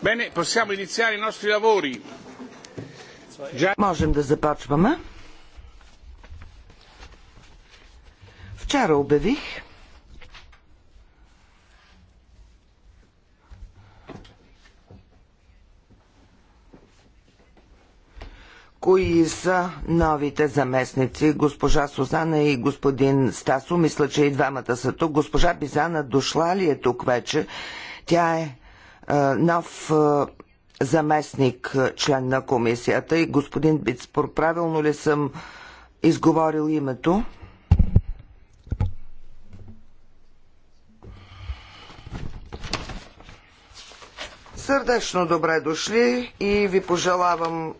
Bene, possiamo iniziare i nostri lavori. Можем да започваме. Вчера обявих, кои са новите заместници, госпожа Сузана и господин Стасо. Мисля, че и двамата са тук. Госпожа Бизана дошла ли е тук вече? Тя е, е нов е, заместник е, член на комисията и господин Бицпор, правилно ли съм изговорил името? Сърдечно добре дошли и ви пожелавам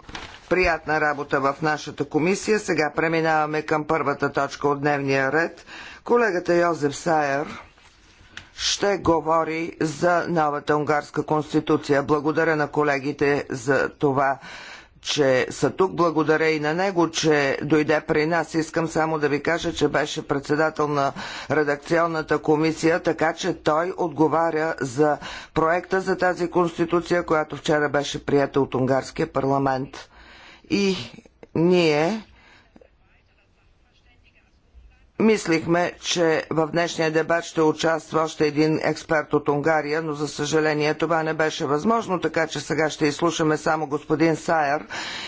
приятна работа в нашата комисия. Сега преминаваме към първата точка от дневния ред. Колегата Йозеф Сайер ще говори за новата унгарска конституция. Благодаря на колегите за това, че са тук. Благодаря и на него, че дойде при нас. Искам само да ви кажа, че беше председател на редакционната комисия, така че той отговаря за проекта за тази конституция, която вчера беше прията от унгарския парламент и ние Мислихме, че в днешния дебат ще участва още един експерт от Унгария, но за съжаление това не беше възможно, така че сега ще изслушаме само господин Сайер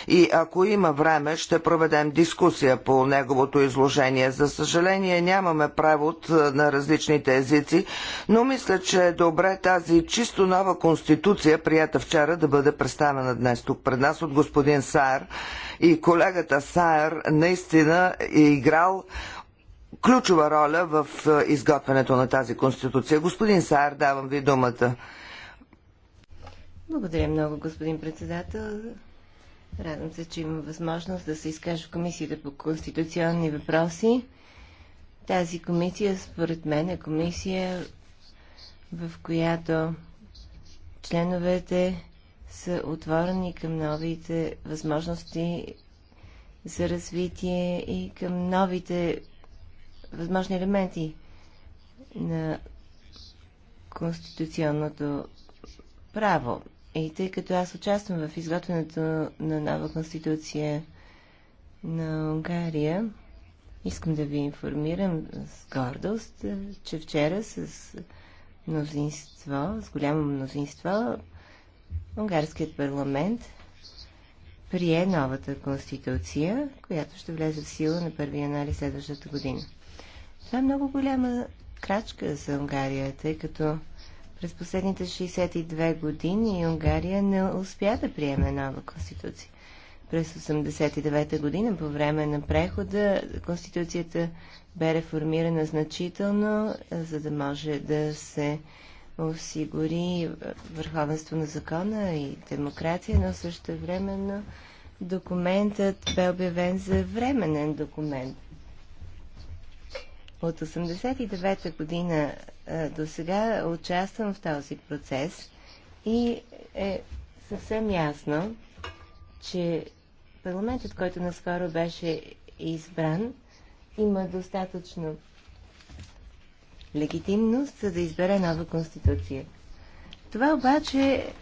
и ако има време ще проведем дискусия по неговото изложение. За съжаление нямаме превод на различните езици, но мисля, че е добре тази чисто нова конституция, прията вчера, да бъде представена днес тук пред нас от господин Сайер. И колегата Сайер наистина е играл ключова роля в е, изготвянето на тази конституция. Господин Саар, давам ви думата. Благодаря много, господин председател. Радвам се, че имам възможност да се изкажа в Комисията по конституционни въпроси. Тази комисия, според мен, е комисия, в която членовете са отворени към новите възможности за развитие и към новите възможни елементи на конституционното право. И тъй като аз участвам в изготвянето на нова конституция на Унгария, искам да ви информирам с гордост, че вчера с мнозинство, с голямо мнозинство, Унгарският парламент прие новата конституция, която ще влезе в сила на 1 януари следващата година. Това е много голяма крачка за Унгария, тъй като през последните 62 години Унгария не успя да приеме нова конституция. През 89-та година, по време на прехода, конституцията бе реформирана значително, за да може да се осигури върховенство на закона и демокрация, но също времено документът бе обявен за временен документ. От 89-та година до сега участвам в този процес и е съвсем ясно, че парламентът, който наскоро беше избран, има достатъчно легитимност, за да избере нова конституция. Това обаче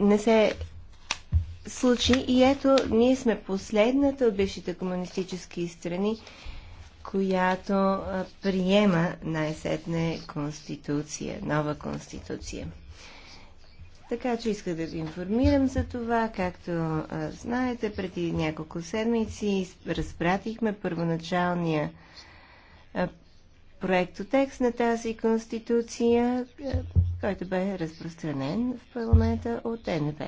не се Случай, и ето ние сме последната от бившите комунистически страни, която приема най-сетне конституция, нова конституция. Така че иска да ви информирам за това. Както а, знаете, преди няколко седмици разпратихме първоначалния а, проектотекст на тази конституция, който бе разпространен в парламента от НБ.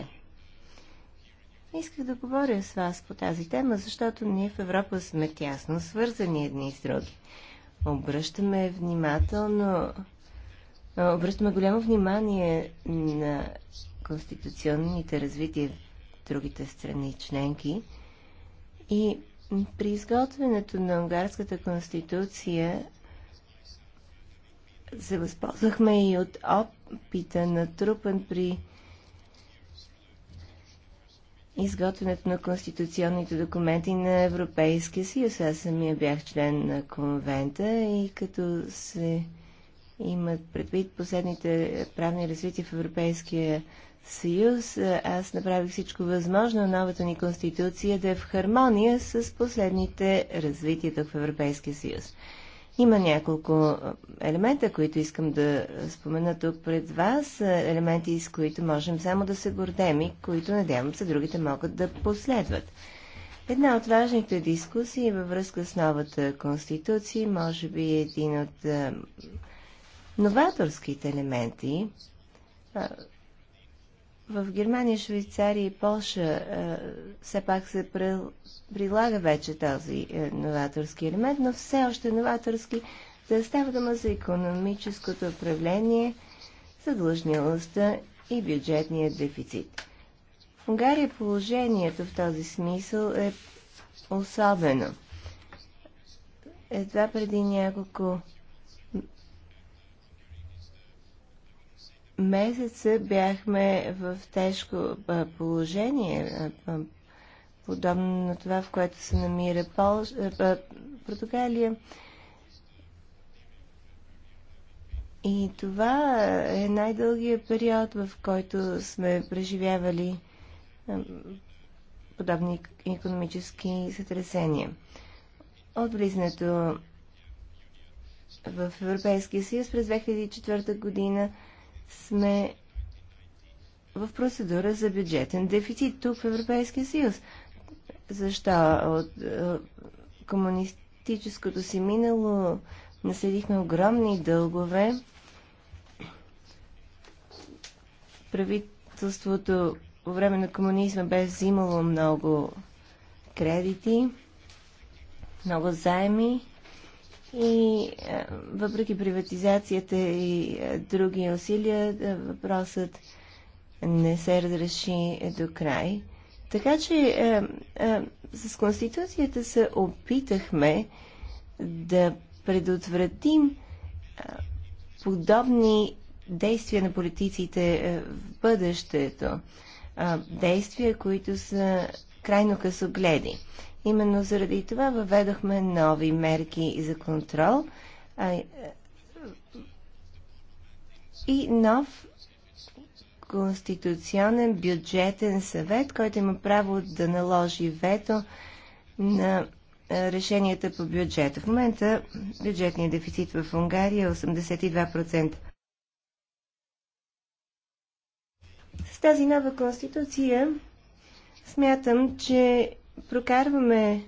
Исках да говоря с вас по тази тема, защото ние в Европа сме тясно свързани едни с други. Обръщаме внимателно, обръщаме голямо внимание на конституционните развития в другите страни членки и при изготвянето на унгарската конституция се възползвахме и от опита натрупан при изготвянето на конституционните документи на Европейския съюз. Аз самия бях член на конвента и като се имат предвид последните правни развития в Европейския съюз, аз направих всичко възможно новата ни конституция да е в хармония с последните развития в Европейския съюз. Има няколко елемента, които искам да спомена тук пред вас, елементи, с които можем само да се гордем и които, надявам се, другите могат да последват. Една от важните дискусии е във връзка с новата конституция, може би един от новаторските елементи, в Германия, Швейцария и Польша е, все пак се прилага вече този е, новаторски елемент, но все още новаторски да става дума за економическото управление, задлъжнилостта и бюджетния дефицит. В Унгария положението в този смисъл е особено. Едва преди няколко месеца бяхме в тежко положение, подобно на това, в което се намира Пол... Португалия. И това е най-дългия период, в който сме преживявали подобни економически сътресения. От влизането в Европейския съюз през 2004 година сме в процедура за бюджетен дефицит тук в Европейския съюз. Защо? От комунистическото си минало наследихме огромни дългове. Правителството по време на комунизма бе взимало много кредити, много заеми и е, въпреки приватизацията и е, други усилия, е, въпросът не се разреши до край. Така че е, е, с Конституцията се опитахме да предотвратим е, подобни действия на политиците в бъдещето. Е, действия, които са крайно късогледи. Именно заради това въведохме нови мерки за контрол а, е, и нов конституционен бюджетен съвет, който има право да наложи вето на е, решенията по бюджета. В момента бюджетният дефицит в Унгария е 82%. С тази нова конституция смятам, че прокарваме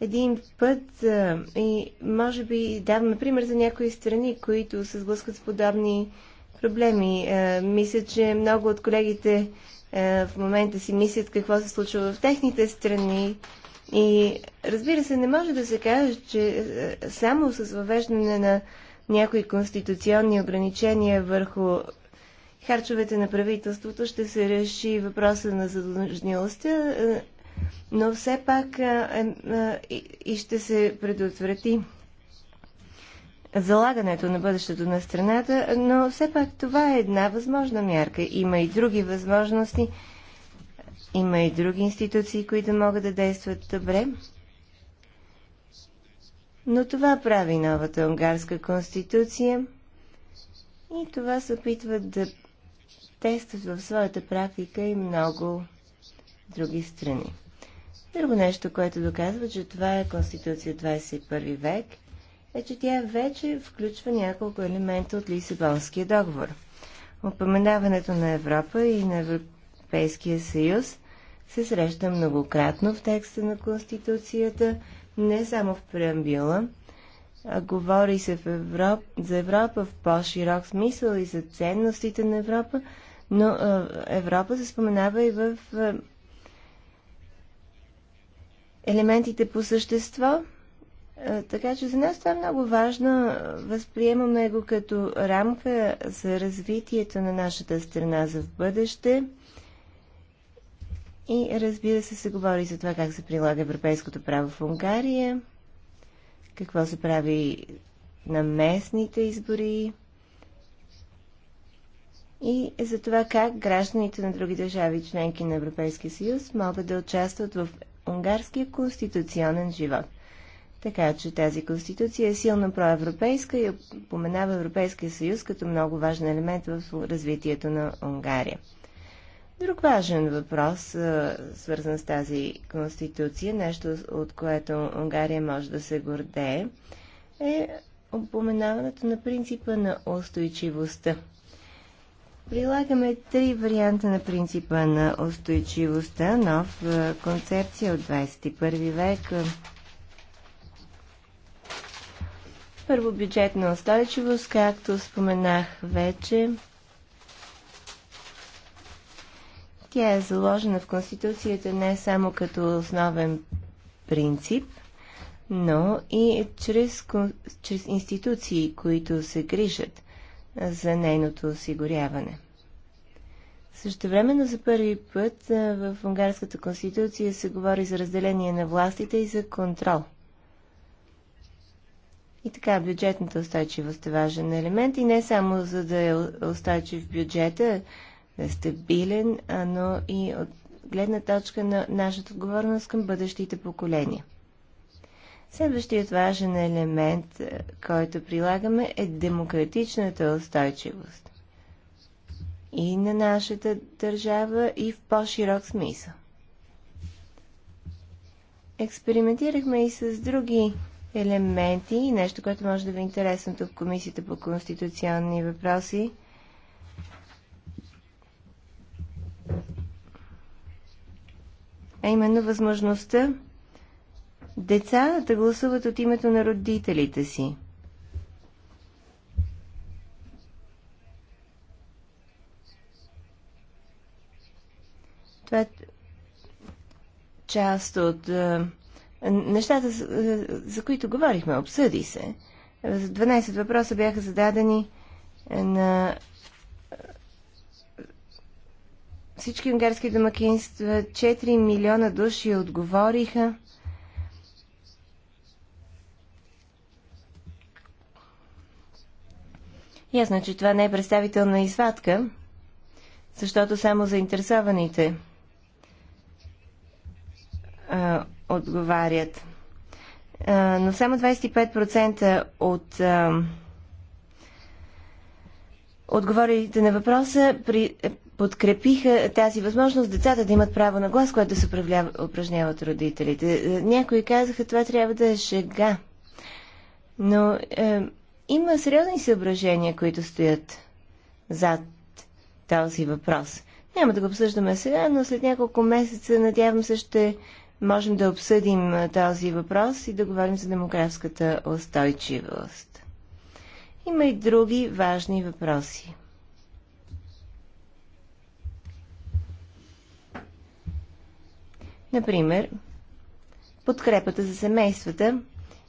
един път а, и може би даваме пример за някои страни, които се сблъскват с подобни проблеми. А, мисля, че много от колегите а, в момента си мислят какво се случва в техните страни. И разбира се, не може да се каже, че а, само с въвеждане на някои конституционни ограничения върху харчовете на правителството ще се реши въпроса на задлъжнялостта но все пак а, е, а, и ще се предотврати залагането на бъдещето на страната, но все пак това е една възможна мярка. Има и други възможности, има и други институции, които могат да действат добре. Но това прави новата унгарска конституция и това се опитват да тестват в своята практика и много други страни. Друго нещо, което доказва, че това е Конституция 21 век, е, че тя вече включва няколко елемента от Лисабонския договор. Опоменаването на Европа и на Европейския съюз се среща многократно в текста на Конституцията, не само в преамбюла, а говори се в Европ... за Европа в по-широк смисъл и за ценностите на Европа, но Европа се споменава и в елементите по същество. Е, така че за нас това е много важно. Възприемаме го като рамка за развитието на нашата страна за в бъдеще. И разбира се, се говори за това как се прилага европейското право в Унгария, какво се прави на местните избори и за това как гражданите на други държави, членки на Европейския съюз, могат да участват в унгарския конституционен живот. Така че тази конституция е силно проевропейска и поменава Европейския съюз като много важен елемент в развитието на Унгария. Друг важен въпрос, свързан с тази конституция, нещо от което Унгария може да се гордее, е упоменаването на принципа на устойчивостта. Прилагаме три варианта на принципа на устойчивостта, нов е, концепция от 21 век. Първо бюджетна устойчивост, както споменах вече. Тя е заложена в Конституцията не само като основен принцип, но и чрез, чрез институции, които се грижат за нейното осигуряване. Също времено за първи път в Унгарската конституция се говори за разделение на властите и за контрол. И така, бюджетната устойчивост е важен елемент и не само за да е устойчив бюджета, да е стабилен, но и от гледна точка на нашата отговорност към бъдещите поколения. Следващият важен елемент, е, който прилагаме, е демократичната устойчивост. И на нашата държава, и в по-широк смисъл. Експериментирахме и с други елементи, нещо, което може да ви е интересно тук в Комисията по конституционни въпроси. А именно възможността деца да гласуват от името на родителите си. Това е част от е, нещата, за, е, за които говорихме, обсъди се. 12 въпроса бяха зададени е, на е, всички унгарски домакинства. 4 милиона души отговориха. Ясно, че това не е представителна извадка, защото само заинтересованите а, отговарят. А, но само 25% от а, отговорите на въпроса при, е, подкрепиха тази възможност децата да имат право на глас, което да се упражняват родителите. Е, някои казаха, това трябва да е шега. Но е, има сериозни съображения, които стоят зад този въпрос. Няма да го обсъждаме сега, но след няколко месеца, надявам се, ще можем да обсъдим този въпрос и да говорим за демографската устойчивост. Има и други важни въпроси. Например, подкрепата за семействата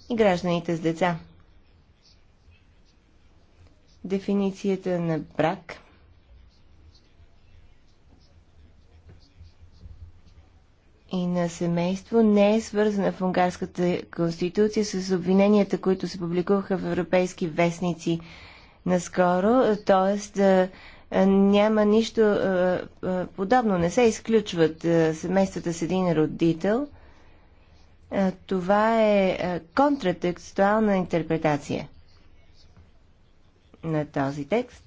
и гражданите с деца – дефиницията на брак. И на семейство не е свързана в унгарската конституция с обвиненията, които се публикуваха в европейски вестници наскоро, т.е. няма нищо подобно, не се изключват семействата с един родител. Това е контратекстуална интерпретация на този текст.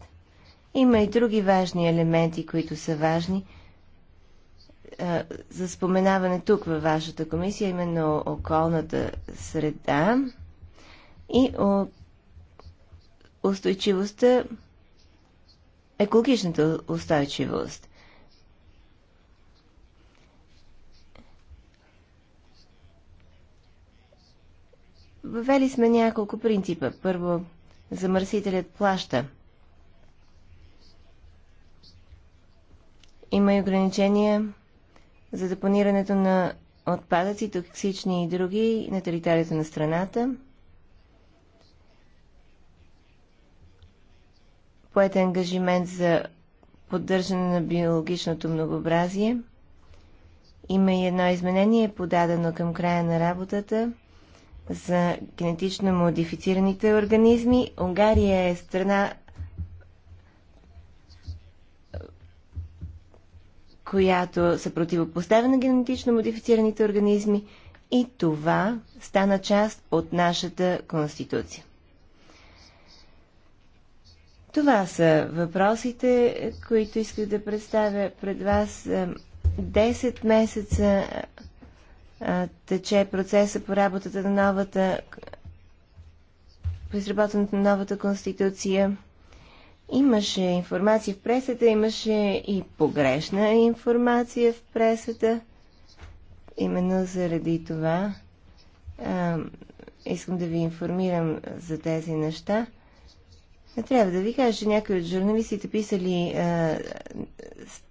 Има и други важни елементи, които са важни а, за споменаване тук във вашата комисия, именно околната среда и о, устойчивостта, екологичната устойчивост. Въвели сме няколко принципа. Първо, замърсителят плаща. Има и ограничения за депонирането на отпадъци, токсични и други на територията на страната. Поет е ангажимент за поддържане на биологичното многообразие. Има и едно изменение, подадено към края на работата – за генетично модифицираните организми. Унгария е страна, която се противопоставя на генетично модифицираните организми и това стана част от нашата конституция. Това са въпросите, които исках да представя пред вас. 10 месеца тече процеса по работата на новата по изработването на новата конституция. Имаше информация в пресата, имаше и погрешна информация в пресата. Именно заради това а, искам да ви информирам за тези неща. Не Трябва да ви кажа, че някои от журналистите писали а,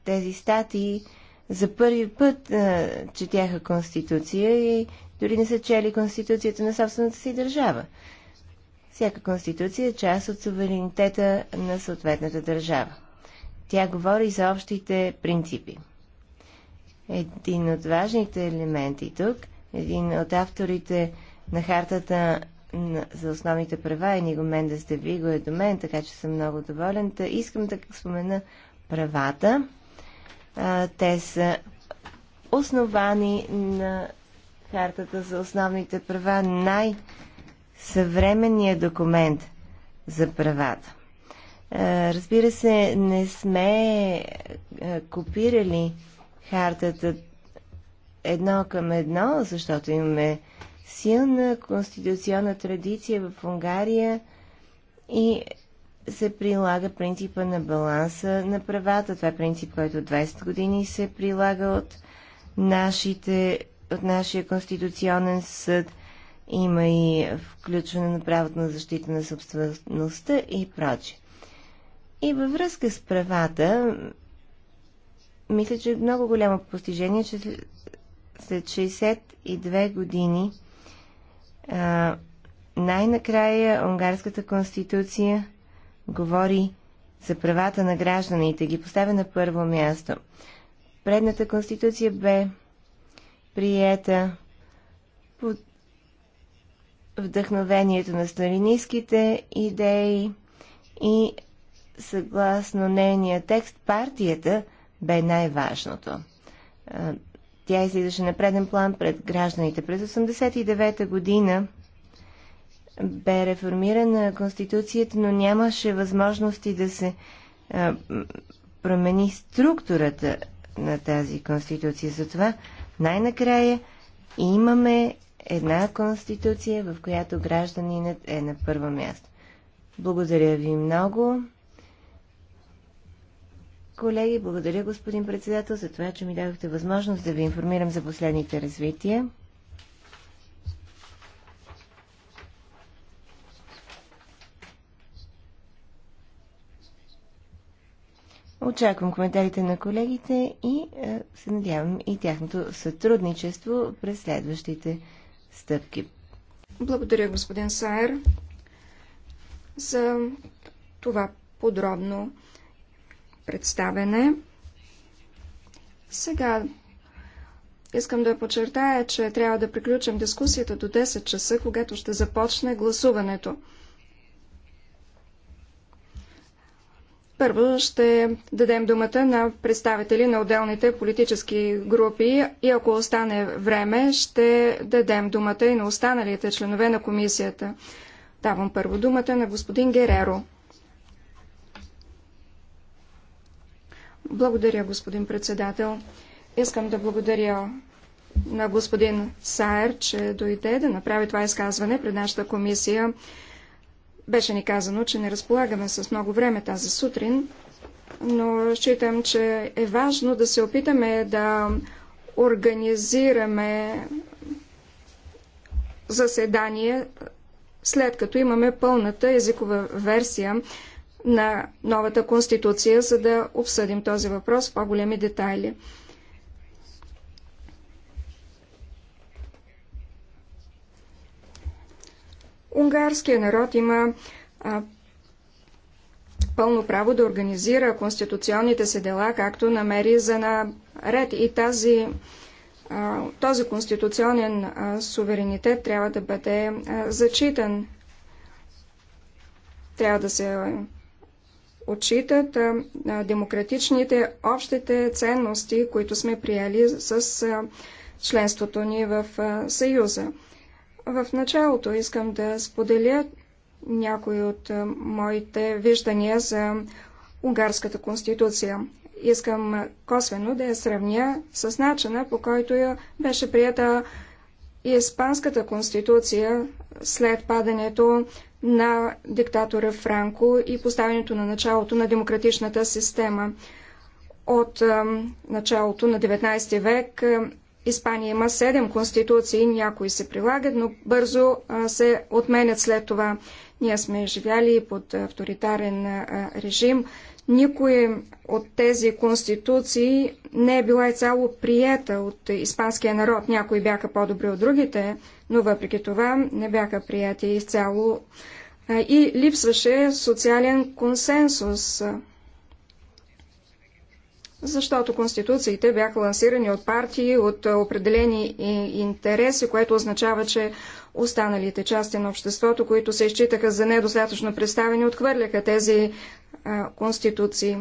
тези статии за първи път а, четяха Конституция и дори не са чели Конституцията на собствената си държава. Всяка Конституция е част от суверенитета на съответната държава. Тя говори за общите принципи. Един от важните елементи тук, един от авторите на хартата за основните права е Ниго Мендес Девиго е до мен, така че съм много доволен. Та искам да спомена правата, те са основани на Хартата за основните права, най-съвременния документ за правата. Разбира се, не сме копирали хартата едно към едно, защото имаме силна конституционна традиция в Унгария и се прилага принципа на баланса на правата. Това е принцип, който от 20 години се прилага от, нашите, от нашия Конституционен съд. Има и включване на правото на защита на собствеността и прочее. И във връзка с правата, мисля, че е много голямо постижение, че след 62 години най-накрая Унгарската конституция говори за правата на гражданите, ги поставя на първо място. Предната конституция бе приета под вдъхновението на сталинистските идеи и съгласно нейния текст партията бе най-важното. Тя излизаше на преден план пред гражданите. През 1989 година бе реформирана Конституцията, но нямаше възможности да се а, промени структурата на тази Конституция. Затова най-накрая имаме една Конституция, в която гражданинът е на първо място. Благодаря ви много. Колеги, благодаря господин председател за това, че ми дадохте възможност да ви информирам за последните развития. Очаквам коментарите на колегите и е, се надявам и тяхното сътрудничество през следващите стъпки. Благодаря, господин Сайер, за това подробно представене. Сега искам да подчертая, че трябва да приключим дискусията до 10 часа, когато ще започне гласуването. Първо ще дадем думата на представители на отделните политически групи и ако остане време, ще дадем думата и на останалите членове на комисията. Давам първо думата на господин Гереро. Благодаря, господин председател. Искам да благодаря на господин Саер, че дойде да направи това изказване пред нашата комисия. Беше ни казано, че не разполагаме с много време тази сутрин, но считам, че е важно да се опитаме да организираме заседание, след като имаме пълната езикова версия на новата конституция, за да обсъдим този въпрос в по-големи детайли. Унгарския народ има а, пълно право да организира конституционните си дела, както намери за наред. И тази, а, този конституционен а, суверенитет трябва да бъде а, зачитан. Трябва да се отчитат а, демократичните общите ценности, които сме приели с а, членството ни в а, Съюза. В началото искам да споделя някои от е, моите виждания за Унгарската конституция. Искам косвено да я сравня с начина, по който я беше прията и Испанската конституция след падането на диктатора Франко и поставянето на началото на демократичната система. От е, началото на 19 век е, Испания има седем конституции, някои се прилагат, но бързо се отменят след това. Ние сме живяли под авторитарен режим. Никой от тези конституции не е била и цяло приета от испанския народ. Някои бяха по-добри от другите, но въпреки това не бяха прияти изцяло. И липсваше социален консенсус защото конституциите бяха лансирани от партии, от определени е, интереси, което означава, че останалите части на обществото, които се изчитаха за недостатъчно представени, отхвърляха тези конституции.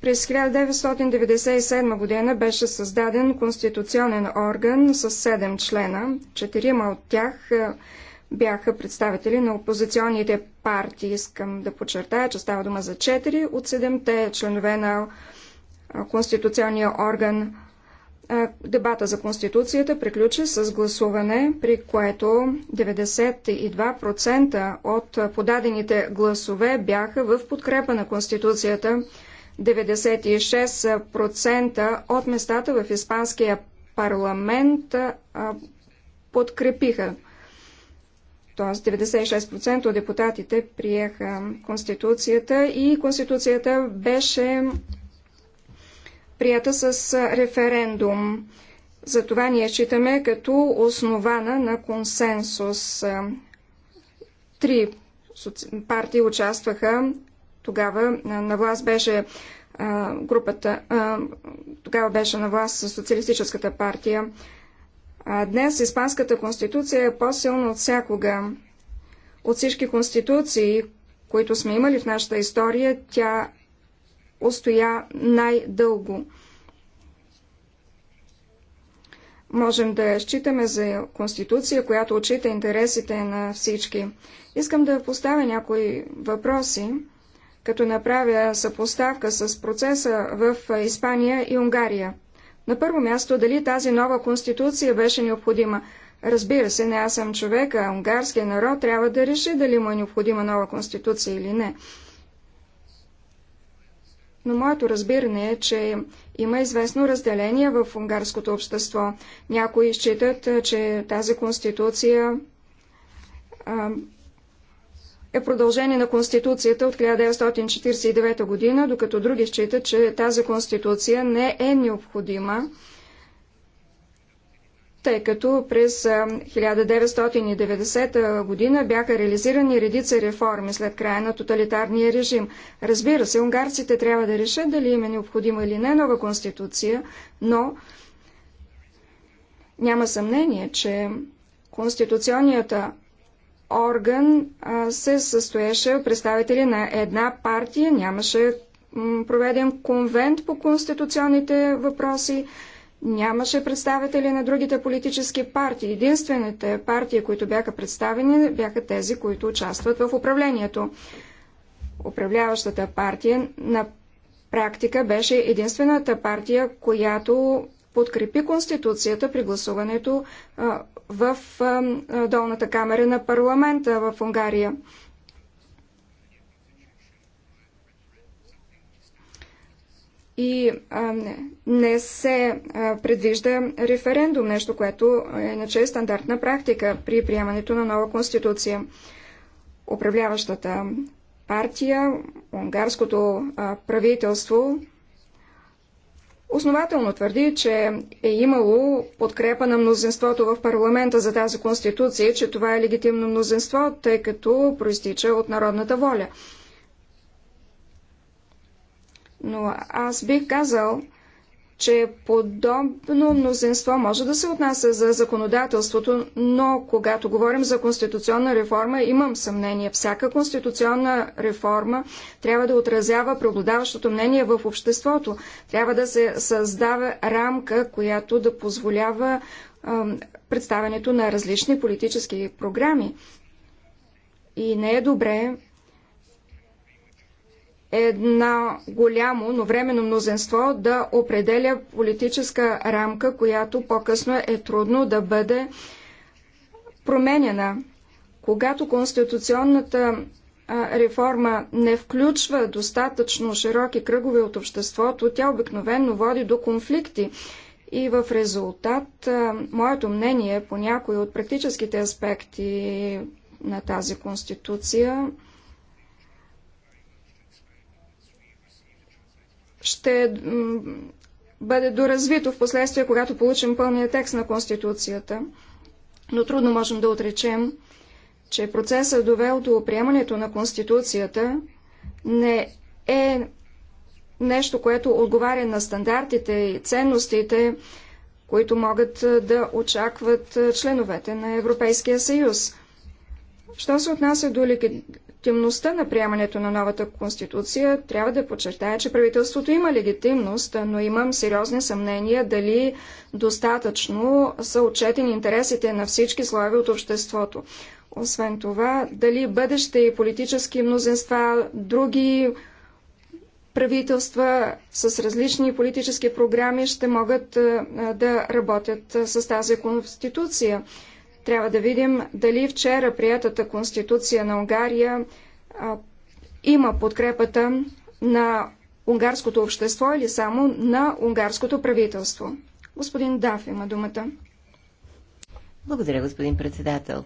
През 1997 година беше създаден конституционен орган с 7 члена. Четирима от тях бяха представители на опозиционните партии. Искам да подчертая, че става дума за 4 от 7-те членове на конституционния орган. Дебата за Конституцията приключи с гласуване, при което 92% от подадените гласове бяха в подкрепа на Конституцията. 96% от местата в Испанския парламент подкрепиха т.е 96% от депутатите приеха Конституцията и Конституцията беше прията с референдум. За това ние считаме като основана на консенсус. Три партии участваха. Тогава на власт беше групата, тогава беше на власт Социалистическата партия. Днес Испанската конституция е по-силна от всякога. От всички конституции, които сме имали в нашата история, тя устоя най-дълго. Можем да я считаме за конституция, която отчита интересите на всички. Искам да поставя някои въпроси, като направя съпоставка с процеса в Испания и Унгария. На първо място, дали тази нова конституция беше необходима? Разбира се, не аз съм човек. а унгарския народ трябва да реши дали му е необходима нова конституция или не. Но моето разбиране е, че има известно разделение в унгарското общество. Някои считат, че тази конституция е продължение на Конституцията от 1949 година, докато други считат, че тази Конституция не е необходима, тъй като през 1990 година бяха реализирани редица реформи след края на тоталитарния режим. Разбира се, унгарците трябва да решат дали им е необходима или не нова Конституция, но няма съмнение, че Конституционният орган се състоеше от представители на една партия, нямаше проведен конвент по конституционните въпроси, нямаше представители на другите политически партии. Единствените партии, които бяха представени, бяха тези, които участват в управлението. Управляващата партия на практика беше единствената партия, която подкрепи Конституцията при гласуването в долната камера на парламента в Унгария. И а, не, не се а, предвижда референдум, нещо, което иначе е стандартна практика при приемането на нова конституция. Управляващата партия, унгарското а, правителство основателно твърди, че е имало подкрепа на мнозинството в парламента за тази конституция, че това е легитимно мнозинство, тъй като проистича от народната воля. Но аз бих казал, че подобно мнозинство може да се отнася за законодателството, но когато говорим за конституционна реформа, имам съмнение. Всяка конституционна реформа трябва да отразява преобладаващото мнение в обществото. Трябва да се създава рамка, която да позволява е, представянето на различни политически програми. И не е добре едно голямо, но временно мнозинство да определя политическа рамка, която по-късно е трудно да бъде променена. Когато конституционната реформа не включва достатъчно широки кръгове от обществото, тя обикновенно води до конфликти. И в резултат, моето мнение по някои от практическите аспекти на тази конституция ще бъде доразвито в последствие, когато получим пълния текст на Конституцията. Но трудно можем да отречем, че процесът довел до приемането на Конституцията не е нещо, което отговаря на стандартите и ценностите, които могат да очакват членовете на Европейския съюз. Що се отнася до легитимността на приемането на новата конституция, трябва да подчертая, че правителството има легитимност, но имам сериозни съмнения дали достатъчно са отчетени интересите на всички слоеве от обществото. Освен това, дали бъдеще и политически мнозинства, други правителства с различни политически програми ще могат да работят с тази конституция. Трябва да видим дали вчера приятата конституция на Унгария а, има подкрепата на унгарското общество или само на унгарското правителство. Господин Даф има думата. Благодаря, господин председател.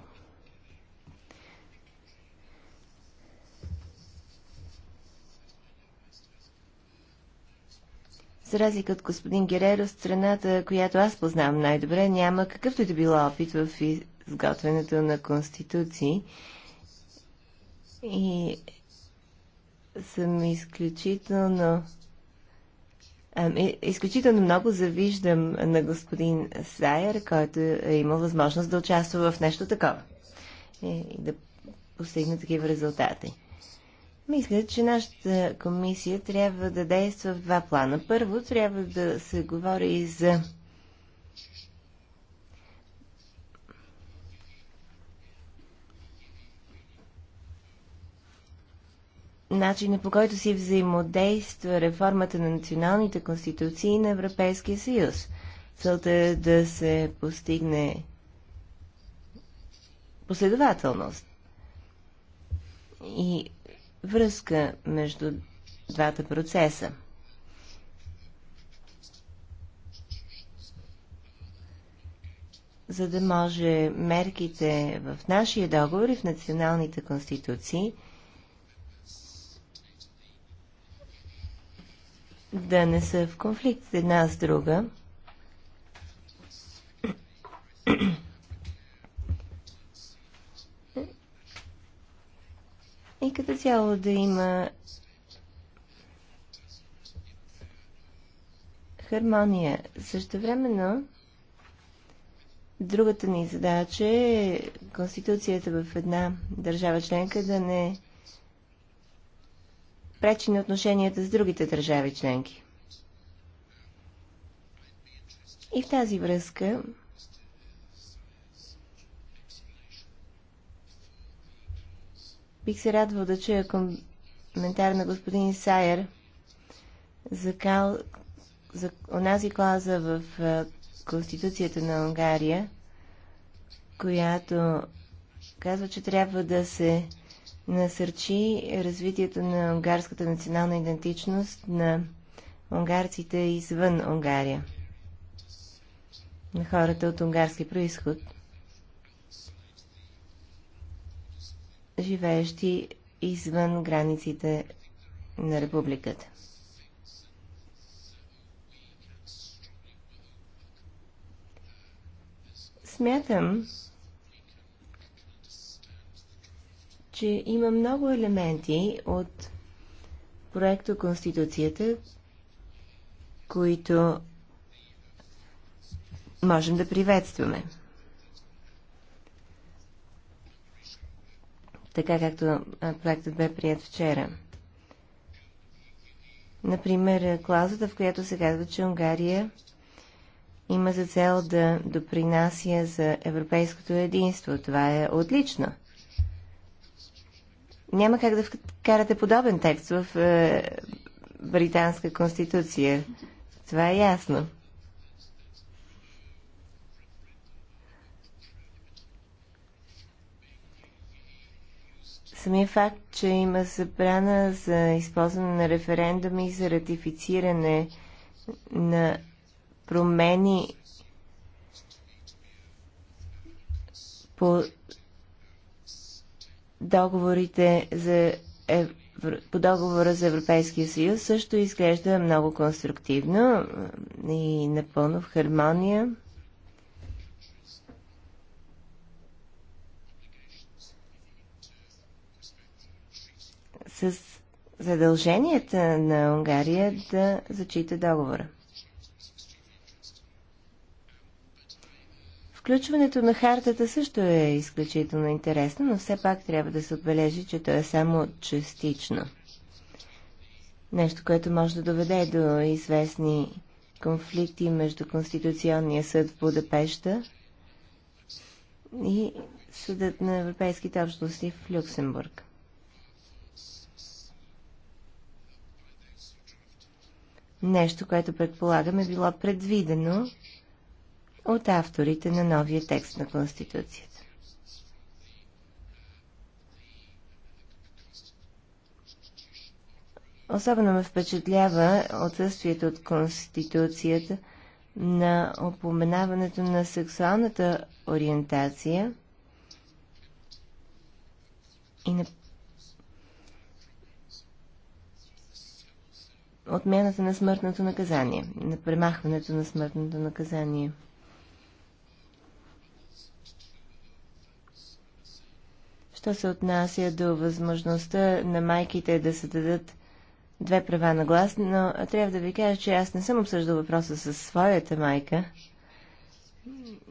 За разлика от господин Гереро, страната, която аз познавам най-добре, няма какъвто и да било опит в изготвянето на конституции. И съм изключително. Изключително много завиждам на господин Сайер, който е имал възможност да участва в нещо такова и да постигне такива резултати. Мисля, че нашата комисия трябва да действа в два плана. Първо, трябва да се говори и за начина по който си взаимодейства реформата на националните конституции на Европейския съюз. Целта е да се постигне последователност и връзка между двата процеса. За да може мерките в нашия договор и в националните конституции – да не са в конфликт една с друга. И като цяло да има хармония. Също времено, другата ни задача е Конституцията в една държава членка да не пречи на отношенията с другите държави членки. И в тази връзка бих се радвал да чуя коментар на господин Сайер за, кал... за онази клаза в Конституцията на Унгария, която казва, че трябва да се насърчи развитието на унгарската национална идентичност на унгарците извън Унгария, на хората от унгарски происход, живеещи извън границите на републиката. Смятам, че има много елементи от проекто Конституцията, които можем да приветстваме. Така както проектът бе прият вчера. Например, клаузата, в която се казва, че Унгария има за цел да допринася за европейското единство. Това е отлично. Няма как да вкарате подобен текст в е, британска конституция. Това е ясно. Самия факт, че има забрана за използване на референдуми за ратифициране на промени по договорите за по договора за Европейския съюз също изглежда много конструктивно и напълно в хармония. с задълженията на Унгария да зачита договора. Включването на хартата също е изключително интересно, но все пак трябва да се отбележи, че то е само частично. Нещо, което може да доведе до известни конфликти между Конституционния съд в Будапешта и Съдът на Европейските общности в Люксембург. Нещо, което предполагаме било предвидено от авторите на новия текст на Конституцията. Особено ме впечатлява отсъствието от Конституцията на опоменаването на сексуалната ориентация и на отмяната на смъртното наказание, на премахването на смъртното наказание. Що се отнася до възможността на майките да се дадат две права на глас, но трябва да ви кажа, че аз не съм обсъждал въпроса със своята майка,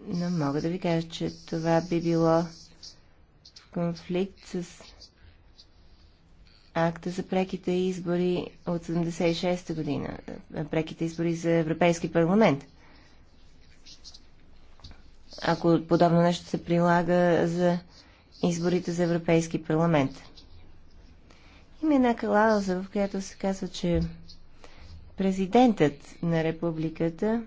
но мога да ви кажа, че това би било в конфликт с акта за преките избори от 76-та година, преките избори за Европейски парламент. Ако подобно нещо се прилага за изборите за Европейски парламент. Има една клауза, в която се казва, че президентът на републиката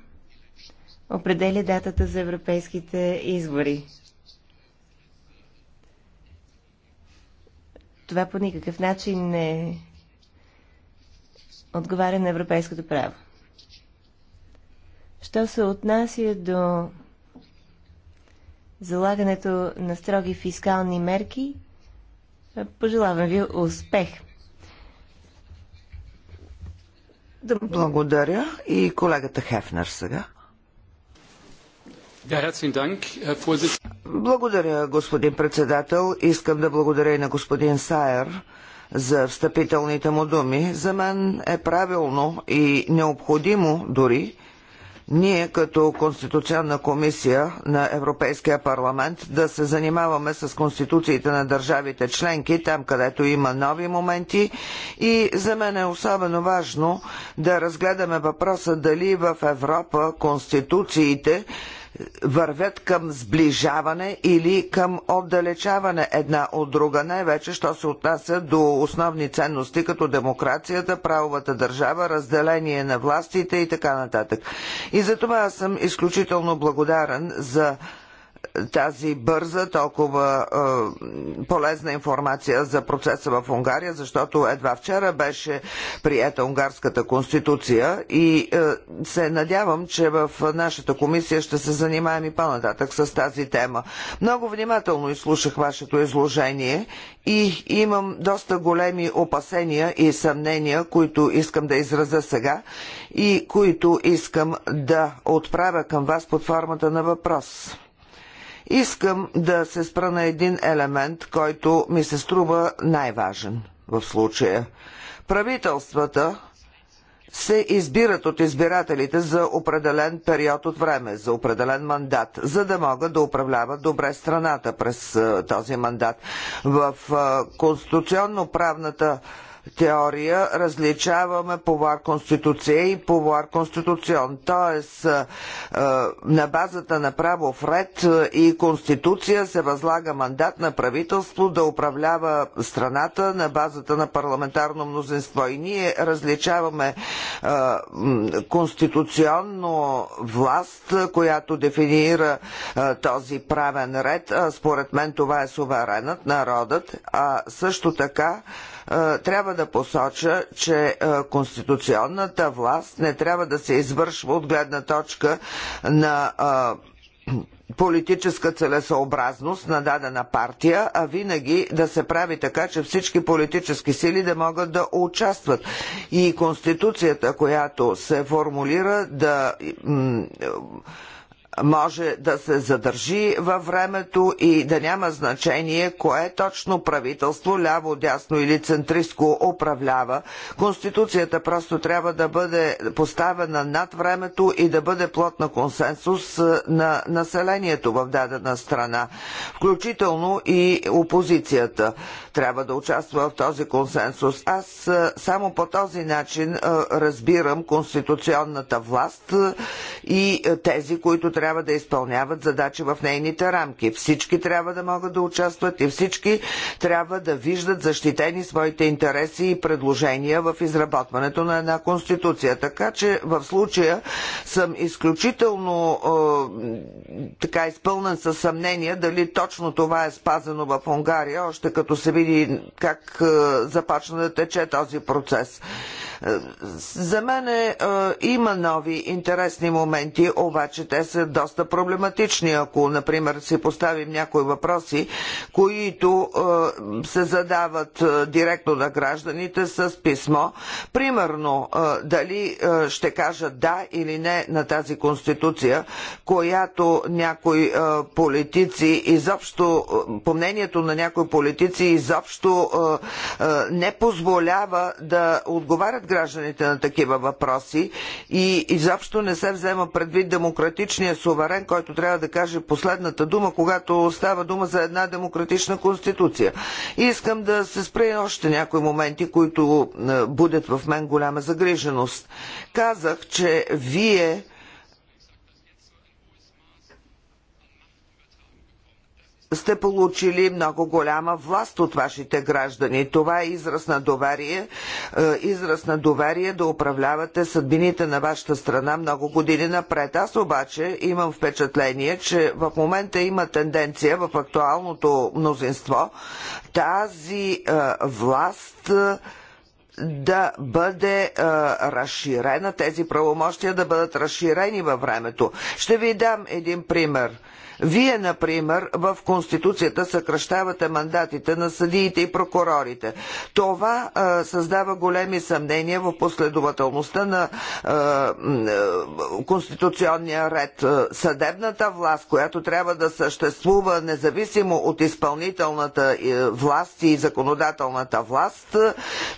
определя датата за европейските избори. Това по никакъв начин не отговаря на европейското право. Що се отнася до залагането на строги фискални мерки. Пожелавам ви успех! Благодаря. И колегата Хефнер сега. Благодаря, господин председател. Искам да благодаря и на господин Сайер за встъпителните му думи. За мен е правилно и необходимо дори ние като Конституционна комисия на Европейския парламент да се занимаваме с конституциите на държавите членки, там където има нови моменти и за мен е особено важно да разгледаме въпроса дали в Европа конституциите вървят към сближаване или към отдалечаване една от друга, най-вече, що се отнася до основни ценности, като демокрацията, правовата държава, разделение на властите и така нататък. И за това аз съм изключително благодарен за тази бърза, толкова е, полезна информация за процеса в Унгария, защото едва вчера беше приета унгарската конституция и е, се надявам, че в нашата комисия ще се занимаем и по-нататък с тази тема. Много внимателно изслушах вашето изложение и имам доста големи опасения и съмнения, които искам да изразя сега и които искам да отправя към вас под формата на въпрос. Искам да се спра на един елемент, който ми се струва най-важен в случая. Правителствата се избират от избирателите за определен период от време, за определен мандат, за да могат да управляват добре страната през този мандат. В конституционно-правната теория различаваме повар конституция и повар конституцион. Тоест, е, е, на базата на право в ред и конституция се възлага мандат на правителство да управлява страната на базата на парламентарно мнозинство. И ние различаваме е, конституционно власт, която дефинира този правен ред. Според мен това е суверенът, народът, а също така е, трябва да посоча, че е, конституционната власт не трябва да се извършва от гледна точка на е, политическа целесообразност на дадена партия, а винаги да се прави така, че всички политически сили да могат да участват. И Конституцията, която се формулира да може да се задържи във времето и да няма значение кое точно правителство, ляво, дясно или центристко управлява. Конституцията просто трябва да бъде поставена над времето и да бъде плод на консенсус на населението в дадена страна, включително и опозицията трябва да участва в този консенсус. Аз е, само по този начин е, разбирам конституционната власт е, и тези, които трябва да изпълняват задачи в нейните рамки. Всички трябва да могат да участват и всички трябва да виждат защитени своите интереси и предложения в изработването на една конституция. Така че в случая съм изключително така изпълнен със съмнение дали точно това е спазено в Унгария, още като се види видим как започна да тече този процес. За мен е, е, има нови интересни моменти, обаче те са доста проблематични. Ако, например, си поставим някои въпроси, които е, се задават е, директно на гражданите с писмо, примерно е, дали е, ще кажат да или не на тази конституция, която някои политици изобщо, по мнението на някои политици изобщо не позволява да отговарят гражданите на такива въпроси и изобщо не се взема предвид демократичния суверен, който трябва да каже последната дума, когато става дума за една демократична конституция. И искам да се спре още някои моменти, които е, будят в мен голяма загриженост. Казах, че вие сте получили много голяма власт от вашите граждани. Това е израз на доверие, е, израз на доверие да управлявате съдбините на вашата страна много години напред. Аз обаче имам впечатление, че в момента има тенденция в актуалното мнозинство тази е, власт е, да бъде а, е, разширена, тези правомощия да бъдат разширени във времето. Ще ви дам един пример. Вие, например, в Конституцията съкръщавате мандатите на съдиите и прокурорите. Това а, създава големи съмнения в последователността на а, конституционния ред. Съдебната власт, която трябва да съществува независимо от изпълнителната е, власт и законодателната власт,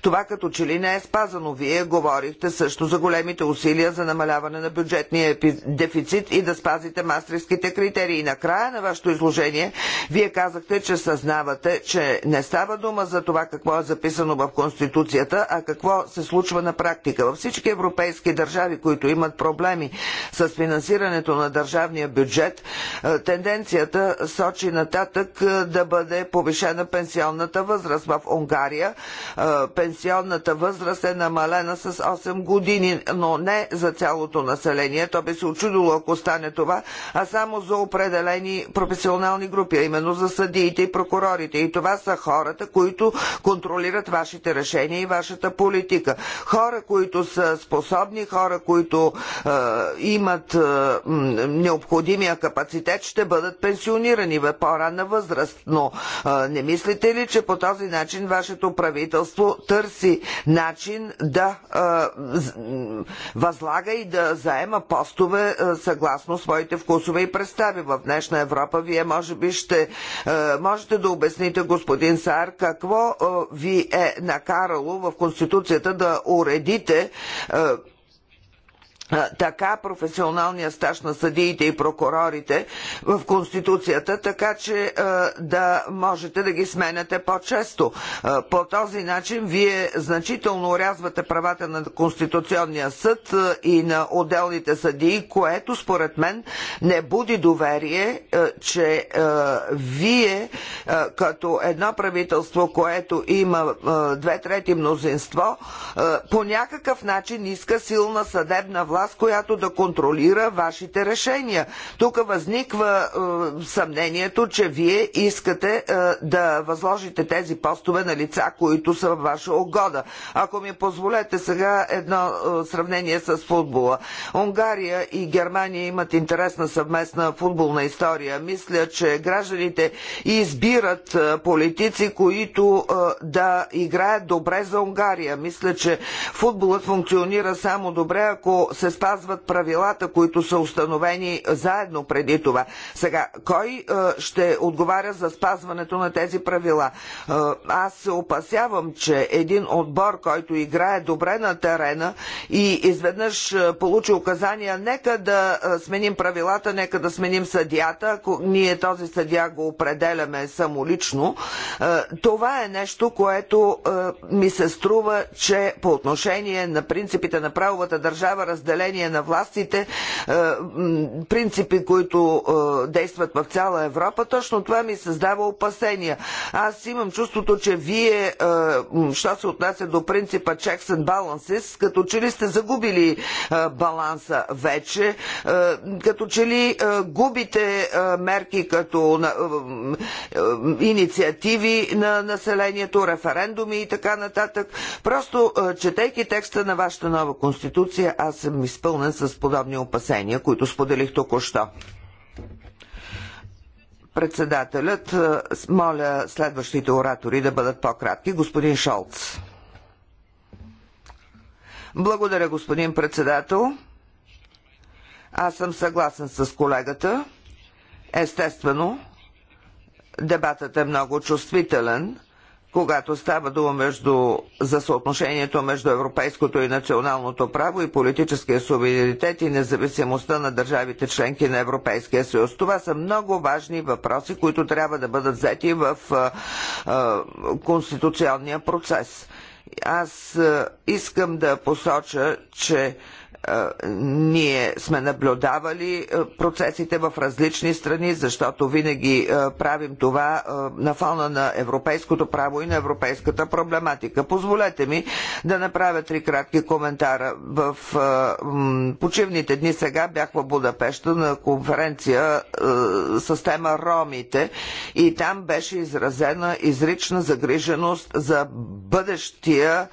това като че ли не е спазано. Вие говорихте също за големите усилия за намаляване на бюджетния дефицит и да спазите мастерските критерии края на вашето изложение вие казахте, че съзнавате, че не става дума за това какво е записано в Конституцията, а какво се случва на практика. Във всички европейски държави, които имат проблеми с финансирането на държавния бюджет, е, тенденцията сочи нататък е, да бъде повишена пенсионната възраст. В Унгария е, пенсионната възраст е намалена с 8 години, но не за цялото население. То би се очудило, ако стане това, а само за определен определени професионални групи, а именно за съдиите и прокурорите. И това са хората, които контролират вашите решения и вашата политика. Хора, които са способни, хора, които е, имат е, необходимия капацитет, ще бъдат пенсионирани в по-ранна възраст. Но е, не мислите ли, че по този начин вашето правителство търси начин да възлага и да заема постове съгласно своите вкусове и представи. В днешна Европа. Вие може би ще е, можете да обясните, господин Сар, какво е, ви е накарало в Конституцията да уредите е, така професионалния стаж на съдиите и прокурорите в Конституцията, така че да можете да ги сменяте по-често. По този начин вие значително урязвате правата на Конституционния съд и на отделните съдии, което според мен не буди доверие, че вие като едно правителство, което има две трети мнозинство, по някакъв начин иска силна съдебна власт власт, която да контролира вашите решения. Тук възниква е, съмнението, че вие искате е, да възложите тези постове на лица, които са във ваша огода. Ако ми позволете сега едно е, сравнение с футбола. Унгария и Германия имат интересна съвместна футболна история. Мисля, че гражданите избират е, политици, които е, да играят добре за Унгария. Мисля, че футболът функционира само добре, ако се се спазват правилата, които са установени заедно преди това. Сега, кой е, ще отговаря за спазването на тези правила? Е, аз се опасявам, че един отбор, който играе добре на терена и изведнъж е, получи указания, нека да сменим правилата, нека да сменим съдията, ако ние този съдия го определяме самолично, това е нещо, което ми се струва, че по отношение на принципите на правовата държава разделя разделение на властите, е, принципи, които е, действат в цяла Европа, точно това ми създава опасения. Аз имам чувството, че вие, е, що се отнася до принципа checks and balances, като че ли сте загубили баланса вече, като че ли губите мерки като инициативи на населението, референдуми и така нататък. Просто четейки текста на вашата нова конституция, аз съм изпълнен с подобни опасения, които споделих току-що. Председателят, моля следващите оратори да бъдат по-кратки. Господин Шолц. Благодаря, господин председател. Аз съм съгласен с колегата. Естествено, дебатът е много чувствителен когато става дума между, за съотношението между европейското и националното право и политическия суверенитет и независимостта на държавите членки на Европейския съюз. Това са много важни въпроси, които трябва да бъдат взети в а, а, конституционния процес. Аз а, искам да посоча, че ние сме наблюдавали процесите в различни страни, защото винаги правим това на фона на европейското право и на европейската проблематика. Позволете ми да направя три кратки коментара. В почивните дни сега бях в Будапешта на конференция с тема Ромите и там беше изразена изрична загриженост за бъдещия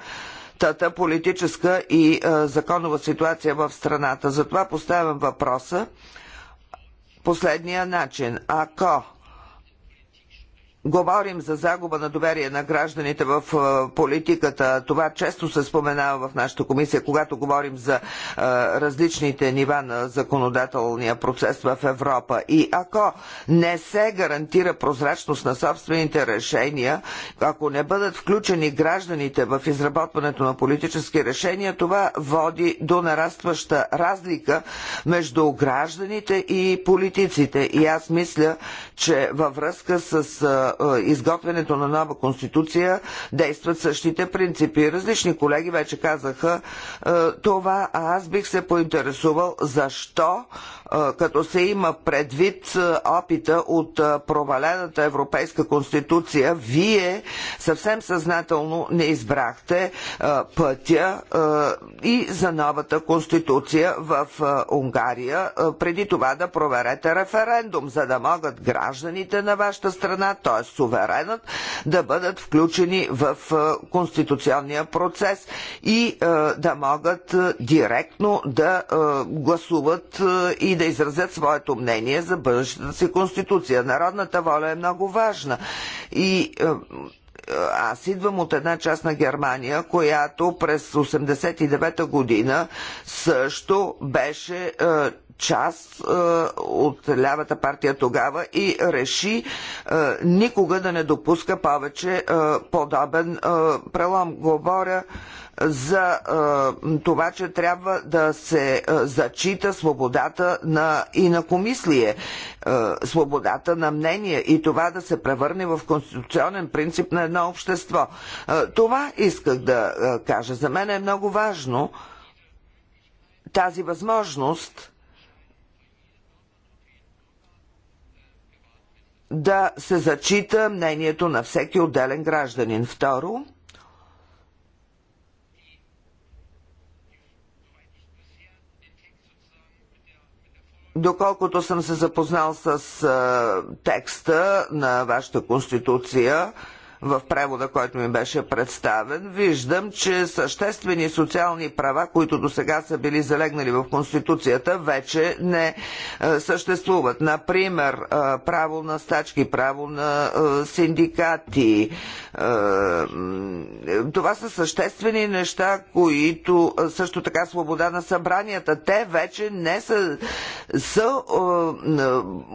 общата политическа и законова ситуация в страната. Затова поставям въпроса последния начин. Ако говорим за загуба на доверие на гражданите в политиката. Това често се споменава в нашата комисия, когато говорим за различните нива на законодателния процес в Европа. И ако не се гарантира прозрачност на собствените решения, ако не бъдат включени гражданите в изработването на политически решения, това води до нарастваща разлика между гражданите и политиците. И аз мисля, че във връзка с е, изготвянето на нова конституция действат същите принципи. Различни колеги вече казаха е, това, а аз бих се поинтересувал защо като се има предвид опита от провалената Европейска конституция, вие съвсем съзнателно не избрахте пътя и за новата конституция в Унгария, преди това да проверете референдум, за да могат гражданите на вашата страна, т.е. суверенът, да бъдат включени в конституционния процес и да могат директно да гласуват и да да изразят своето мнение за бъдещата си конституция. Народната воля е много важна. И е, е, аз идвам от една част на Германия, която през 89-та година също беше е, част е, от лявата партия тогава и реши е, никога да не допуска повече е, подобен е, прелом. Говоря за е, това, че трябва да се е, зачита свободата на инакомислие, свободата на мнение и това да се превърне в конституционен принцип на едно общество. това исках да кажа. За мен е много важно тази възможност да се зачита мнението на всеки отделен гражданин. Второ, доколкото съм се запознал с текста на вашата конституция, в превода, който ми беше представен, виждам, че съществени социални права, които до сега са били залегнали в Конституцията, вече не е, съществуват. Например, е, право на стачки, право на е, синдикати. Това са съществени неща, които също така свобода на събранията. Те вече не са, са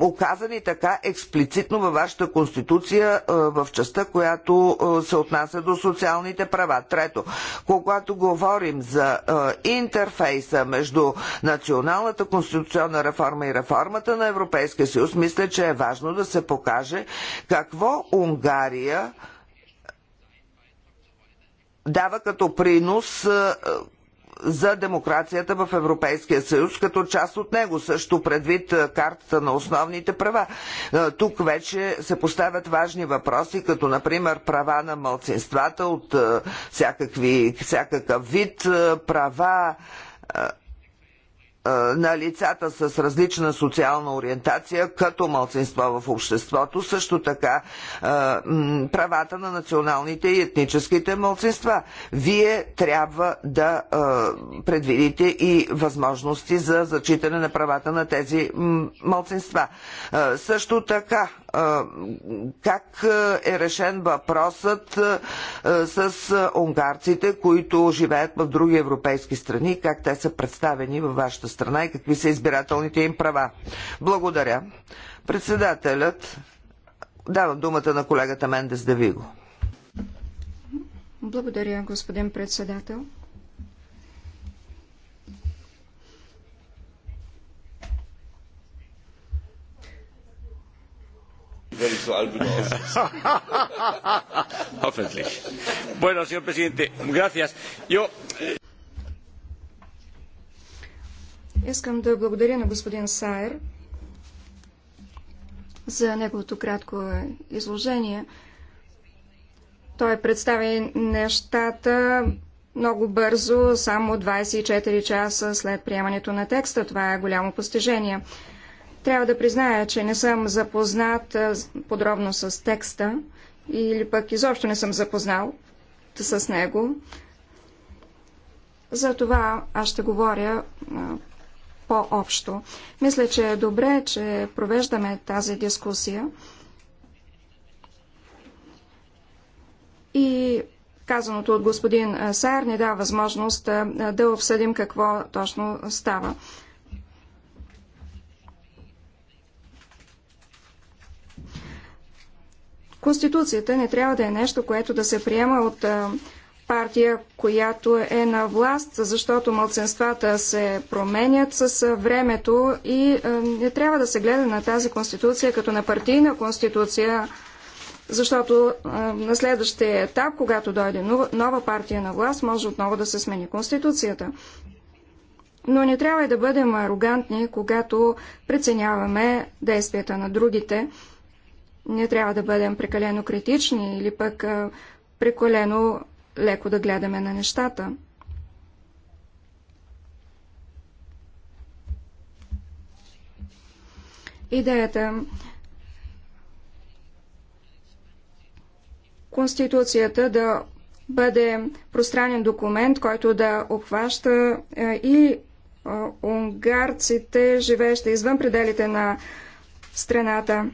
оказани така експлицитно във вашата Конституция в частта, която когато е, се отнася до социалните права. Трето, когато говорим за е, интерфейса между националната конституционна реформа и реформата на Европейския съюз, мисля, че е важно да се покаже какво Унгария дава като принос е, за демокрацията в Европейския съюз като част от него, също предвид картата на основните права. Тук вече се поставят важни въпроси, като например права на мълцинствата от всякакви, всякакъв вид, права на лицата с различна социална ориентация като малцинства в обществото, също така правата на националните и етническите малцинства. Вие трябва да предвидите и възможности за зачитане на правата на тези малцинства. Също така, как е решен въпросът с унгарците, които живеят в други европейски страни, как те са представени във вашата страна? страна и какви са избирателните им права. Благодаря. Председателят дава думата на колегата Мендес Давиго. Благодаря, господин председател. Hoffentlich. Bueno, señor presidente, gracias. Yo eh, Искам да благодаря на господин Сайер за неговото кратко изложение. Той представи нещата много бързо, само 24 часа след приемането на текста. Това е голямо постижение. Трябва да призная, че не съм запознат подробно с текста или пък изобщо не съм запознал с него. Затова аз ще говоря по-общо. Мисля, че е добре, че провеждаме тази дискусия. И казаното от господин Сайер ни дава възможност да обсъдим какво точно става. Конституцията не трябва да е нещо, което да се приема от партия, която е на власт, защото мълценствата се променят с времето и е, не трябва да се гледа на тази конституция като на партийна конституция, защото е, на следващия етап, когато дойде нова партия на власт, може отново да се смени конституцията. Но не трябва и да бъдем арогантни, когато преценяваме действията на другите. Не трябва да бъдем прекалено критични или пък е, прекалено леко да гледаме на нещата. Идеята Конституцията да бъде пространен документ, който да обхваща е, и е, унгарците, живеещи извън пределите на страната.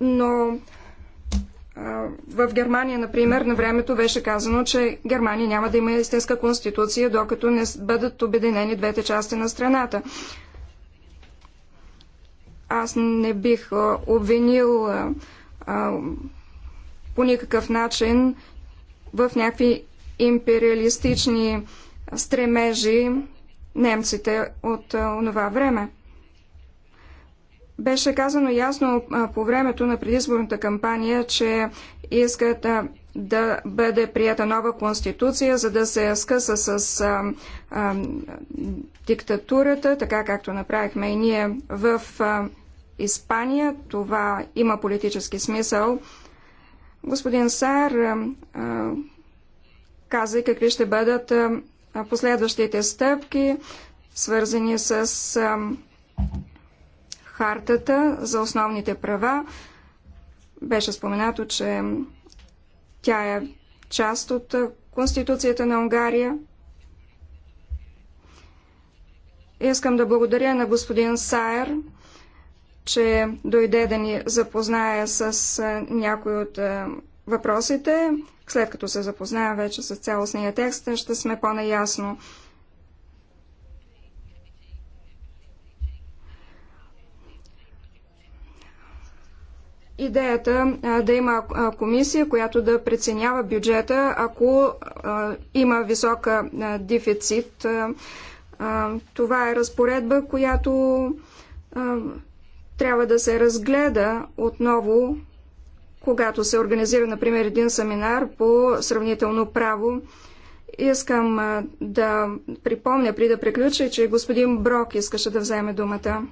Но в Германия, например, на времето беше казано, че Германия няма да има истинска конституция, докато не бъдат обединени двете части на страната. Аз не бих обвинил по никакъв начин в някакви империалистични стремежи немците от това време. Беше казано ясно по времето на предизборната кампания, че искат да бъде прията нова конституция, за да се скъса с а, а, диктатурата, така както направихме и ние в а, Испания. Това има политически смисъл. Господин Сар а, а, каза и какви ще бъдат а, последващите стъпки, свързани с а, хартата за основните права. Беше споменато, че тя е част от Конституцията на Унгария. Искам да благодаря на господин Сайер, че дойде да ни запознае с някои от въпросите. След като се запознаем вече с цялостния текст, ще сме по-наясно. идеята да има комисия, която да преценява бюджета, ако има висока дефицит. Това е разпоредба, която трябва да се разгледа отново, когато се организира, например, един семинар по сравнително право. Искам да припомня, при да приключа, че господин Брок искаше да вземе думата.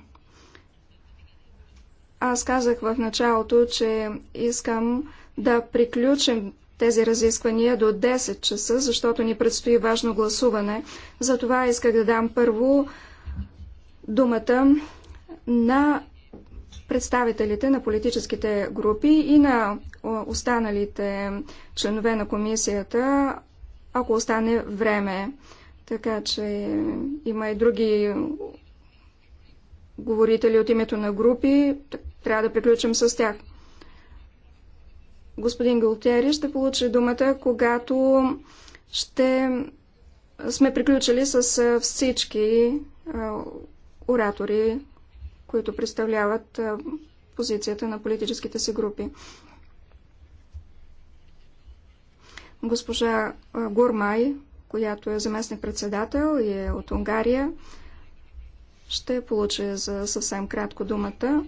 Аз казах в началото, че искам да приключим тези разисквания до 10 часа, защото ни предстои важно гласуване. Затова исках да дам първо думата на представителите на политическите групи и на останалите членове на комисията, ако остане време. Така че има и други говорители от името на групи, трябва да приключим с тях. Господин Галтери ще получи думата, когато ще сме приключили с всички оратори, които представляват позицията на политическите си групи. Госпожа Гурмай, която е заместник-председател и е от Унгария, ще получи за съвсем кратко думата.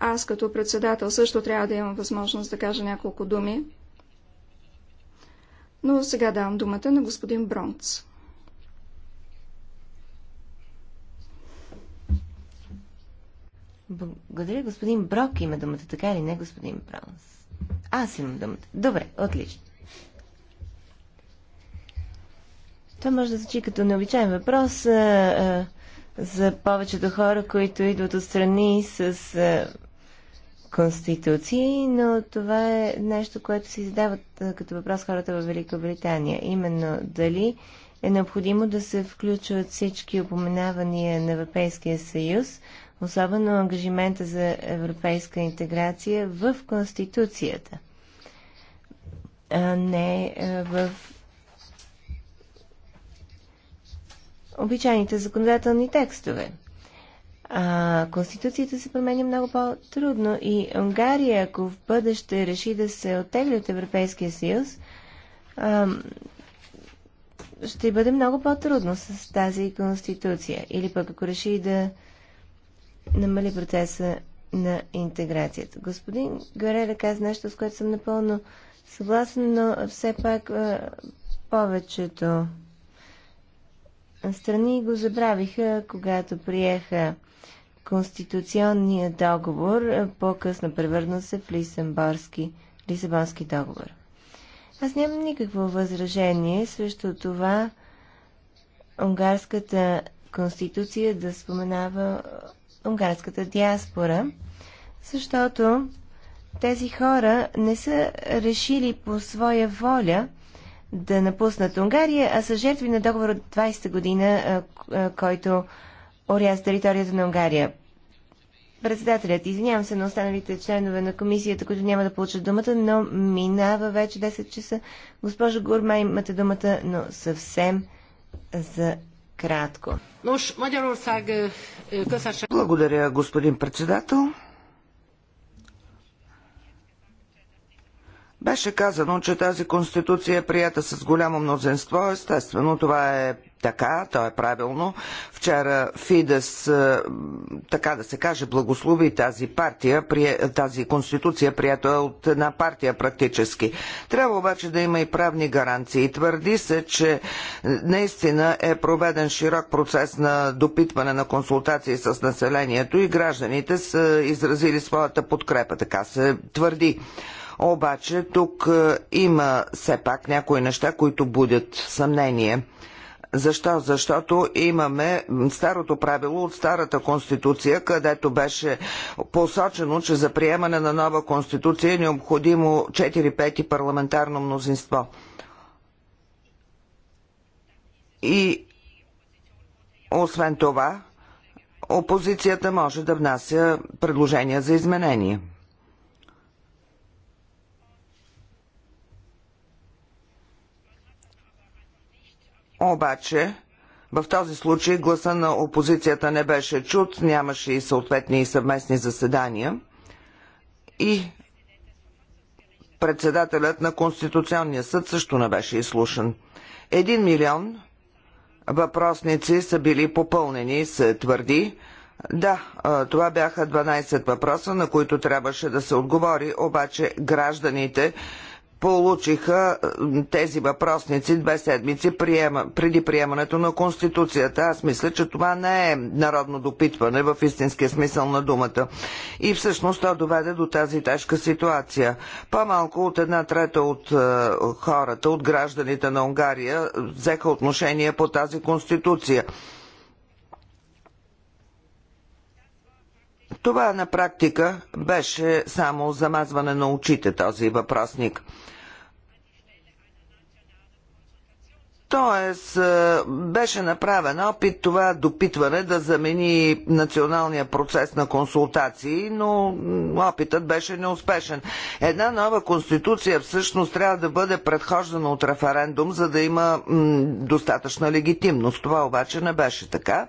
Аз като председател също трябва да имам възможност да кажа няколко думи. Но сега давам думата на господин Бронц. Благодаря, господин Брок има думата, така ли не, господин Бронс? Аз имам думата. Добре, отлично. Това може да звучи като необичайен въпрос а, а, за повечето хора, които идват от страни с а, конституции, но това е нещо, което се задават като въпрос хората в Великобритания. Именно дали е необходимо да се включват всички упоменавания на Европейския съюз, особено ангажимента за европейска интеграция в Конституцията, а не в обичайните законодателни текстове. А, конституцията се променя много по-трудно и Унгария, ако в бъдеще реши да се оттегли от Европейския съюз, а, ще бъде много по-трудно с тази конституция. Или пък ако реши да намали процеса на интеграцията. Господин Гарера каза нещо, с което съм напълно съгласен, но все пак а, повечето страни го забравиха, когато приеха конституционния договор, по-късно превърна се в Лисабонски, Лисабонски договор. Аз нямам никакво възражение срещу това унгарската конституция да споменава унгарската диаспора, защото тези хора не са решили по своя воля да напуснат Унгария, а са жертви на договор от 20-та година, който оряз територията на Унгария. Председателят, извинявам се на останалите членове на комисията, които няма да получат думата, но минава вече 10 часа. Госпожо Гурма, имате думата, но съвсем за кратко. Е, е, Благодаря, господин председател. Беше казано, че тази конституция е прията с голямо мнозинство. Естествено, това е така, то е правилно. Вчера Фидес, е, така да се каже, благослови тази партия, тази конституция, прията от една партия практически. Трябва обаче да има и правни гаранции. Твърди се, че наистина е проведен широк процес на допитване на консултации с населението и гражданите са изразили своята подкрепа. Така се твърди. Обаче тук е, има все пак някои неща, които будят съмнение. Защо? Защото имаме старото правило от старата конституция, където беше посочено, че за приемане на нова конституция е необходимо 4 5 парламентарно мнозинство. И освен това, опозицията може да внася предложения за изменение. Обаче, в този случай гласа на опозицията не беше чут, нямаше и съответни и съвместни заседания. И председателят на Конституционния съд също не беше изслушан. Един милион въпросници са били попълнени, се твърди. Да, това бяха 12 въпроса, на които трябваше да се отговори, обаче гражданите получиха тези въпросници две седмици приема, преди приемането на Конституцията. Аз мисля, че това не е народно допитване в истинския смисъл на думата. И всъщност то доведе до тази тежка ситуация. По-малко от една трета от е, хората, от гражданите на Унгария, взеха отношение по тази Конституция. Това на практика беше само замазване на очите този въпросник. Тоест, е, беше направен опит това допитване да замени националния процес на консултации, но опитът беше неуспешен. Една нова конституция всъщност трябва да бъде предхождана от референдум, за да има достатъчна легитимност. Това обаче не беше така.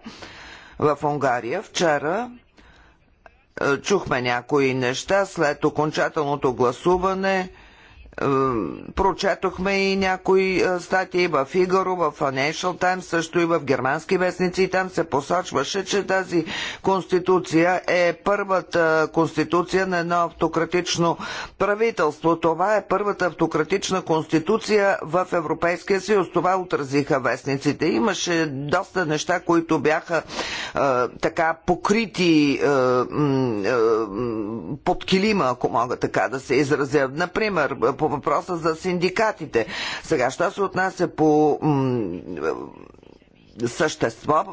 В Унгария вчера Чухме някои неща след окончателното гласуване прочетохме и някои статии в Фигаро, в Financial Times, също и в германски вестници. И там се посочваше, че тази конституция е първата конституция на едно автократично правителство. Това е първата автократична конституция в Европейския съюз. Това отразиха вестниците. Имаше доста неща, които бяха е, така покрити е, е, под килима, ако мога така да се изразя. Например, по въпроса за синдикатите. Сега, що се отнася по същество.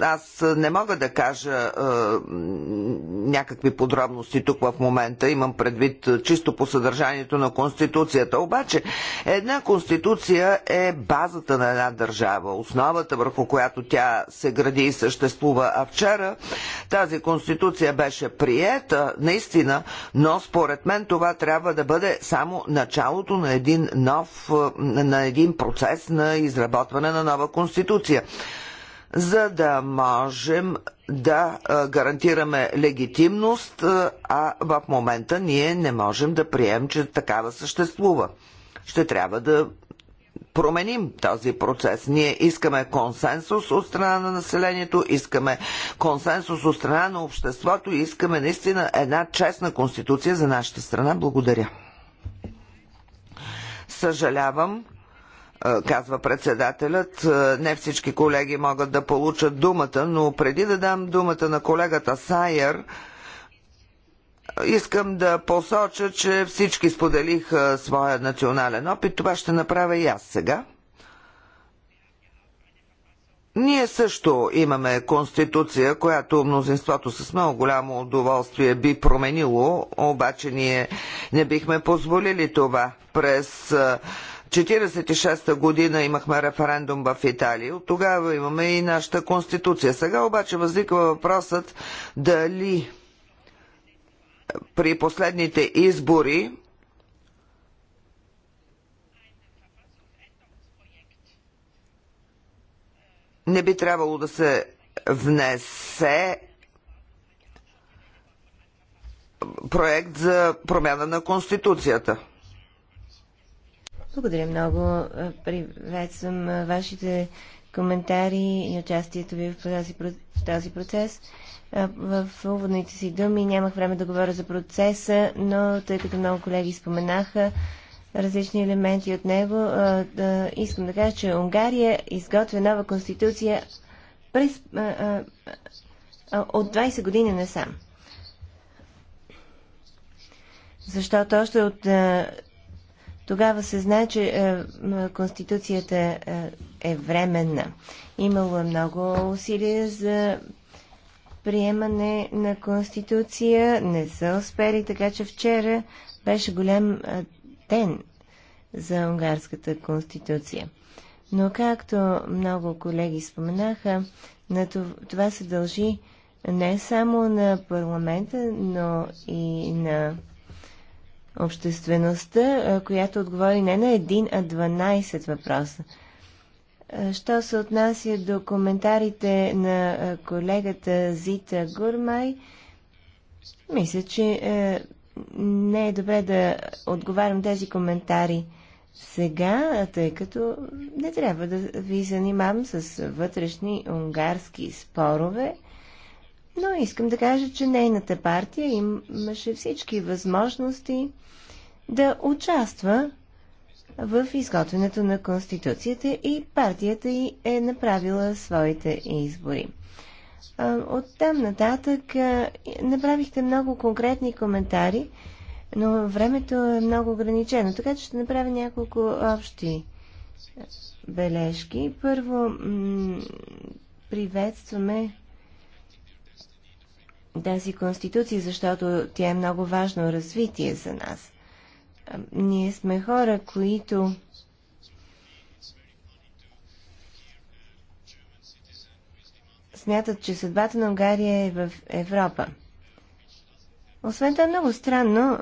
Аз не мога да кажа е, някакви подробности тук в момента. Имам предвид чисто по съдържанието на Конституцията. Обаче една Конституция е базата на една държава, основата върху която тя се гради и съществува. А вчера тази Конституция беше приета, наистина, но според мен това трябва да бъде само началото на един нов, е, на един процес на изработване на нова Конституция за да можем да гарантираме легитимност, а в момента ние не можем да приемем, че такава съществува. Ще трябва да променим този процес. Ние искаме консенсус от страна на населението, искаме консенсус от страна на обществото и искаме наистина една честна конституция за нашата страна. Благодаря. Съжалявам, е, казва председателят. Е, не всички колеги могат да получат думата, но преди да дам думата на колегата Сайер, искам да посоча, че всички споделиха е, своя национален опит. Това ще направя и аз сега. Ние също имаме конституция, която мнозинството с много голямо удоволствие би променило, обаче ние не бихме позволили това. През 46-та година имахме референдум в Италия. От тогава имаме и нашата конституция. Сега обаче възниква въпросът дали при последните избори не би трябвало да се внесе проект за промяна на Конституцията. Благодаря много. Приветствам вашите коментари и участието ви в този, процес. В уводните си думи нямах време да говоря за процеса, но тъй като много колеги споменаха различни елементи от него, да, искам да кажа, че Унгария изготвя нова конституция през, а, а, а, от 20 години насам. Защото още от тогава се знае, че е, Конституцията е, е временна. Имало е много усилия за приемане на Конституция. Не са успели, така че вчера беше голям е, ден за унгарската Конституция. Но както много колеги споменаха, на това се дължи не само на парламента, но и на обществеността, която отговори не на един, а 12 въпроса. Що се отнася до коментарите на колегата Зита Гурмай, мисля, че не е добре да отговарям тези коментари сега, тъй като не трябва да ви занимавам с вътрешни унгарски спорове. Но искам да кажа, че нейната партия имаше всички възможности да участва в изготвянето на Конституцията и партията й е направила своите избори. От там нататък направихте много конкретни коментари, но времето е много ограничено, така че ще направя няколко общи бележки. Първо, приветстваме тази конституция, защото тя е много важно развитие за нас. Ние сме хора, които смятат, че съдбата на Унгария е в Европа. Освен това, е много странно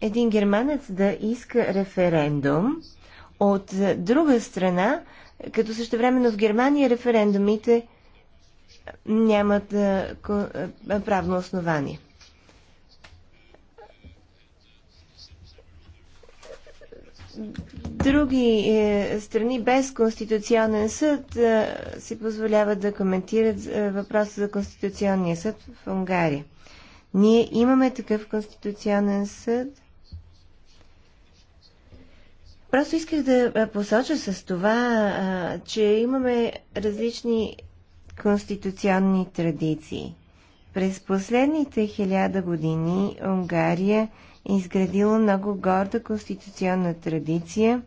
един германец да иска референдум от друга страна, като същевременно в Германия референдумите нямат правно основание. Други е, страни без конституционен съд си позволяват да коментират въпроса за конституционния съд в Унгария. Ние имаме такъв конституционен съд. Просто исках да посоча с това, че имаме различни конституционни традиции. През последните хиляда години Унгария е изградила много горда конституционна традиция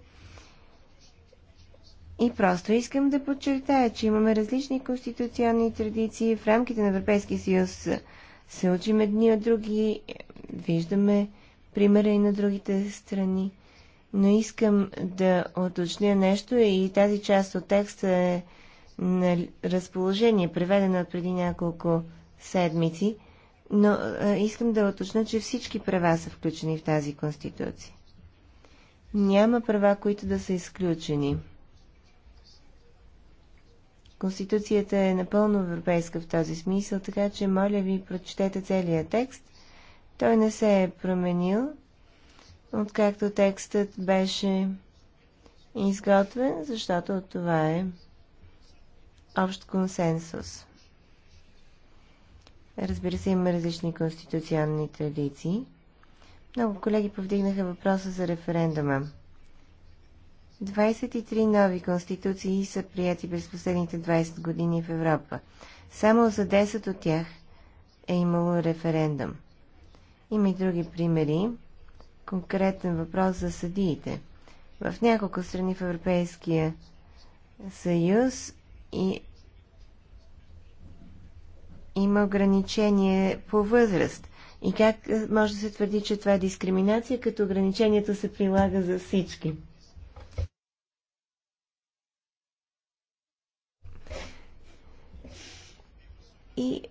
и просто искам да подчертая, че имаме различни конституционни традиции в рамките на Европейския съюз. Се учим едни от други, виждаме примера и на другите страни. Но искам да оточня нещо и тази част от текста е на разположение, преведена от преди няколко седмици, но а, искам да оточна, че всички права са включени в тази конституция. Няма права, които да са изключени. Конституцията е напълно европейска в този смисъл, така че моля ви, прочетете целият текст. Той не се е променил, откакто текстът беше изготвен, защото това е общ консенсус. Разбира се, има различни конституционни традиции. Много колеги повдигнаха въпроса за референдума. 23 нови конституции са прияти през последните 20 години в Европа. Само за 10 от тях е имало референдум. Има и други примери. Конкретен въпрос за съдиите. В няколко страни в Европейския съюз и има ограничение по възраст. И как е, може да се твърди, че това е дискриминация, като ограничението се прилага за всички? И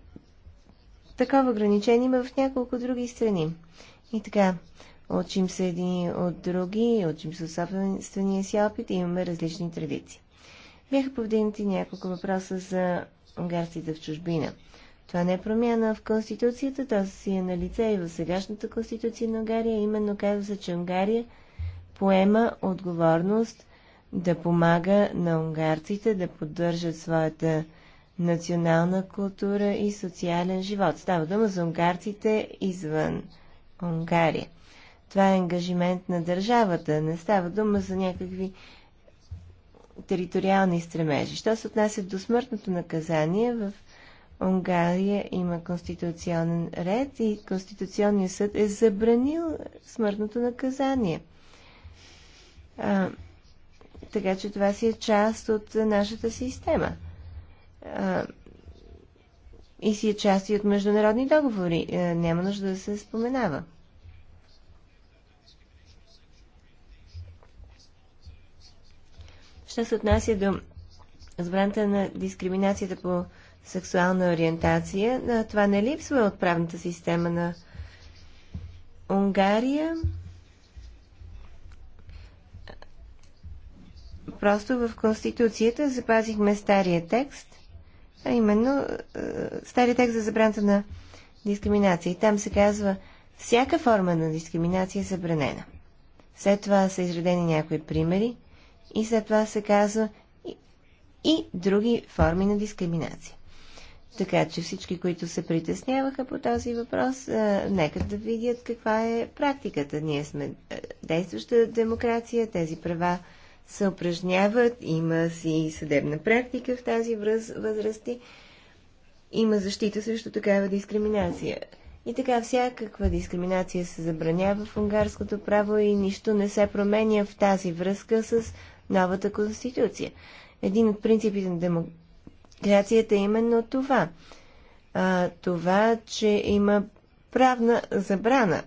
такова ограничение има в няколко други страни. И така, учим се едни от други, учим се от собствения си опит и имаме различни традиции. Бяха повдигнати няколко въпроса за унгарците в чужбина. Това не е промяна в Конституцията, то си е на лице и в сегашната Конституция на Унгария. Именно казва се, че Унгария поема отговорност да помага на унгарците да поддържат своята национална култура и социален живот. Става дума за унгарците извън Унгария. Това е ангажимент на държавата. Не става дума за някакви териториални стремежи. Що се отнася до смъртното наказание, в Унгария има конституционен ред и Конституционният съд е забранил смъртното наказание. А, така че това си е част от нашата система. А, и си е част и от международни договори. А, е, няма нужда да се споменава. що се отнася до забраната на дискриминацията по сексуална ориентация, това не липсва от правната система на Унгария. Просто в Конституцията запазихме стария текст, а именно стария текст за забраната на дискриминация. И там се казва всяка форма на дискриминация е забранена. След това са изредени някои примери – и след това се казва и, и други форми на дискриминация. Така че всички, които се притесняваха по този въпрос, а, нека да видят каква е практиката. Ние сме действаща демокрация, тези права се упражняват, има си съдебна практика в тази връз, възрасти, има защита срещу такава дискриминация. И така всякаква дискриминация се забранява в унгарското право и нищо не се променя в тази връзка с новата конституция. Един от принципите на демокрацията е именно това. А, това, че има правна забрана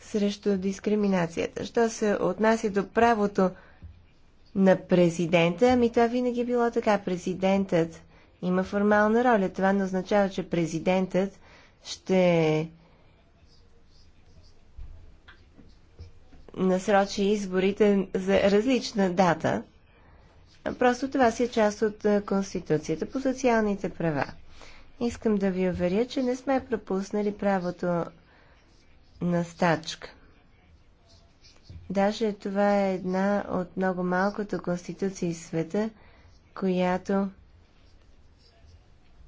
срещу дискриминацията. Що се отнася до правото на президента, ами това винаги е било така. Президентът има формална роля. Това не означава, че президентът ще насрочи изборите за различна дата. Просто това си е част от Конституцията по социалните права. Искам да ви уверя, че не сме пропуснали правото на стачка. Даже това е една от много малкото конституции в света, която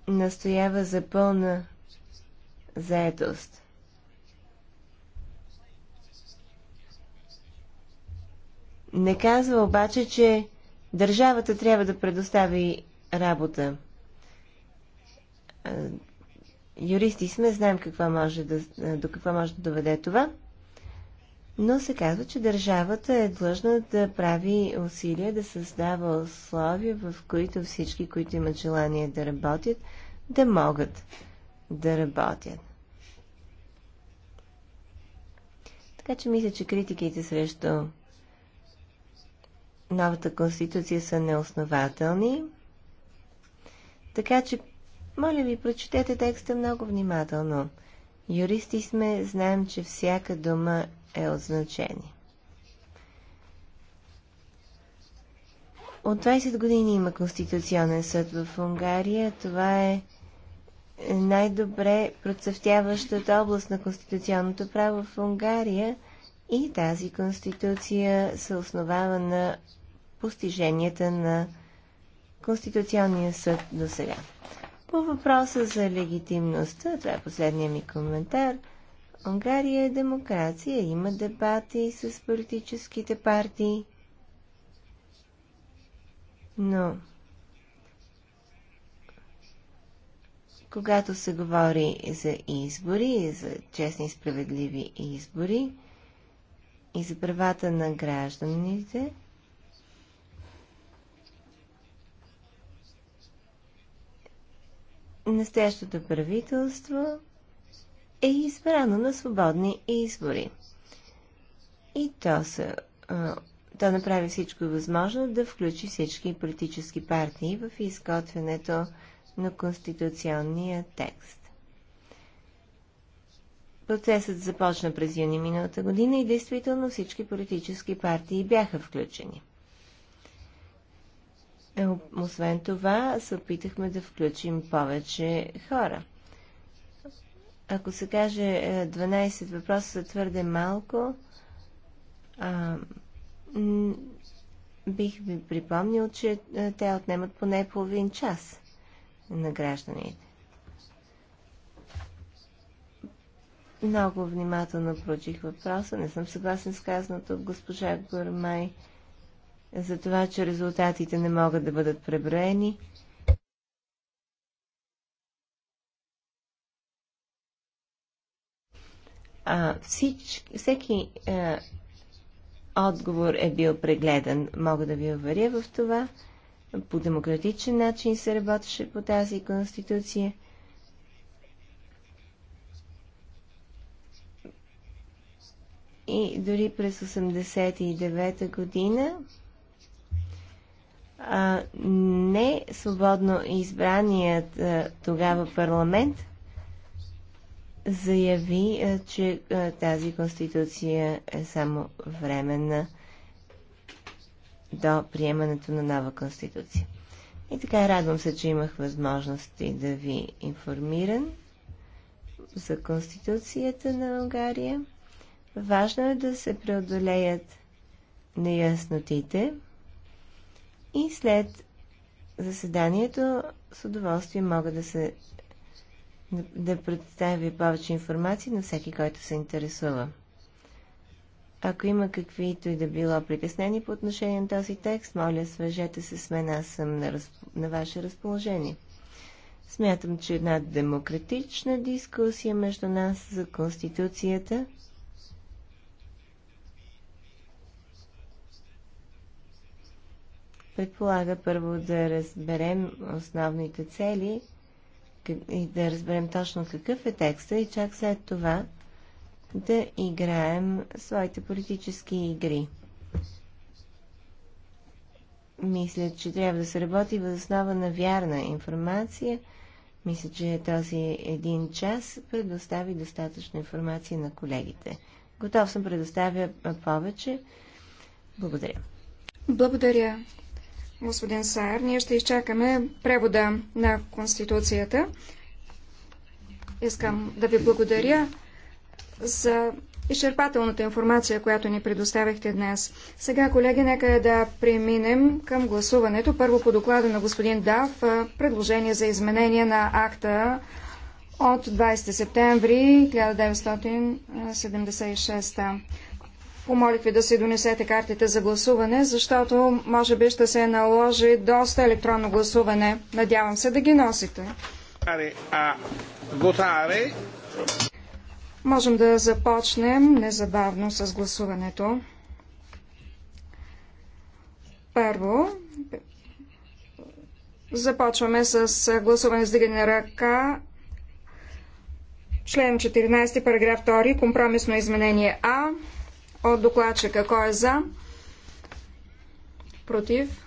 настоява за пълна заедост. Не казва обаче, че държавата трябва да предостави работа. Юристи сме, знаем каква може да, до какво може да доведе това, но се казва, че държавата е длъжна да прави усилия да създава условия, в които всички, които имат желание да работят, да могат да работят. Така че мисля, че критиките срещу новата конституция са неоснователни. Така че, моля ви, прочетете текста много внимателно. Юристи сме, знаем, че всяка дума е от значение. От 20 години има Конституционен съд в Унгария. Това е най-добре процъфтяващата област на конституционното право в Унгария и тази конституция се основава на постиженията на Конституционния съд до сега. По въпроса за легитимността, това е последния ми коментар, Унгария е демокрация, има дебати с политическите партии, но когато се говори за избори, за честни и справедливи избори и за правата на гражданите, настоящото правителство е избрано на свободни избори. И то, са, то направи всичко възможно да включи всички политически партии в изготвянето на конституционния текст. Процесът започна през юни миналата година и действително всички политически партии бяха включени. Е, освен това, се опитахме да включим повече хора. Ако се каже 12 е, въпроса са твърде малко, а, бих ви припомнил, че е, те отнемат поне половин час на гражданите. Много внимателно прочих въпроса. Не съм съгласен с казаното от госпожа Гормай за това, че резултатите не могат да бъдат преброени. А, всич, всеки а, е, отговор е бил прегледан, мога да ви уверя в това. По демократичен начин се работеше по тази конституция. И дори през 89-та година а, не свободно избраният а, тогава парламент заяви, а, че а, тази конституция е само временна до приемането на нова конституция. И така радвам се, че имах възможности да ви информирам за конституцията на Унгария. Важно е да се преодолеят неяснотите, и след заседанието с удоволствие мога да се да представя повече информация на всеки, който се интересува. Ако има каквито и да било притеснени по отношение на този текст, моля, свържете се с мен, аз съм на, разп... на ваше разположение. Смятам, че една демократична дискусия между нас за Конституцията – предполага първо да разберем основните цели и да разберем точно какъв е текста и чак след това да играем своите политически игри. Мисля, че трябва да се работи въз основа на вярна информация. Мисля, че този един час предостави достатъчно информация на колегите. Готов съм предоставя повече. Благодаря. Благодаря господин Саер. Ние ще изчакаме превода на Конституцията. Искам да ви благодаря за изчерпателната информация, която ни предоставихте днес. Сега, колеги, нека да преминем към гласуването. Първо по доклада на господин Дав, предложение за изменение на акта от 20 септември 1976. Помолих ви да си донесете картите за гласуване, защото може би ще се наложи доста електронно гласуване. Надявам се да ги носите. Можем да започнем незабавно с гласуването. Първо, започваме с гласуване с дигане на ръка. Член 14, параграф 2, компромисно изменение А от докладчика. Кой е за? Против?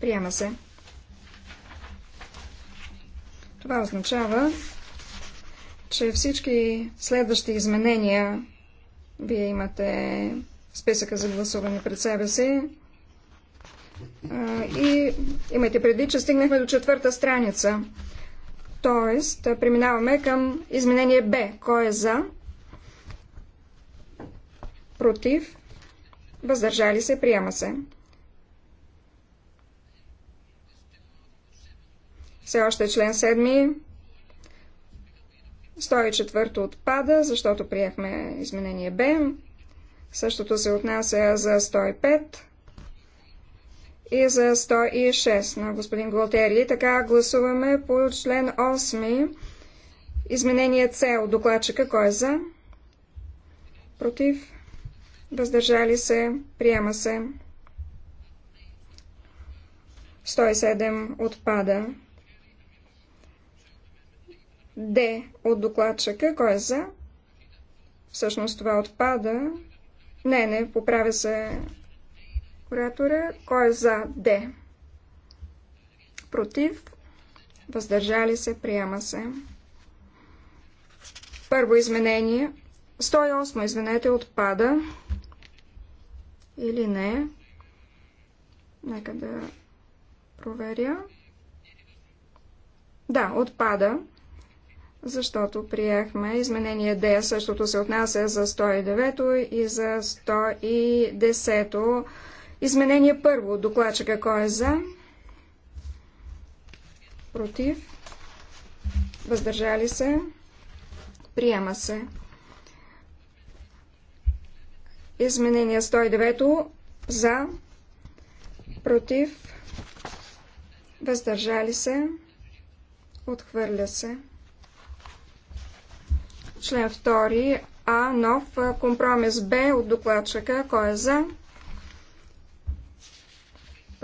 Приема се. Това означава, че всички следващи изменения, вие имате списъка за гласуване пред себе си, и имайте преди, че стигнахме до четвърта страница. Тоест, преминаваме към изменение Б. Кой е за? Против? Въздържали се? Приема се. Все още член 7. 104 отпада, защото приехме изменение Б. Същото се отнася за 105 и за 106 на господин Голтери. Така гласуваме по член 8. Изменение С от докладчика. Кой е за? Против? Въздържали се? Приема се. 107 отпада. Д от докладчика. Кой е за? Всъщност това отпада. Не, не, поправя се Оратора, кой е за Д? Против? Въздържали се, приема се. Първо изменение. 108, извинете, отпада. Или не. Нека да проверя. Да, отпада, защото приехме изменение Д. Същото се отнася за 109 и за 110 Изменение първо. Докладчика кой е за? Против? Въздържали се? Приема се. Изменение 109. За? Против? Въздържали се? Отхвърля се. Член 2. А. Нов компромис Б от докладчика. Кой е за?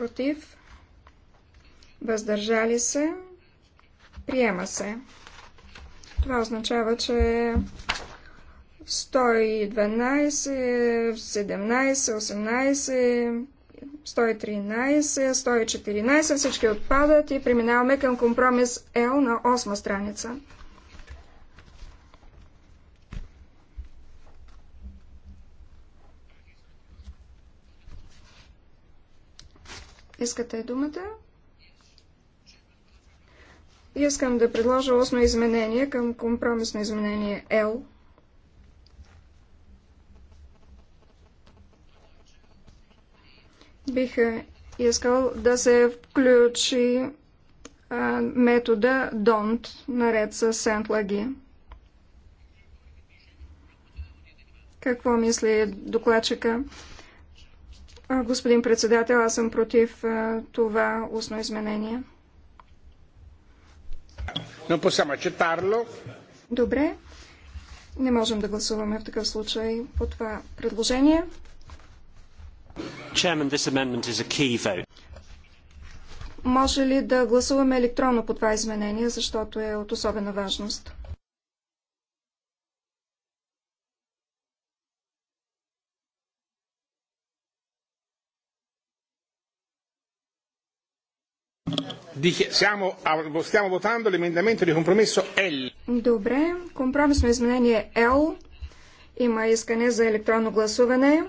против, въздържали се, приема се. Това означава, че 112, 17, 18, 113, 114 всички отпадат и преминаваме към компромис L на 8 страница. Искате думата? Искам да предложа осно изменение към компромисно изменение L. Бих искал да се включи а, метода DONT наред с сентлаги. Какво мисли докладчика? Господин председател, аз съм против това устно изменение. Добре. Не можем да гласуваме в такъв случай по това предложение. Chairman, this amendment is a key vote. Може ли да гласуваме електронно по това изменение, защото е от особена важност? Stiamo votando l'emendamento di compromesso L. Добре, компромисно изменение L. Има искане за електронно гласуване.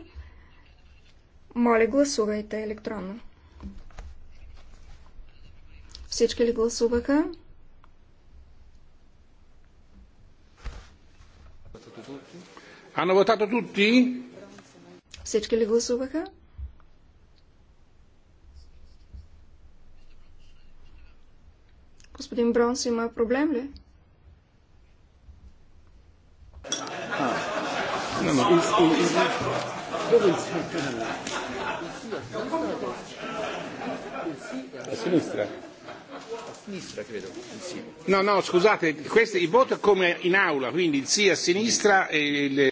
Моля, гласувайте електронно. Всички ли гласуваха? Hanno votato tutti? Всички ли гласуваха? Господин Бронс има проблем ли? A sinistra. A sinistra credo. sì. No, no, scusate, questo, il voto è come in aula, quindi il sì a sinistra e il...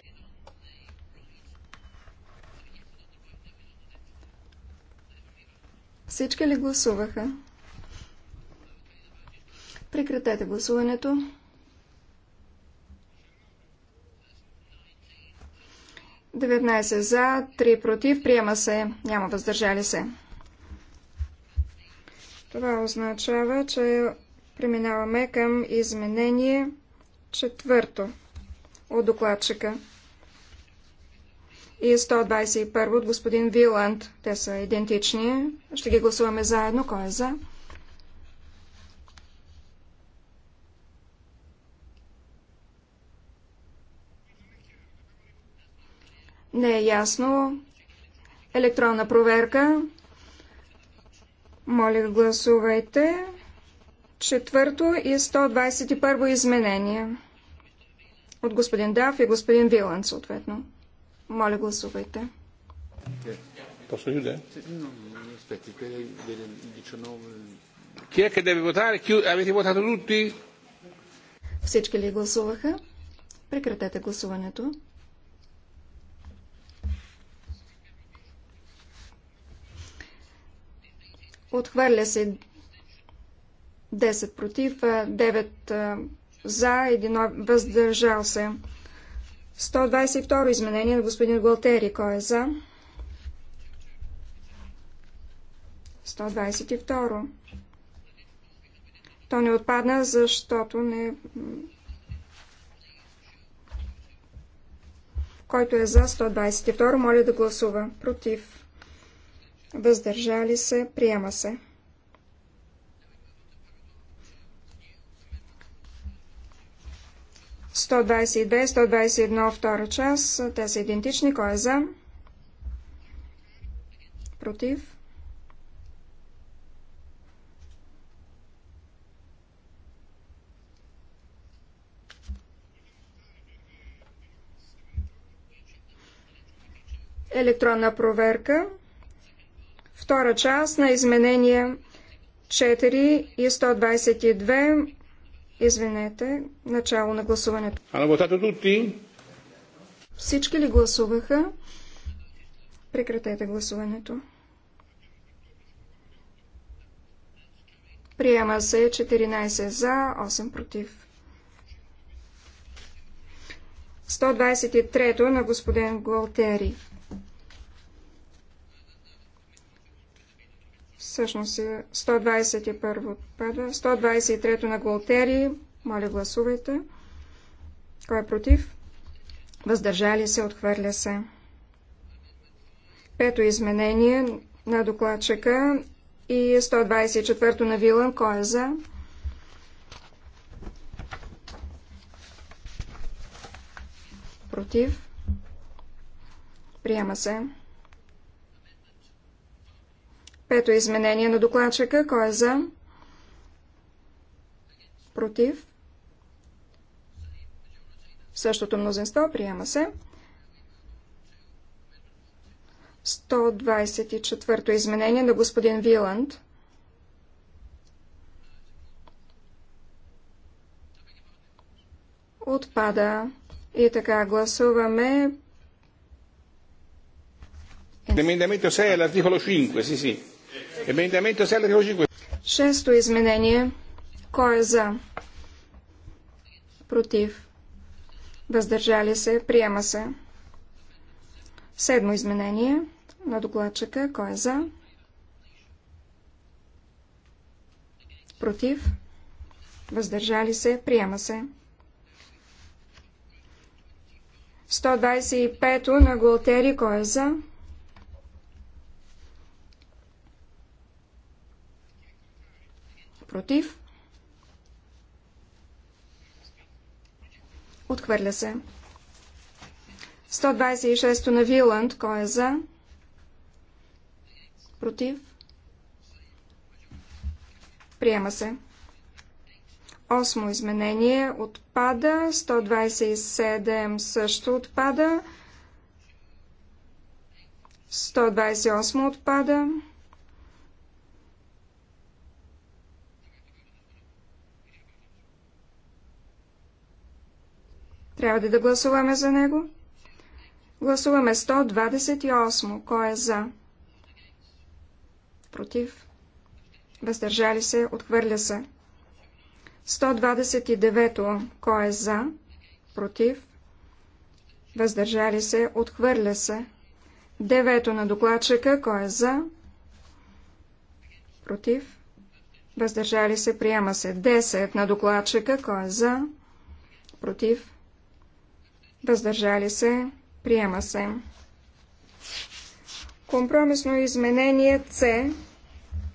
Всички ли гласуваха? Прекратете гласуването. Деветнайсет за, три против, приема се, няма въздържали се. Това означава, че преминаваме към изменение четвърто от докладчика и 121 от господин Виланд. Те са идентични. Ще ги гласуваме заедно. Кой е за? не е ясно. Електронна проверка. Моля, гласувайте. Четвърто и 121 во изменение. От господин Дав и господин Вилан, съответно. Моля, гласувайте. Posso chiudere? Aspetti, del 19... Chi è che deve votare? Chi... Avete votato tutti? Всички ли гласуваха? Прекратете гласуването. Отхвърля се 10 против, 9 за, 1 въздържал се. 122 изменение на господин Галтери. Кой е за? 122. То не отпадна, защото не... Който е за 122, моля да гласува. Против въздържали се, приема се. Сто двадесет и две, сто двадесет и едно, втора част. Те са идентични. Кой е за? Против? електронна проверка Втора част на изменения 4 и 122. Извинете, начало на гласуването. Всички ли гласуваха? Прекратете гласуването. Приема се 14 за, 8 против. 123 на господин Гуалтери. всъщност е 121 отпада, 123 на Голтери, моля гласувайте. Кой е против? Въздържали се, отхвърля се. Пето изменение на докладчика и 124 то на Вилан, кой е за? Против? Приема се. Пето е изменение на докладчика. Кой е за? Против? Същото мнозинство приема се. 124-то изменение на господин Виланд. Отпада. И така гласуваме. се е all'articolo 5, си, си. Шесто изменение. Кой е за? Против. Въздържали се. Приема се. Седмо изменение на докладчика. Кой е за? Против. Въздържали се. Приема се. 125 на Голтери. Кой е за? Против. Отхвърля се. 126 на Виланд. Кой е за? Против. Приема се. Осмо изменение отпада. 127 също отпада. 128 отпада. Трябва ли да гласуваме за него? Гласуваме 128. Кой е за? Против? Въздържали се? Отхвърля се. 129. Кой е за? Против? Въздържали се? Отхвърля се. Девето на докладчика. Кой е за? Против? Въздържали се? Приема се. 10 на докладчика. Кой е за? Против? въздържали се, приема се. Компромисно изменение С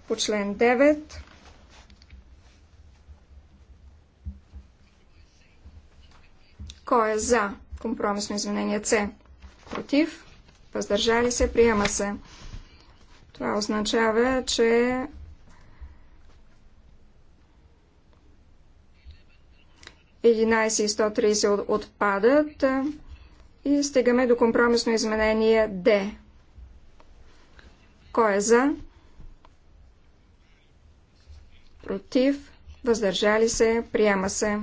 по член 9. Кой е за компромисно изменение С? Против? Въздържали се? Приема се. Това означава, че 11 и 130 отпадат и стигаме до компромисно изменение Д. Кой е за? Против? Въздържали се? Приема се.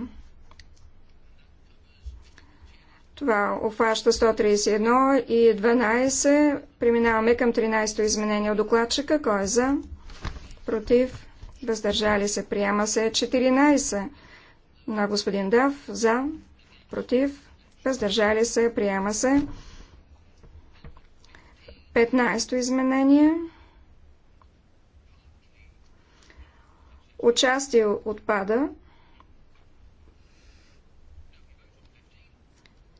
Това обхваща 131 и 12. Преминаваме към 13-то изменение от докладчика. Кой е за? Против? Въздържали се? Приема се. 14 на господин Дав за, против, въздържали се, приема се. 15-то изменение. Участие отпада.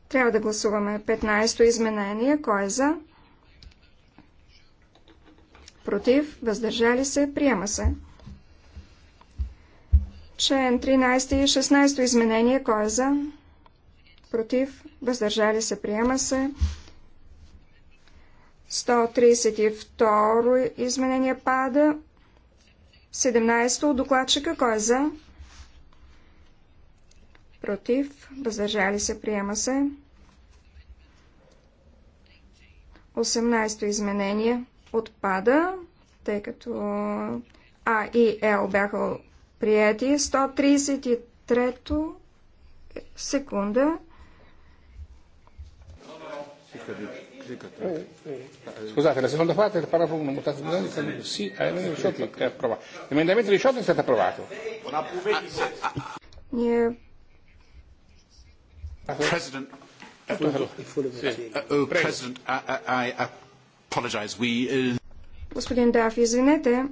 Трябва да гласуваме 15-то изменение. Кой е за? Против, въздържали се, приема се. Член 13 и 16 изменение. Кой е за? Против. Въздържали се. Приема се. 132 изменение пада. 17 от докладчика. Кой е за? Против. Въздържали се. Приема се. 18 изменение отпада, тъй като А и Л бяха Прияти 133 секунда. Scusate, la seconda parte del paragrafo 1 mutato sì all'emendamento 18 è approvato. L'emendamento 18 è stato approvato. Yeah. President, President, I, I apologize. We... Господин Даф, извинете,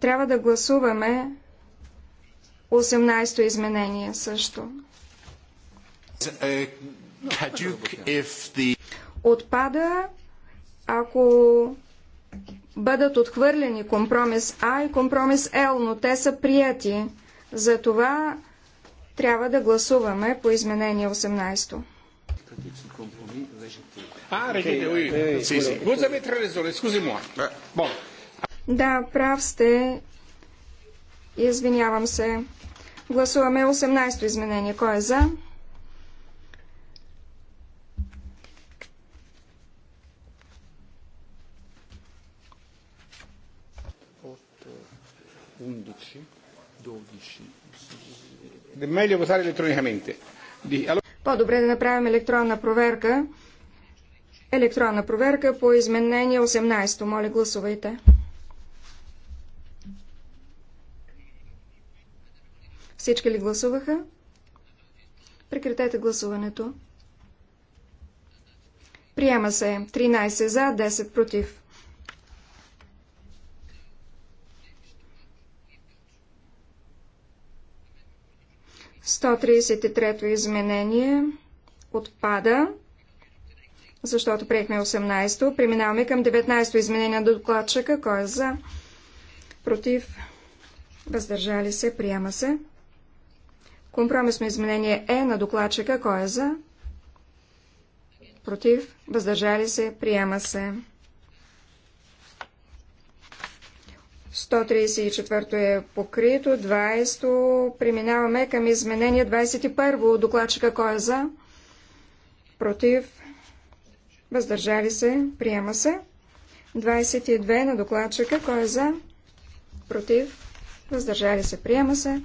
трябва да гласуваме 18-то изменение също. Е, Отпада, ако бъдат отхвърлени компромис А и компромис Л, но те са прияти. За това трябва да гласуваме по изменение 18-то. Е. Да, прав сте. Извинявам се. Гласуваме 18-то изменение. Кой е за? По-добре да направим електронна проверка. Електронна проверка по изменение 18. Моля, гласувайте. Всички ли гласуваха? Прекратете гласуването. Приема се 13 за, 10 против. Сто трето изменение отпада, защото приехме 18-то. Преминаваме към 19-то изменение до докладчика. Кой е за? Против? Въздържали се? Приема се. Компромисно изменение Е на докладчика. Кой е за? Против? Въздържали се? Приема се. 134 е покрито, 20 преминаваме към изменение 21 докладчика кой е за, против, въздържали се, приема се. 22 на докладчика кой е за, против, въздържали се, приема се.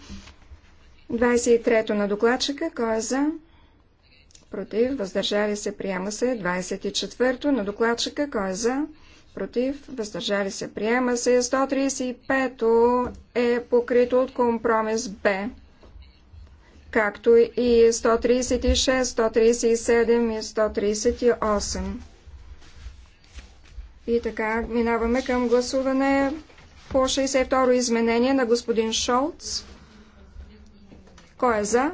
23-то на докладчика. Кой е за? Против. Въздържали се. Приема се. 24-то на докладчика. Кой е за? Против. Въздържали се. Приема се. 135-то е покрито от компромис Б. Както и 136, 137 и 138. И така минаваме към гласуване по 62-ро изменение на господин Шолц. Кой е за?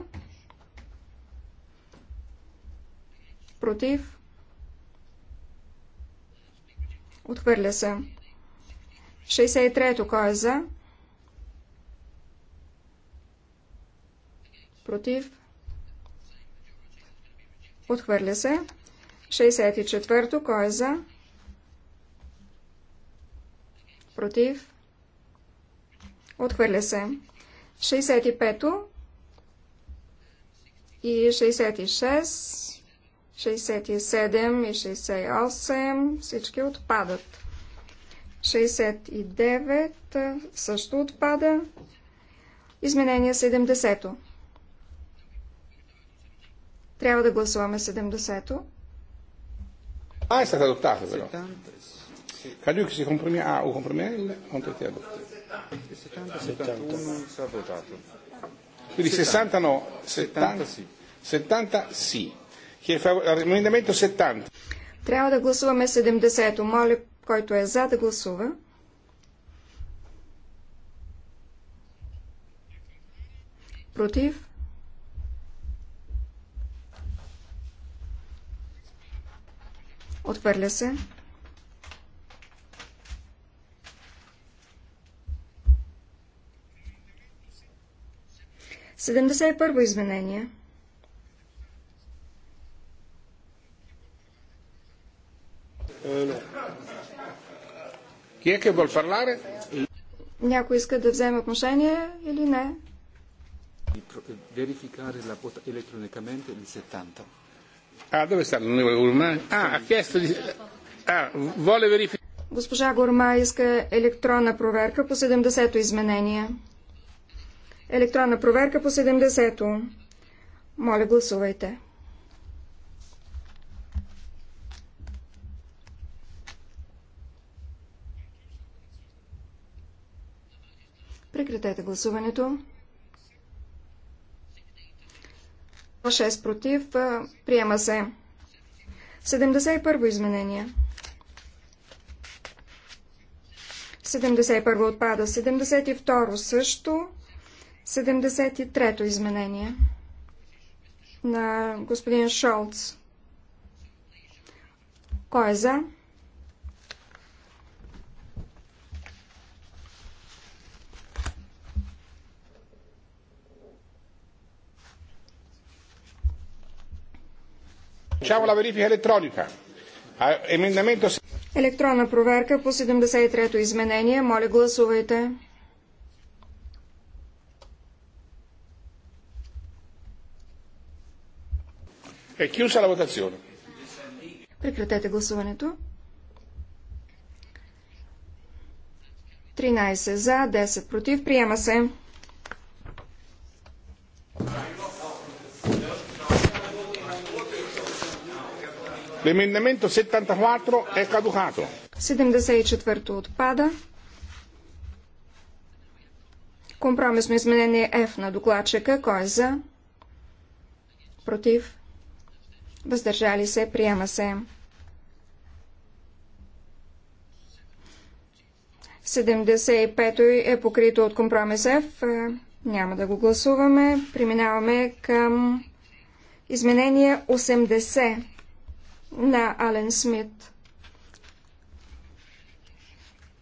Против? Отхвърля се. 63-то. Кой е за? Против? Отхвърля се. 64-то. Кой е за? Против? Отхвърля се. 65-то и 66, 67 и 68 всички отпадат. 69 също отпада. Изменение 70-то. Трябва да гласуваме 70-то. А, е стата бе. però. Caduc си компромия, а, у компромия, или он ti adotta. 70, 71 sta votato. Quindi 60 no, 70 70 sì. 70 sì. Chi 70. Трябва да гласуваме 70-то. Моля, който е за да гласува. Против? Отвърля се. 71 изменение. Някой иска да вземе отношение или не? verificare la vota elettronicamente il 70. Ah, dove sta l'onorevole Gourmai? Ah, ha chiesto di... Ah, vuole verificare... Госпожа Горма иска електронна проверка по 70-то изменение. Електронна проверка по 70-то. Моля, гласувайте. Прекратете гласуването. 6 против. Приема се. 71 изменение. 71 отпада. 72 също. 73-то изменение на господин Шолц. Кой е за? Електронна проверка по 73-то изменение. Моля, гласувайте. Е кюша la Прекратете гласуването. 13 за, 10 против. Приема се. L'emendamento 74 è caducato. 74 отпада. Компромисно изменение F на докладчика. Кой е за? Против? Въздържали се. Приема се. 75-то е покрито от компромис F. Няма да го гласуваме. Преминаваме към изменение 80 на Ален Смит.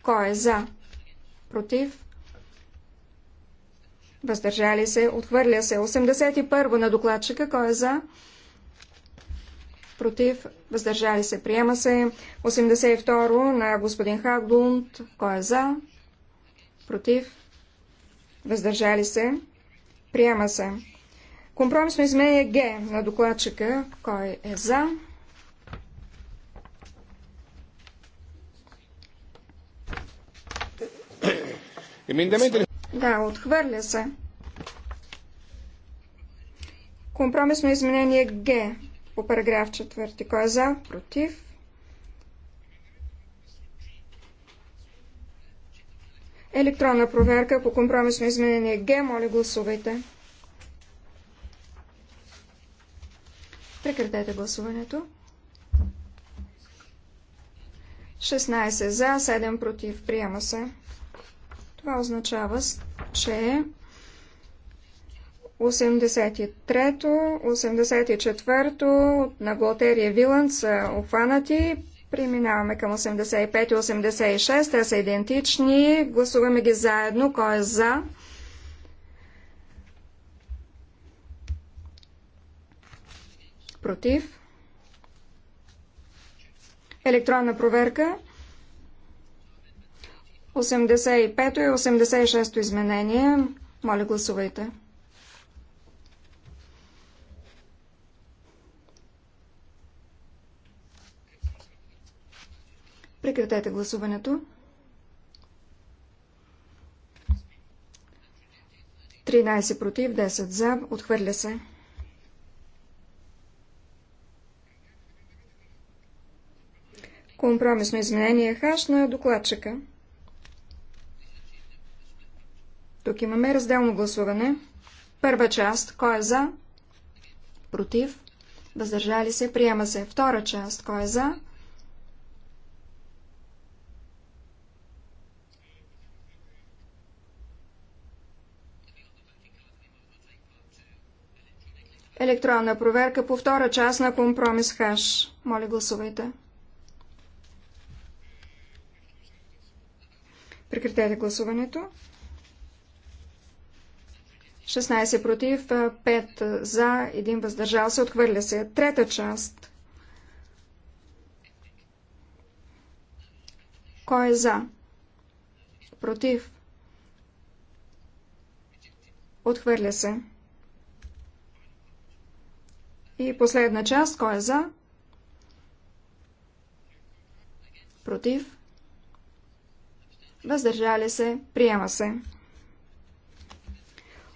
Кой е за? Против? Въздържали се? Отхвърля се. 81 на докладчика. Кой е за? Против? против, въздържали се, приема се. 82 на господин Хаглунд, кой е за, против, въздържали се, приема се. Компромисно изменение Г на докладчика, кой е за. Е- да, отхвърля се. Компромисно изменение Г по параграф 4. Кой е за? Против? Електронна проверка по компромисно изменение Г. Моля гласувайте. Прекратете гласуването. 16 за, 7 против. Приема се. Това означава, че 83-то, 84-то на Глотерия Виланд са обхванати. Преминаваме към 85 и 86. Те са идентични. Гласуваме ги заедно. Кой е за? Против? Електронна проверка. 85 то и 86 то изменение. Моля, гласувайте. Прекратете гласуването. 13 против, 10 за. Отхвърля се. Компромисно изменение хаш на докладчика. Тук имаме разделно гласуване. Първа част. Кой е за? Против. Въздържали се. Приема се. Втора част. Кой е за? Електронна проверка по втора част на компромис хаш. Моля, гласувайте. Прекратете гласуването. 16 против, 5 за, 1 въздържал се, отхвърля се. Трета част. Кой е за? Против. Отхвърля се. И последна част, кой е за? Против? Въздържали се? Приема се.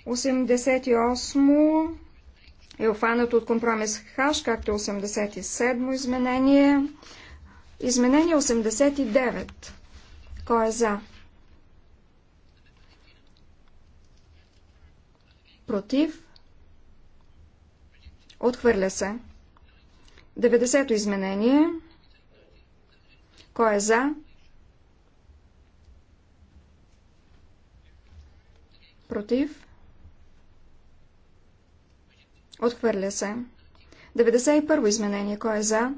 88 е обхванато от компромис ХАШ, както 87 изменение. Изменение 89. Кой е за? Против? Отхвърля се. 90-то изменение. Кой е за? Против? Отхвърля се. 91-во изменение. Кой е за?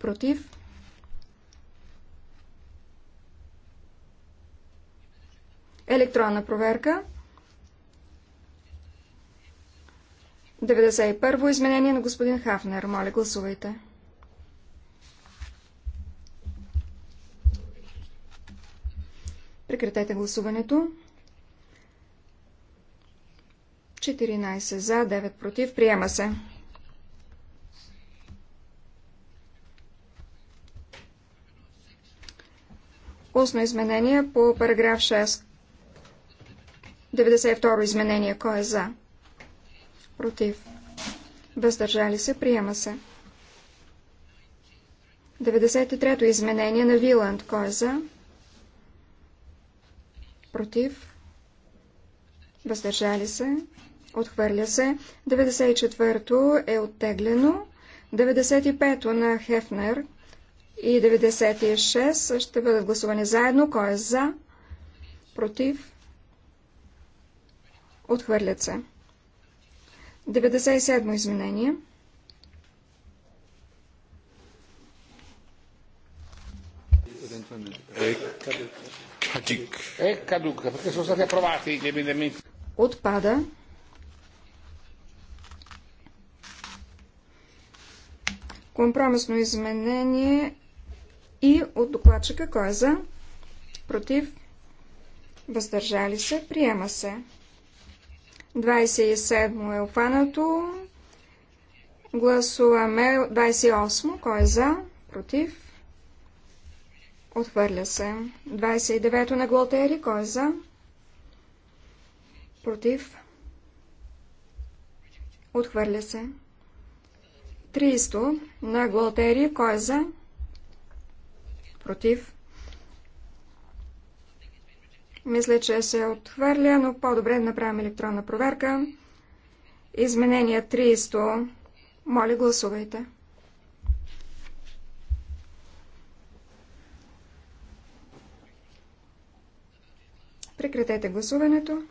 Против? Електронна проверка. 91-во изменение на господин Хафнер. Моля, гласувайте. Прекратете гласуването. 14 за, 9 против. Приема се. Устно изменение по параграф 6. 92 изменение. Кой е за? против, въздържали се, приема се. 93-то изменение на Виланд. Кой е за? Против? Въздържали се? Отхвърля се. 94-то е оттеглено. 95-то на Хефнер и 96 ще бъдат гласувани заедно. Кой е за? Против? Отхвърлят се. 97 изменение. Е, е, Отпада. Компромисно изменение и от докладчика кой е за? Против? Въздържали се? Приема се. 27 е опанато. Гласуваме 28. Кой е за? Против? Отхвърля се. 29-то на Глотери. Кой е за? Против? Отхвърля се. 30 на Глотери. Кой е за? Против? Мисля, че се отхвърля, но по-добре да направим електронна проверка. Изменение 300. Моля, гласувайте. Прекратете гласуването.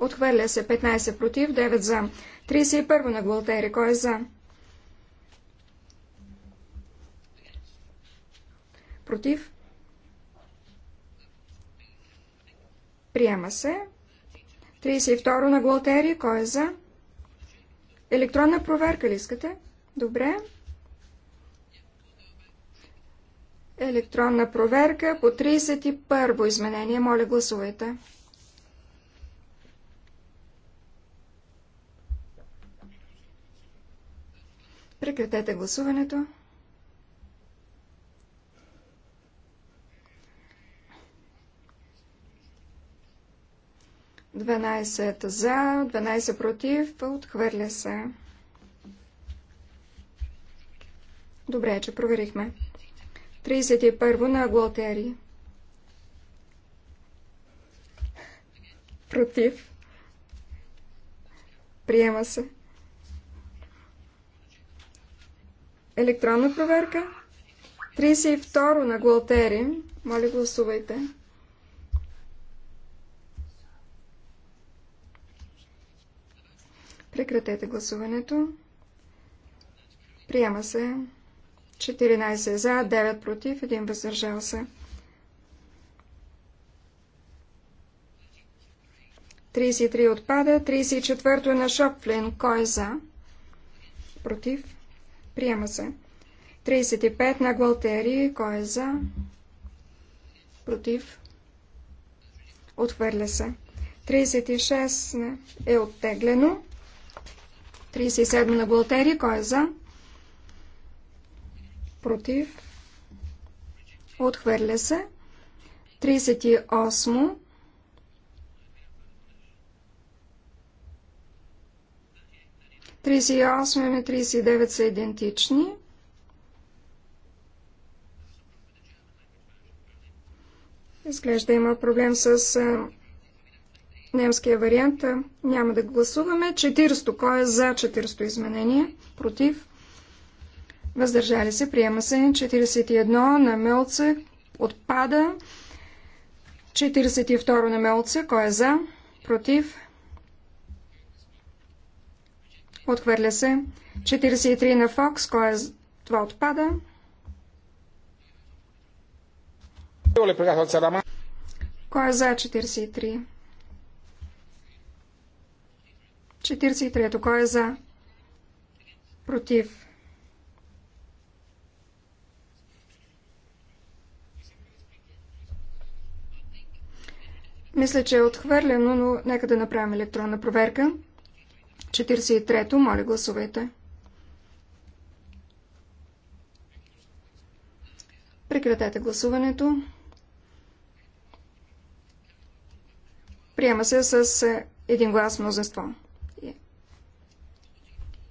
Отхвърля се 15 против, 9 за. 31 на Голтери. Кой е за? Против? Приема се. 32 на Голтери. Кой е за? Електронна проверка ли искате? Добре. Електронна проверка по 31 во изменение. Моля, гласувайте. Прекратете гласуването. 12 за, 12 против, отхвърля се. Добре, че проверихме. 31 на Глотери. Против. Приема се. Електронна проверка. 32 на Глотери. Моля, гласувайте. Прекратете гласуването. Приема се 14 за, 9 против, 1 въздържал се. 33 отпада, 34 е на Шопфлин. Кой е за? Против. Приема се. 35 на Гвалтери. Кой е за? Против. Отхвърля се. 36 е оттеглено. 37 на Голтери. Кой е за? Против. Отхвърля се. 38. 38 и 39 са идентични. Изглежда има проблем с немския вариант няма да гласуваме. 400, кой е за 400 изменения? Против? Въздържали се, приема се. 41 на Мелце отпада. 42 на Мелце, кой е за? Против? Отхвърля се. 43 на Фокс, кой е... Това отпада. Кой е за 43? 43-то. Кой е за? Против. Мисля, че е отхвърлено, но нека да направим електронна проверка. 43-то. Моля, гласувайте. Прекратете гласуването. Приема се с е, един глас мнозинство.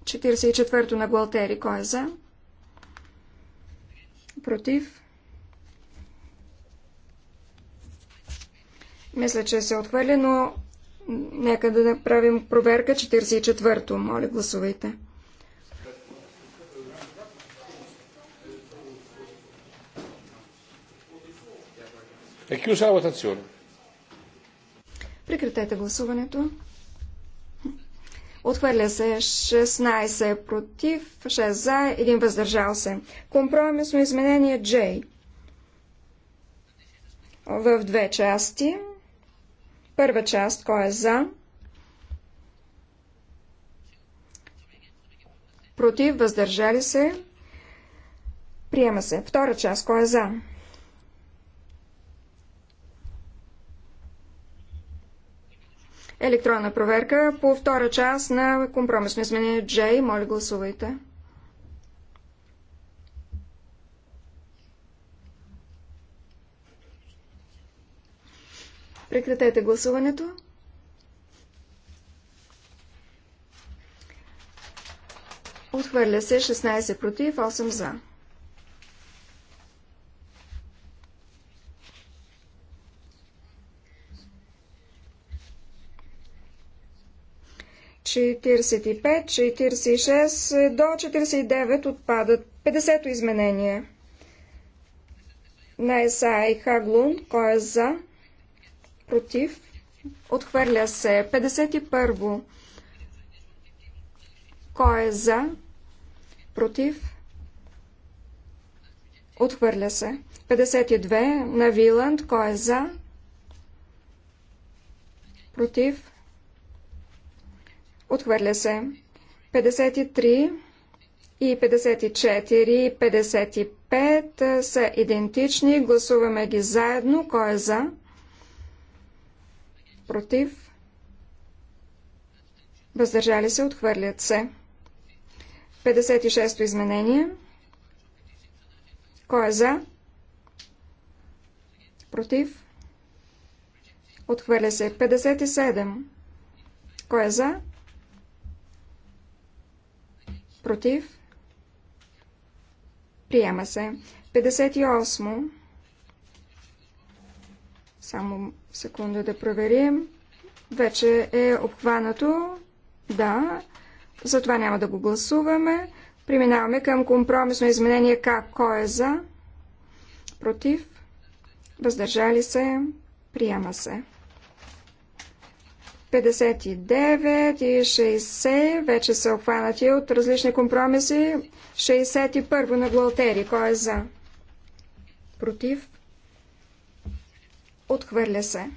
44-то на Гуалтери. Кой е за? Против? Мисля, че се отхвърля, но нека да направим проверка 44-то. Моля, гласувайте. Е Прекратете гласуването. Отхвърля се 16 против, 6 за, 1 въздържал се. Компромисно изменение J. В две части. Първа част, кой е за? Против, въздържали се. Приема се. Втора част, кой е за? Електронна проверка по втора част на компромисно изменение J. Моля, гласувайте. Прекратете гласуването. Отхвърля се 16 против, 8 за. 45, 46 до 49 отпадат. 50-то изменение. На Еса и Хаглун, кой е за? Против? Отхвърля се. 51-во. Кой е за? Против? Отхвърля се. 52 на Виланд. Кой е за? Против? Отхвърля се. 53 и 54, 55 са идентични. Гласуваме ги заедно. Кой е за? Против? Въздържали се, отхвърлят се. 56-то изменение. Кой е за? Против? Отхвърля се. 57. Кой е за? Против? Против. Приема се. 58. Само секунда да проверим. Вече е обхванато. Да. Затова няма да го гласуваме. Преминаваме към компромисно изменение К. Кой е за? Против? Въздържали се? Приема се. 59 и 60 вече са обхванати от различни компромиси. 61 на Глалтери. Кой е за? Против? Отхвърля се.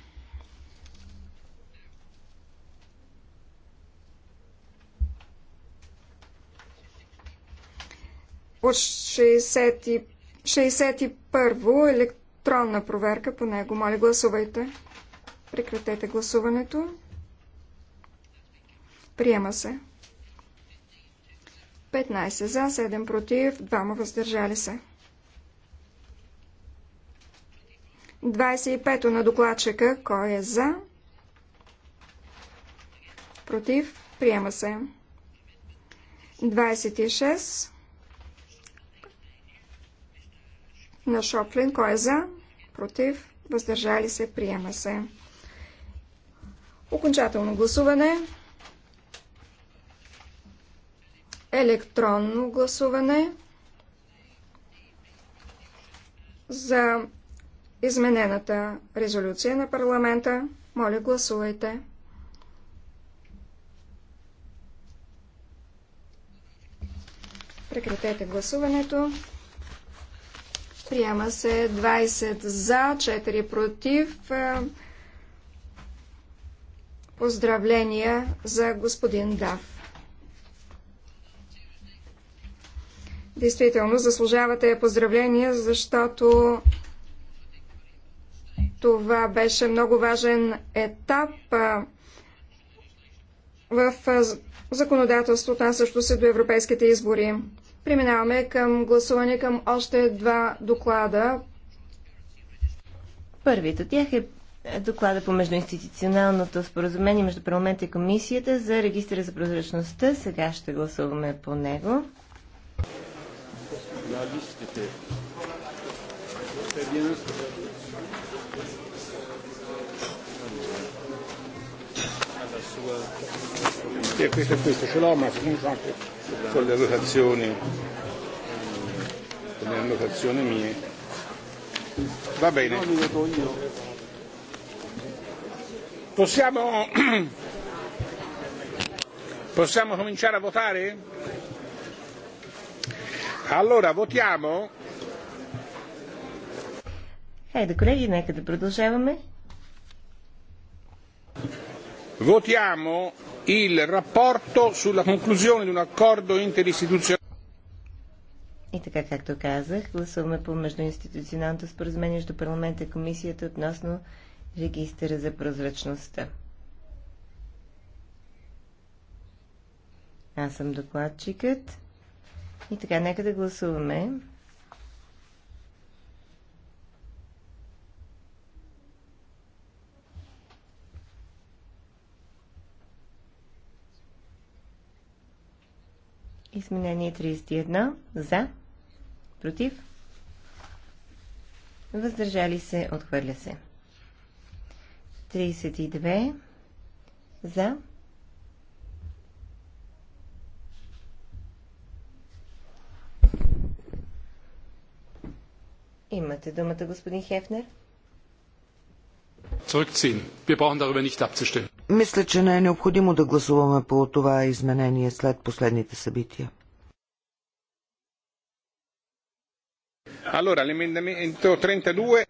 От 60, 61 електронна проверка по него. Моля, гласувайте. Прекратете гласуването. Приема се. 15 за, 7 против, 2 въздържали се. 25 на докладчика. Кой е за? Против. Приема се. 26 на Шоплин. Кой е за? Против. Въздържали се. Приема се. Окончателно гласуване. електронно гласуване за изменената резолюция на парламента. Моля, гласувайте. Прекратете гласуването. Приема се 20 за, 4 против. Поздравления за господин Дав. Действително заслужавате поздравления, защото това беше много важен етап в законодателството, а също се до европейските избори. Преминаваме към гласуване към още два доклада. Първият от тях е доклада по междуинституционалното споразумение между парламента и комисията за регистъра за прозрачността. Сега ще гласуваме по него la liste était très bien. Sì, questo è questo, ce l'ho ma comunque anche con le annotazioni, con le annotazioni mie. Va bene. Possiamo, possiamo cominciare a votare? Allora, votiamo. Хайде, колеги, нека да продължаваме. Votiamo il rapporto sulla conclusione di un accordo interistituzionale. И така, както казах, гласуваме по междуинституционалното споразумение между парламента и комисията относно регистъра за прозрачността. Аз съм докладчикът. И така, нека да гласуваме. Изменение 31. За. Против. Въздържали се. Отхвърля се. 32. За. Имате думата, господин Хефнер. Мисля, че не е необходимо да гласуваме по това изменение след последните събития. Allora, l'emendamento 32...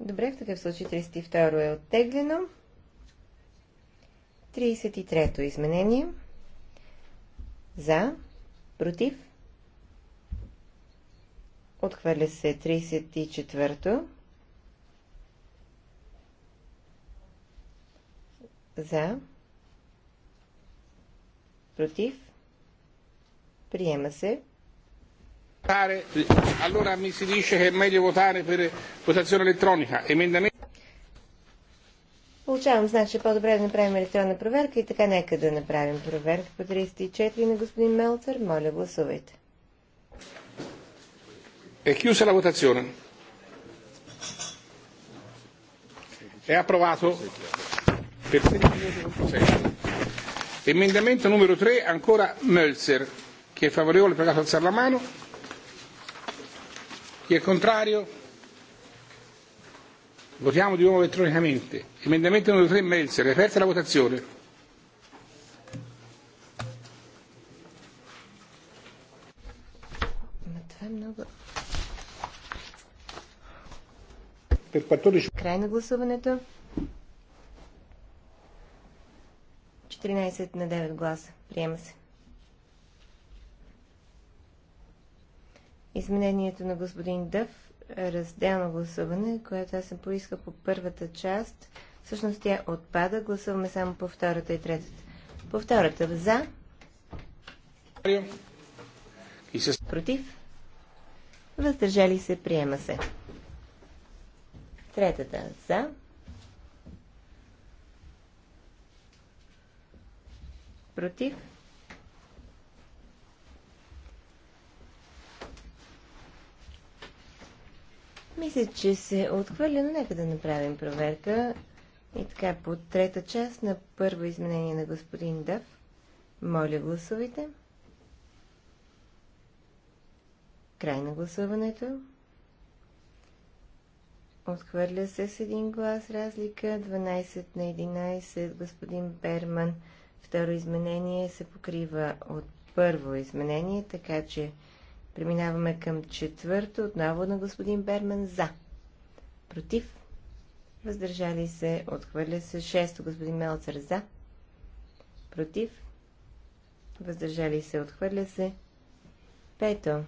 Добре, в такъв случай 32 е оттеглено. 33-то изменение. За, против, Отхвърля се 34-то. За. Против. Приема се. Allora mi si dice che è meglio votare per votazione elettronica. Emendamento. Получавам, значи по-добре да направим електронна проверка и така нека да направим проверка по 34 на господин Мелцер. Моля, гласувайте. È chiusa la votazione. È approvato per 16 minuti contro Emendamento numero 3, ancora Mölzer. Chi è favorevole, pregato alzare la mano. Chi è contrario? Votiamo di nuovo elettronicamente. Emendamento numero 3, Mölzer. È aperta la votazione. Край на гласуването. 14 на 9 гласа. Приема се. Изменението на господин Дъв разделно гласуване, което аз съм поиска по първата част. Всъщност тя отпада. Гласуваме само по втората и третата. По втората за. Против. Въздържали се. Приема се. Третата за. Против. Мисля, че се отхвърля, но нека да направим проверка. И така, по трета част на първо изменение на господин Дъв. Моля, гласувайте. Край на гласуването. Отхвърля се с един глас разлика. 12 на 11. Господин Берман. Второ изменение се покрива от първо изменение, така че преминаваме към четвърто. Отново на господин Берман. За. Против. Въздържали се. Отхвърля се. Шесто. Господин Мелцер. За. Против. Въздържали се. Отхвърля се. Пето.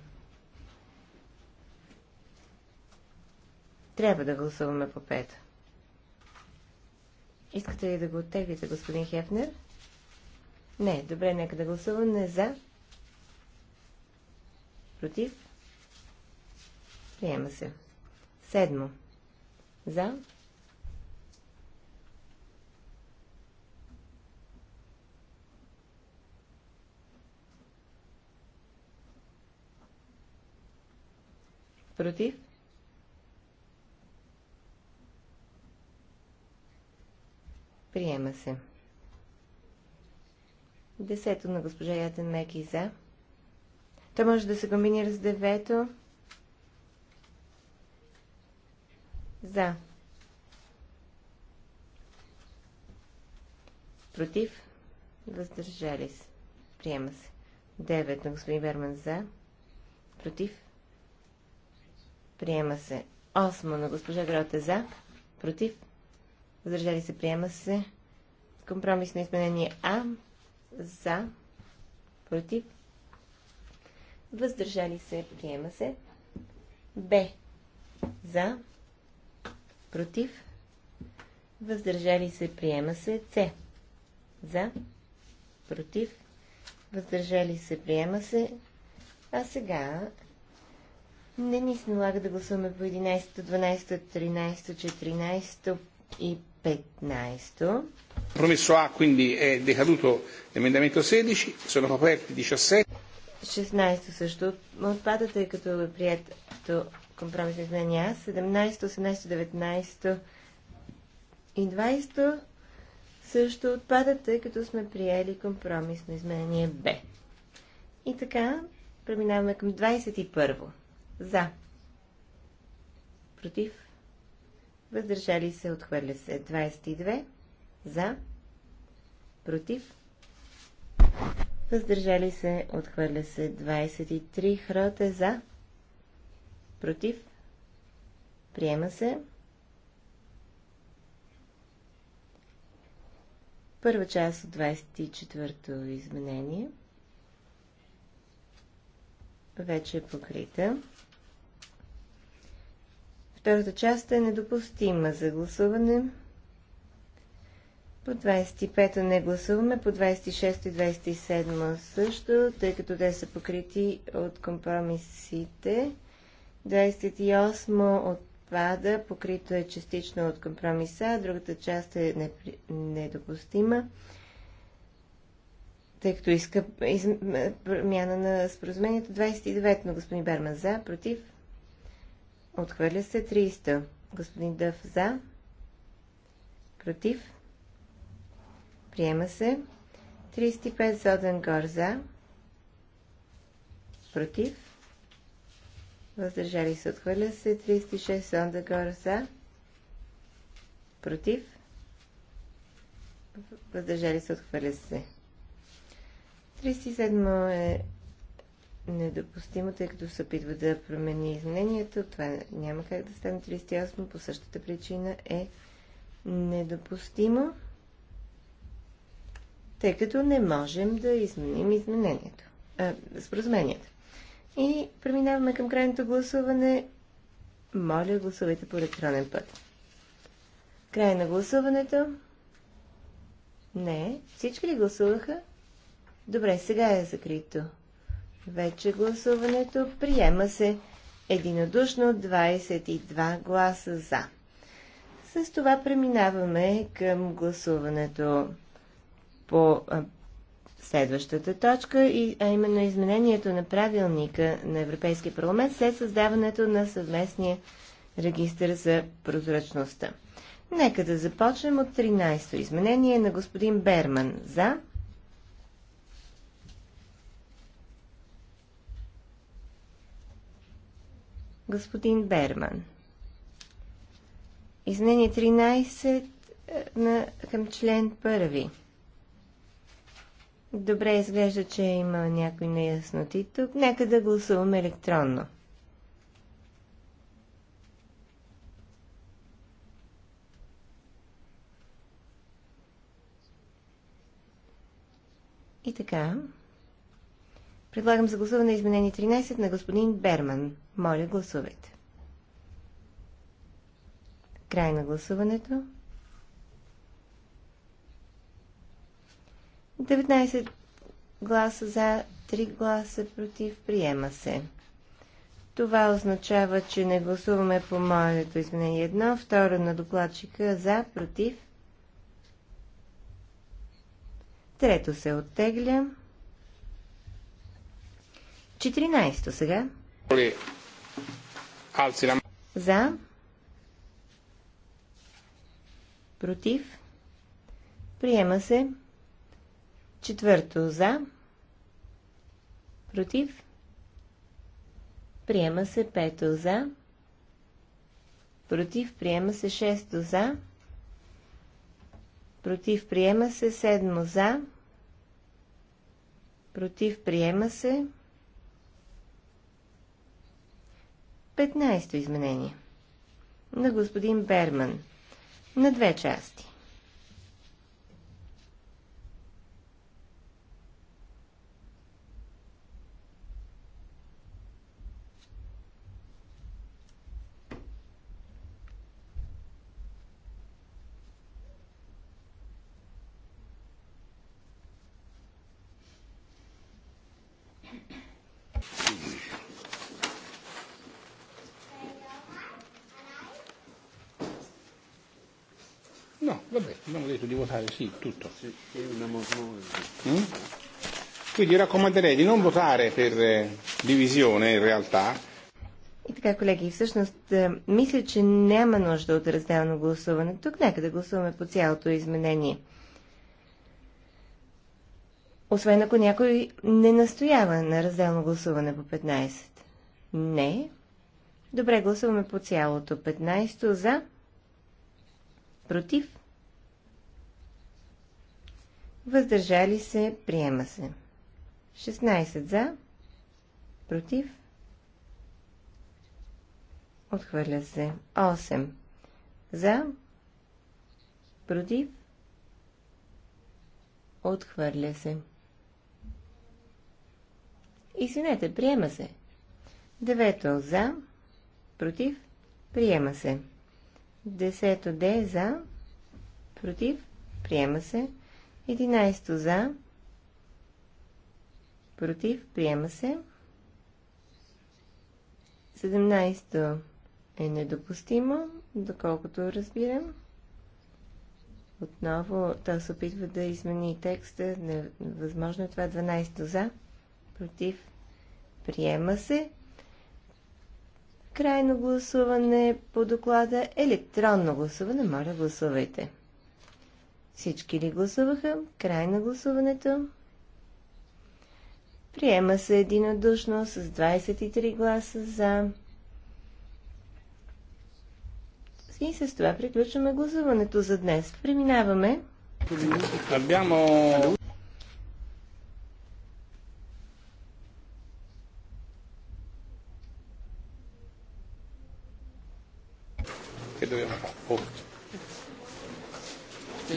Трябва да гласуваме по пет. Искате ли да го оттеглите, господин Хефнер? Не, добре, нека да гласуваме за. Против. Приема се. Седмо. За. Против. Приема се. Десето на госпожа Ятен Меки за. То може да се комбинира с девето. За. Против. Въздържали се. Приема се. Девет на господин Берман за. Против. Приема се. Осмо на госпожа Грота за. Против въздържали се, приема се. Компромис на изменение А, за, против, въздържали се, приема се. Б, за, против, въздържали се, приема се. С, за, против, въздържали се, приема се. А сега не ни се налага да гласуваме по 11, 12, 13, 14 и 15. Compromesso A quindi è decaduto l'emendamento 16, sono coperti 17. 16 също отпада, тъй като е прието компромисно изменение А. 17, 18, 19 и 20 също отпадат, тъй като сме приели компромисно изменение Б. И така, преминаваме към 21. За. Против въздържали се, отхвърля се. 22 за, против, въздържали се, отхвърля се. 23 хрота, е за, против, приема се. Първа част от 24-то изменение вече е покрита. Втората част е недопустима за гласуване. По 25-та не гласуваме, по 26 и 27 също, тъй като те са покрити от компромисите. 28 отпада, покрито е частично от компромиса, другата част е недопустима, тъй като иска промяна на споразумението. 29 на господин Берман за, против, Отхвърля се 300. Господин Дъв за. Против. Приема се. 35 Соден Гор за. Против. Въздържали се. Отхвърля се. 36 Соден Гор за. Против. Въздържали се. Отхвърля се. 37 е недопустимо, тъй като се опитва да промени изменението. Това няма как да стане 38. По същата причина е недопустимо, тъй като не можем да изменим изменението. А, споразумението. И преминаваме към крайното гласуване. Моля, гласувайте по електронен път. Край на гласуването. Не. Всички ли гласуваха? Добре, сега е закрито вече гласуването приема се единодушно 22 гласа за. С това преминаваме към гласуването по следващата точка, а именно изменението на правилника на Европейския парламент след създаването на съвместния регистър за прозрачността. Нека да започнем от 13-то изменение на господин Берман за. господин Берман. Изменение 13 е, на, към член 1. Добре, изглежда, че има някои неясноти тук. Нека да гласуваме електронно. И така, Предлагам за гласуване изменение 13 на господин Берман. Моля, гласувайте. Край на гласуването. 19 гласа за, 3 гласа против. Приема се. Това означава, че не гласуваме по моето изменение 1, второ на докладчика за, против. Трето се оттегля. 14 то сега. За. Против. Приема се. Четвърто за. Против. Приема се. Пето за. Против. Приема се. Шесто за. Против. Приема се. Седмо за. Против. Приема се. 15 изменение на господин Берман на две части. sì, tutto. Mm? Quindi raccomanderei di non votare per eh, divisione in realtà. И така, колеги, всъщност е, мисля, че няма нужда от разделно гласуване. Тук нека да гласуваме по цялото изменение. Освен ако някой не настоява на разделно гласуване по 15. Не. Добре, гласуваме по цялото. 15 за. Против въздържали се, приема се. 16 за, против, отхвърля се. 8 за, против, отхвърля се. Извинете, приема се. Девето за, против, приема се. Десето де за, против, приема се. 11 за, против, приема се. 17 е недопустимо, доколкото разбирам. Отново той се опитва да измени текста. Невъзможно е това 12 за, против, приема се. Крайно гласуване по доклада, електронно гласуване, моля гласувайте. Всички ли гласуваха? Край на гласуването. Приема се единодушно с 23 гласа за. И с това приключваме гласуването за днес. Преминаваме.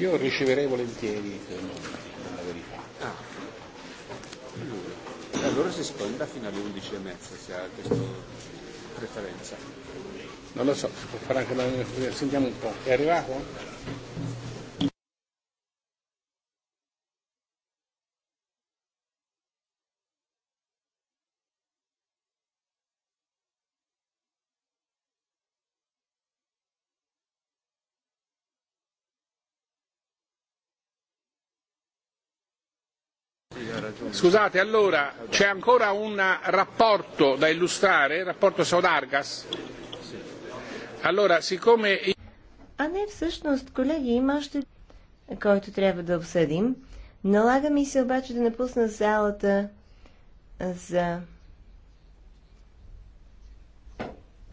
io riceverei volentieri la verità. Ah. Allora si sponda fino alle 11 e mezza se ha questa preferenza. Non lo so, si può fare anche la... sentiamo un po'. È arrivato? Scusate, allora c'è ancora un rapporto da illustrare, il rapporto Saudargas. Allora, siccome... А не, всъщност, колеги, има още който трябва да обсъдим. Налага ми се обаче да напусна залата за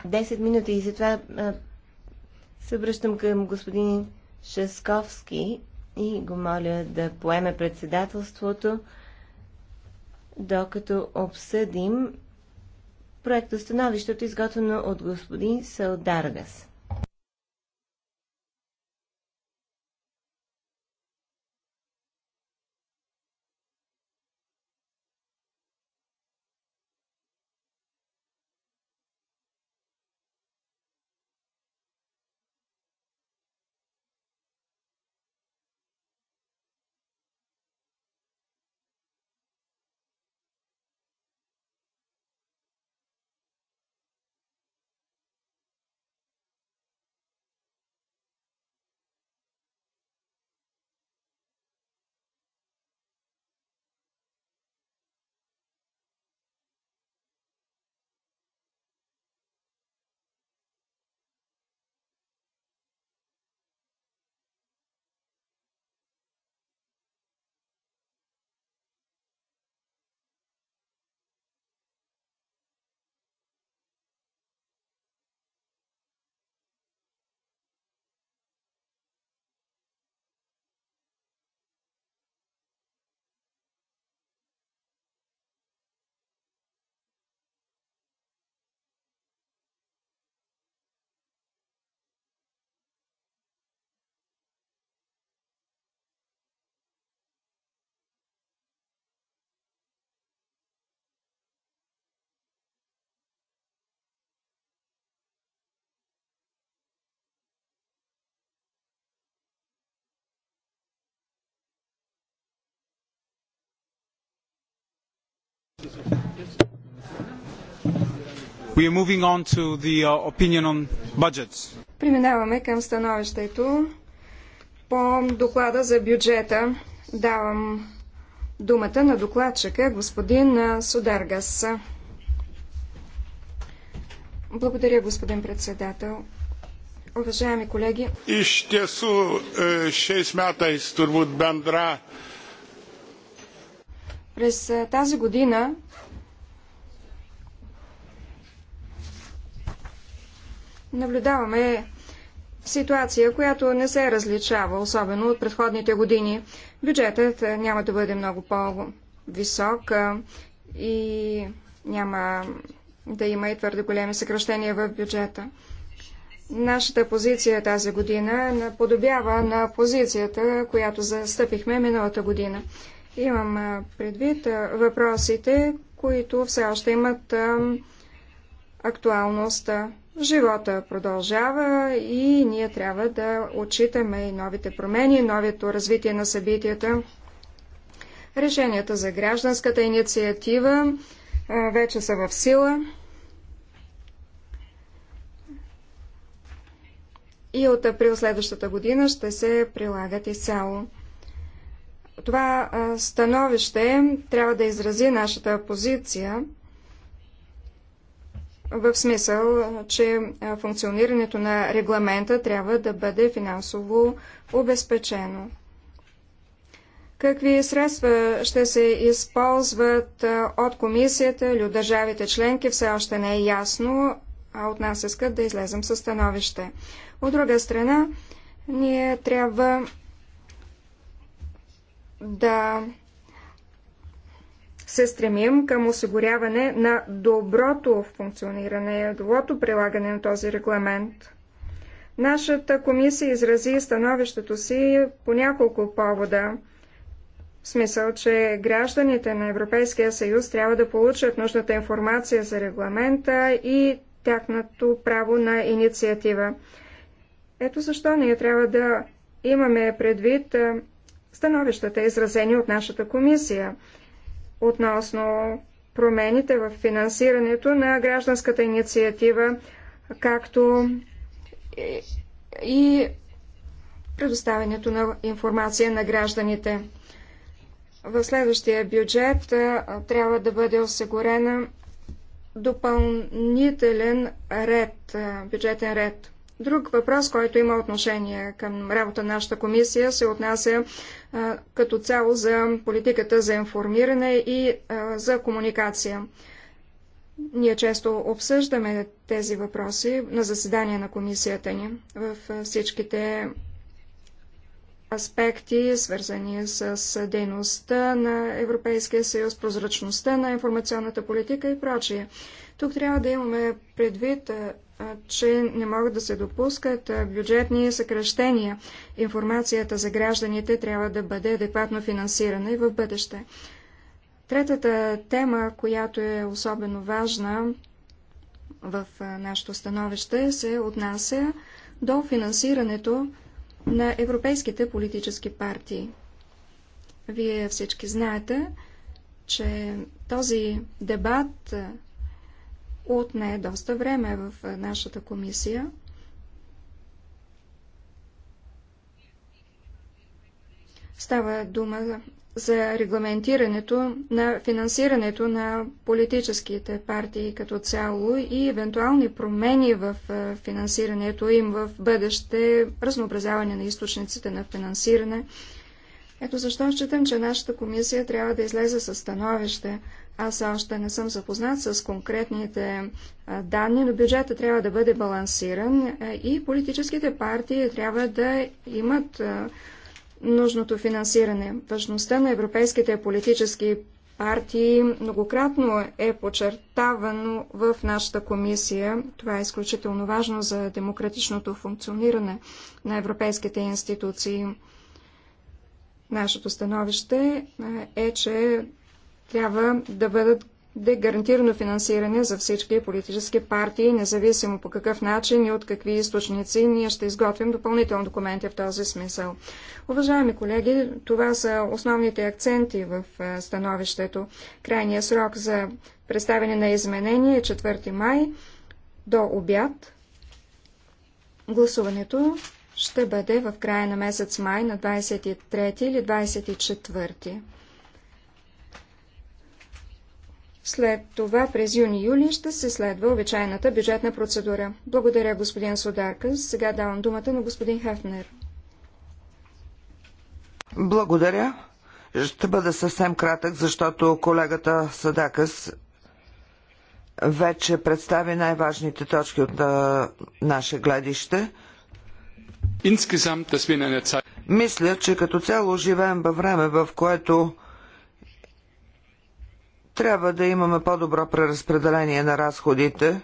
10 минути и затова се връщам към господин Шасковски и го моля да поеме председателството докато обсъдим проекта становището, изготвено от господин Салдаргас. We are moving on to the uh, opinion on budgets. Преминаваме към становището по доклада за бюджета. Давам думата на докладчика господин Сударгас. Благодаря, господин председател. Уважаеми колеги. Iš tiesų е, мята metais turbūt bendra през тази година наблюдаваме ситуация, която не се различава, особено от предходните години. Бюджетът няма да бъде много по-висок и няма да има и твърде големи съкръщения в бюджета. Нашата позиция тази година наподобява на позицията, която застъпихме миналата година. Имам предвид въпросите, които все още имат актуалност. Живота продължава и ние трябва да отчитаме и новите промени, новото развитие на събитията. Решенията за гражданската инициатива вече са в сила. И от април следващата година ще се прилагат изцяло това становище трябва да изрази нашата позиция в смисъл, че функционирането на регламента трябва да бъде финансово обезпечено. Какви средства ще се използват от комисията или от държавите членки, все още не е ясно, а от нас искат да излезем със становище. От друга страна, ние трябва да се стремим към осигуряване на доброто функциониране, доброто прилагане на този регламент. Нашата комисия изрази становището си по няколко повода. В смисъл, че гражданите на Европейския съюз трябва да получат нужната информация за регламента и тяхното право на инициатива. Ето защо ние трябва да имаме предвид становищата, изразени от нашата комисия относно промените в финансирането на гражданската инициатива, както и предоставянето на информация на гражданите. В следващия бюджет трябва да бъде осигурена допълнителен ред, бюджетен ред – Друг въпрос, който има отношение към работа на нашата комисия, се отнася а, като цяло за политиката за информиране и а, за комуникация. Ние често обсъждаме тези въпроси на заседания на комисията ни в всичките аспекти, свързани с дейността на Европейския съюз, прозрачността на информационната политика и прочие. Тук трябва да имаме предвид, че не могат да се допускат бюджетни съкръщения. Информацията за гражданите трябва да бъде адекватно финансирана и в бъдеще. Третата тема, която е особено важна в нашето становище, се отнася до финансирането на европейските политически партии. Вие всички знаете, че този дебат отне доста време в нашата комисия. Става дума за регламентирането на финансирането на политическите партии като цяло и евентуални промени в финансирането им в бъдеще, разнообразяване на източниците на финансиране. Ето защо считам, че нашата комисия трябва да излезе със становище. Аз още не съм запознат с конкретните данни, но бюджета трябва да бъде балансиран и политическите партии трябва да имат нужното финансиране. Важността на европейските политически партии многократно е подчертавано в нашата комисия. Това е изключително важно за демократичното функциониране на европейските институции. Нашето становище е, че трябва да бъдат да е гарантирано финансиране за всички политически партии, независимо по какъв начин и от какви източници. Ние ще изготвим допълнителни документи в този смисъл. Уважаеми колеги, това са основните акценти в становището. Крайният срок за представяне на изменение е 4 май до обяд. Гласуването ще бъде в края на месец май на 23 или 24. След това през юни-юли ще се следва обичайната бюджетна процедура. Благодаря, господин Содарка. Сега давам думата на господин Хефнер. Благодаря. Ще бъда съвсем кратък, защото колегата Садакас вече представи най-важните точки от на наше гледище. Мисля, че като цяло живеем във време, в което трябва да имаме по-добро преразпределение на разходите,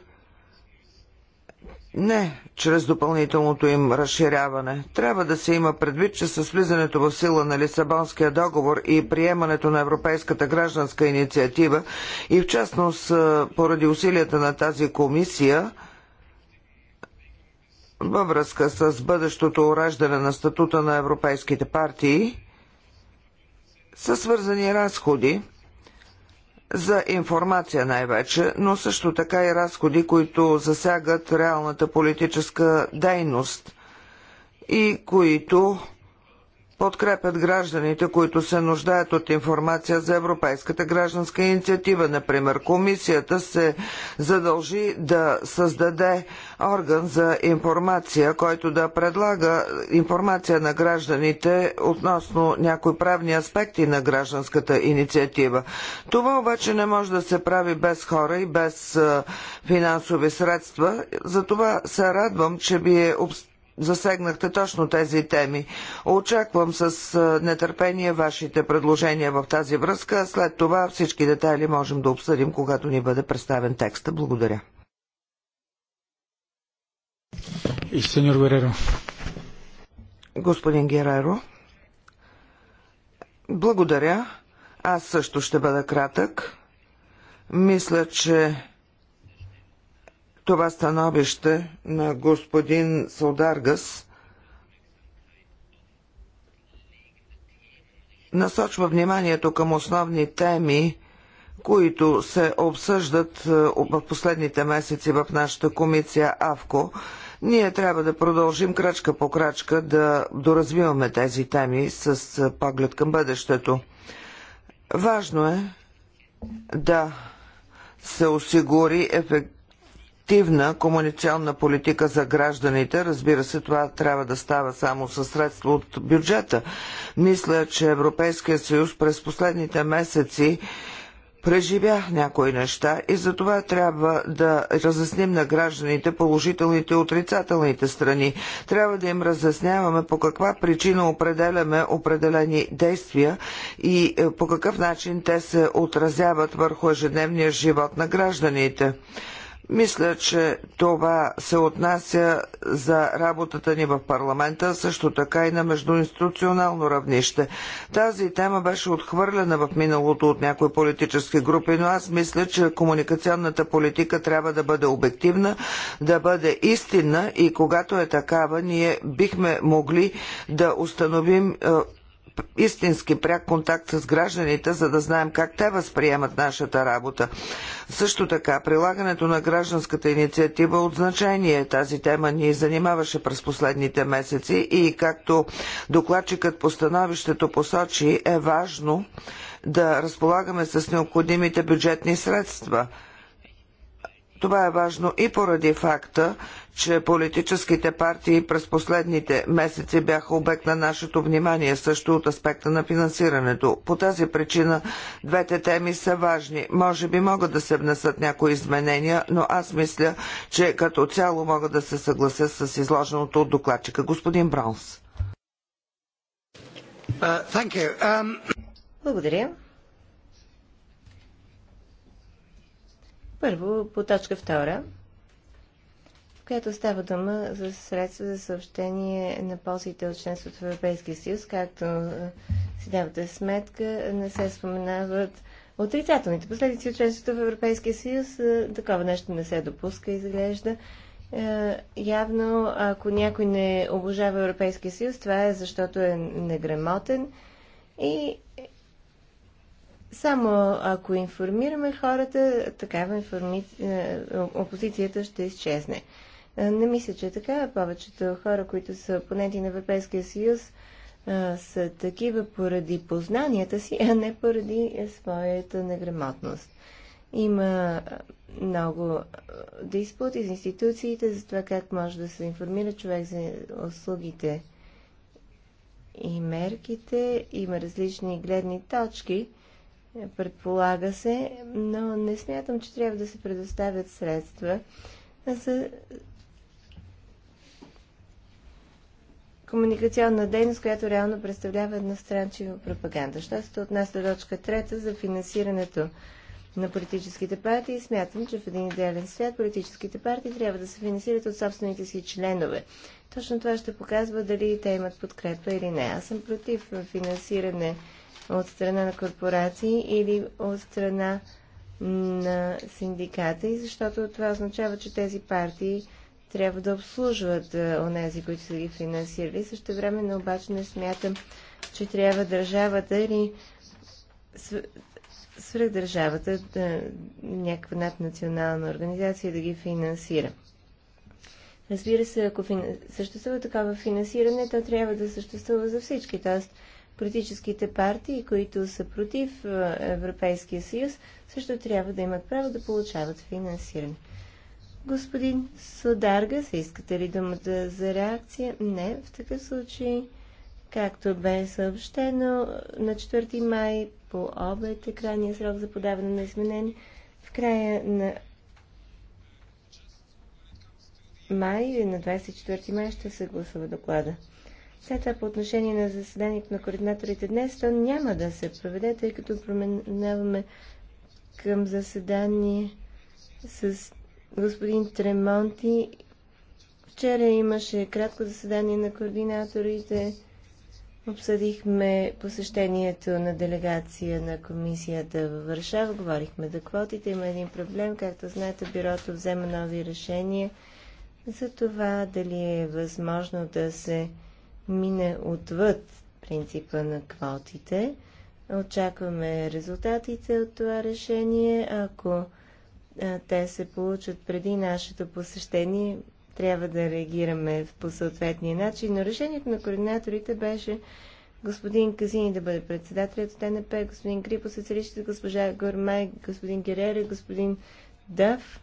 не чрез допълнителното им разширяване. Трябва да се има предвид, че с влизането в сила на Лисабонския договор и приемането на Европейската гражданска инициатива и в частност поради усилията на тази комисия във връзка с бъдещото ураждане на статута на европейските партии, са свързани разходи – за информация най-вече, но също така и разходи, които засягат реалната политическа дейност и които подкрепят гражданите, които се нуждаят от информация за Европейската гражданска инициатива. Например, комисията се задължи да създаде орган за информация, който да предлага информация на гражданите относно някои правни аспекти на гражданската инициатива. Това обаче не може да се прави без хора и без финансови средства. Затова се радвам, че вие обстоятелството засегнахте точно тези теми. Очаквам с нетърпение вашите предложения в тази връзка. След това всички детайли можем да обсъдим, когато ни бъде представен текста. Благодаря. И сеньор Гереро. Господин Гереро. Благодаря. Аз също ще бъда кратък. Мисля, че това становище на господин Солдаргас насочва вниманието към основни теми, които се обсъждат е, в последните месеци в нашата комисия АВКО. Ние трябва да продължим крачка по крачка да доразвиваме тези теми с е, поглед към бъдещето. Важно е да се осигури ефект активна комуникационна политика за гражданите. Разбира се, това трябва да става само със средства от бюджета. Мисля, че Европейския съюз през последните месеци преживях някои неща и за това трябва да разясним на гражданите положителните и отрицателните страни. Трябва да им разясняваме по каква причина определяме определени действия и е, по какъв начин те се отразяват върху ежедневния живот на гражданите. Мисля, че това се отнася за работата ни в парламента, също така и на междуинституционално равнище. Тази тема беше отхвърлена в миналото от някои политически групи, но аз мисля, че комуникационната политика трябва да бъде обективна, да бъде истинна и когато е такава, ние бихме могли да установим е, истински пряк контакт с гражданите, за да знаем как те възприемат нашата работа. Също така, прилагането на гражданската инициатива от значение. Тази тема ни занимаваше през последните месеци и, както докладчикът по становището посочи, е важно да разполагаме с необходимите бюджетни средства. Това е важно и поради факта, че политическите партии през последните месеци бяха обект на нашето внимание също от аспекта на финансирането. По тази причина двете теми са важни. Може би могат да се внесат някои изменения, но аз мисля, че като цяло мога да се съглася с изложеното от докладчика. Господин Браунс. Uh, um... Благодаря. Първо по точка втора която става дума за средства за съобщение на ползите от членството в Европейския съюз, както е, си давате сметка, не се споменават отрицателните последици от членството в Европейския съюз. Е, такова нещо не се допуска, изглежда. Е, явно, ако някой не обожава Европейския съюз, това е защото е неграмотен и само ако информираме хората, такава информи... опозицията ще изчезне. Е, не мисля, че е така. Повечето хора, които са опоненти на Европейския съюз, е, са такива поради познанията си, а не поради е, своята неграмотност. Има много диспути за институциите за това как може да се информира човек за услугите и мерките. Има различни гледни точки, предполага се, но не смятам, че трябва да се предоставят средства за комуникационна дейност, която реално представлява едностранчива пропаганда. Що се отнася до точка трета за финансирането на политическите партии, смятам, че в един идеален свят политическите партии трябва да се финансират от собствените си членове. Точно това ще показва дали те имат подкрепа или не. Аз съм против финансиране от страна на корпорации или от страна на синдиката, и защото това означава, че тези партии трябва да обслужват онези, които са ги финансирали. Също време, обаче не смятам, че трябва държавата или свръхдържавата, да, някаква наднационална организация да ги финансира. Разбира се, ако фин... съществува такава финансиране, то трябва да съществува за всички. Тоест, политическите партии, които са против Европейския съюз, също трябва да имат право да получават финансиране. Господин Содарга, се искате ли думата за реакция? Не, в такъв случай, както бе съобщено, на 4 май по обед е крайния срок за подаване на изменения. В края на май или на 24 май ще се гласува доклада. След това по отношение на заседанието на координаторите днес, то няма да се проведе, тъй като променяваме към заседание с господин Тремонти. Вчера имаше кратко заседание на координаторите. Обсъдихме посещението на делегация на комисията във Варшава. Говорихме за квотите. Има един проблем. Както знаете, бюрото взема нови решения за това дали е възможно да се мине отвъд принципа на квотите. Очакваме резултатите от това решение. Ако те се получат преди нашето посещение, трябва да реагираме по съответния начин. Но решението на координаторите беше господин Казини да бъде председателят от ТНП, господин Крипо социалистите, госпожа Гормай, господин Герере, господин Дав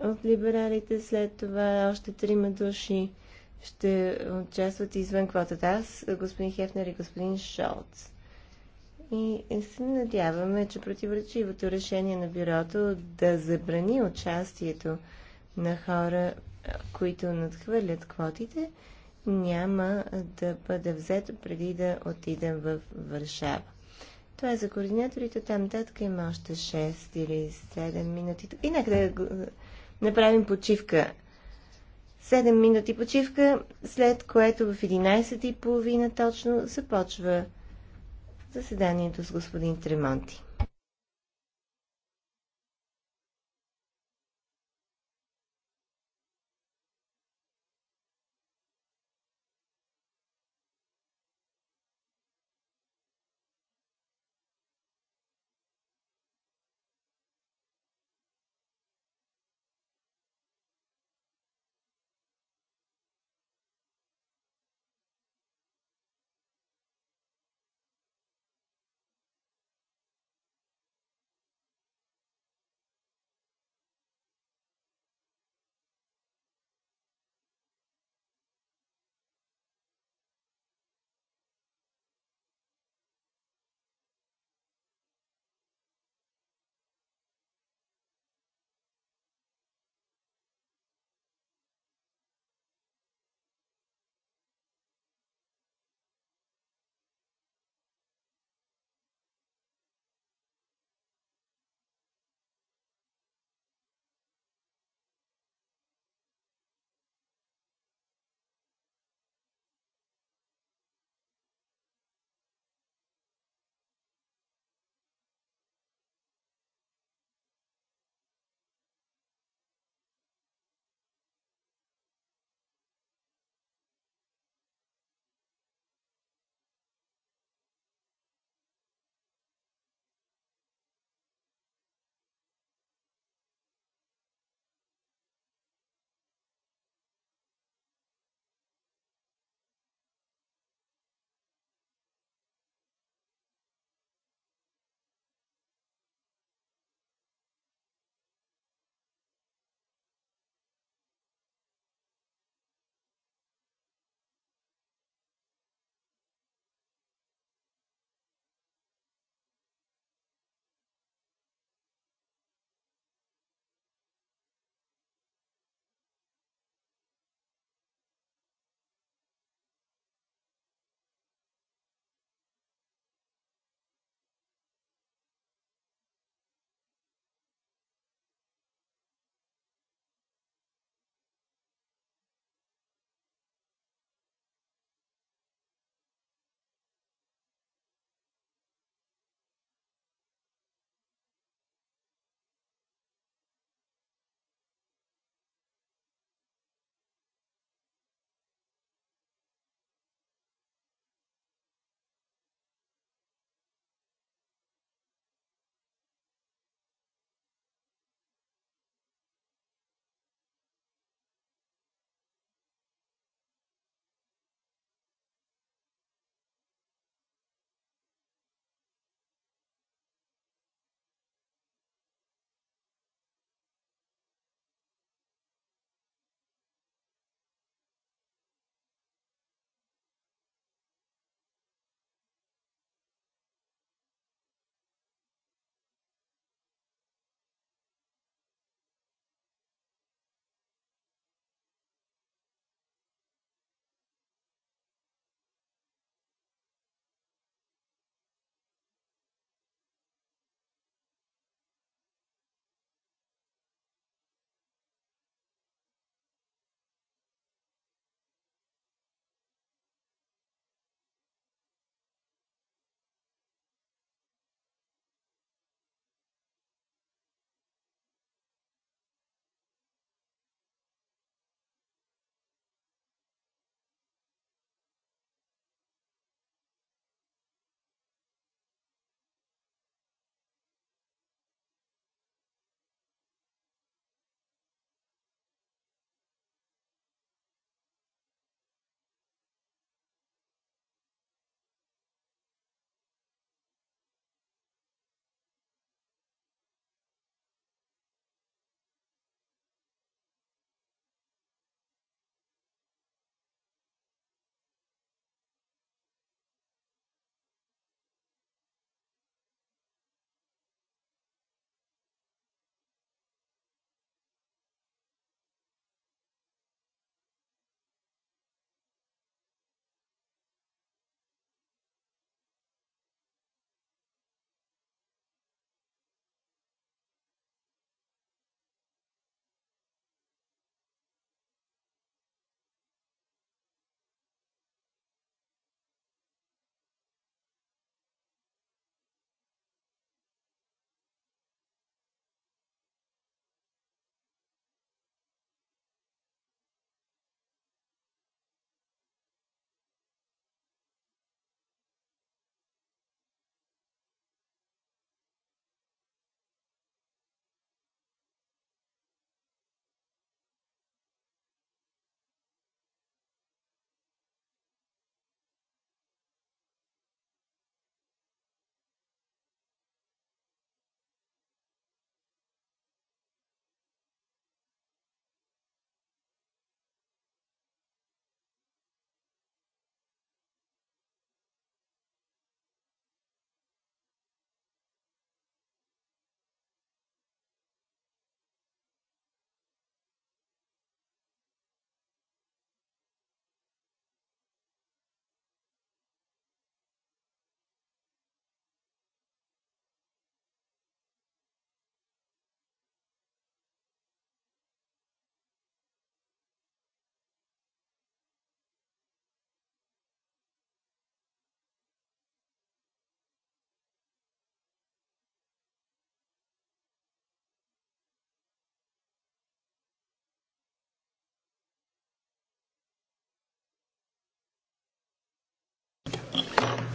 от либералите, след това още трима души ще участват извън квотата. Аз, господин Хефнер и господин Шолц и се надяваме, че противоречивото решение на бюрото да забрани участието на хора, които надхвърлят квотите, няма да бъде взето преди да отидем в Варшава. Това е за координаторите. Там татка има още 6 или 7 минути. И нека да направим почивка. 7 минути почивка, след което в 11.30 точно започва заседанието с господин Тремонти.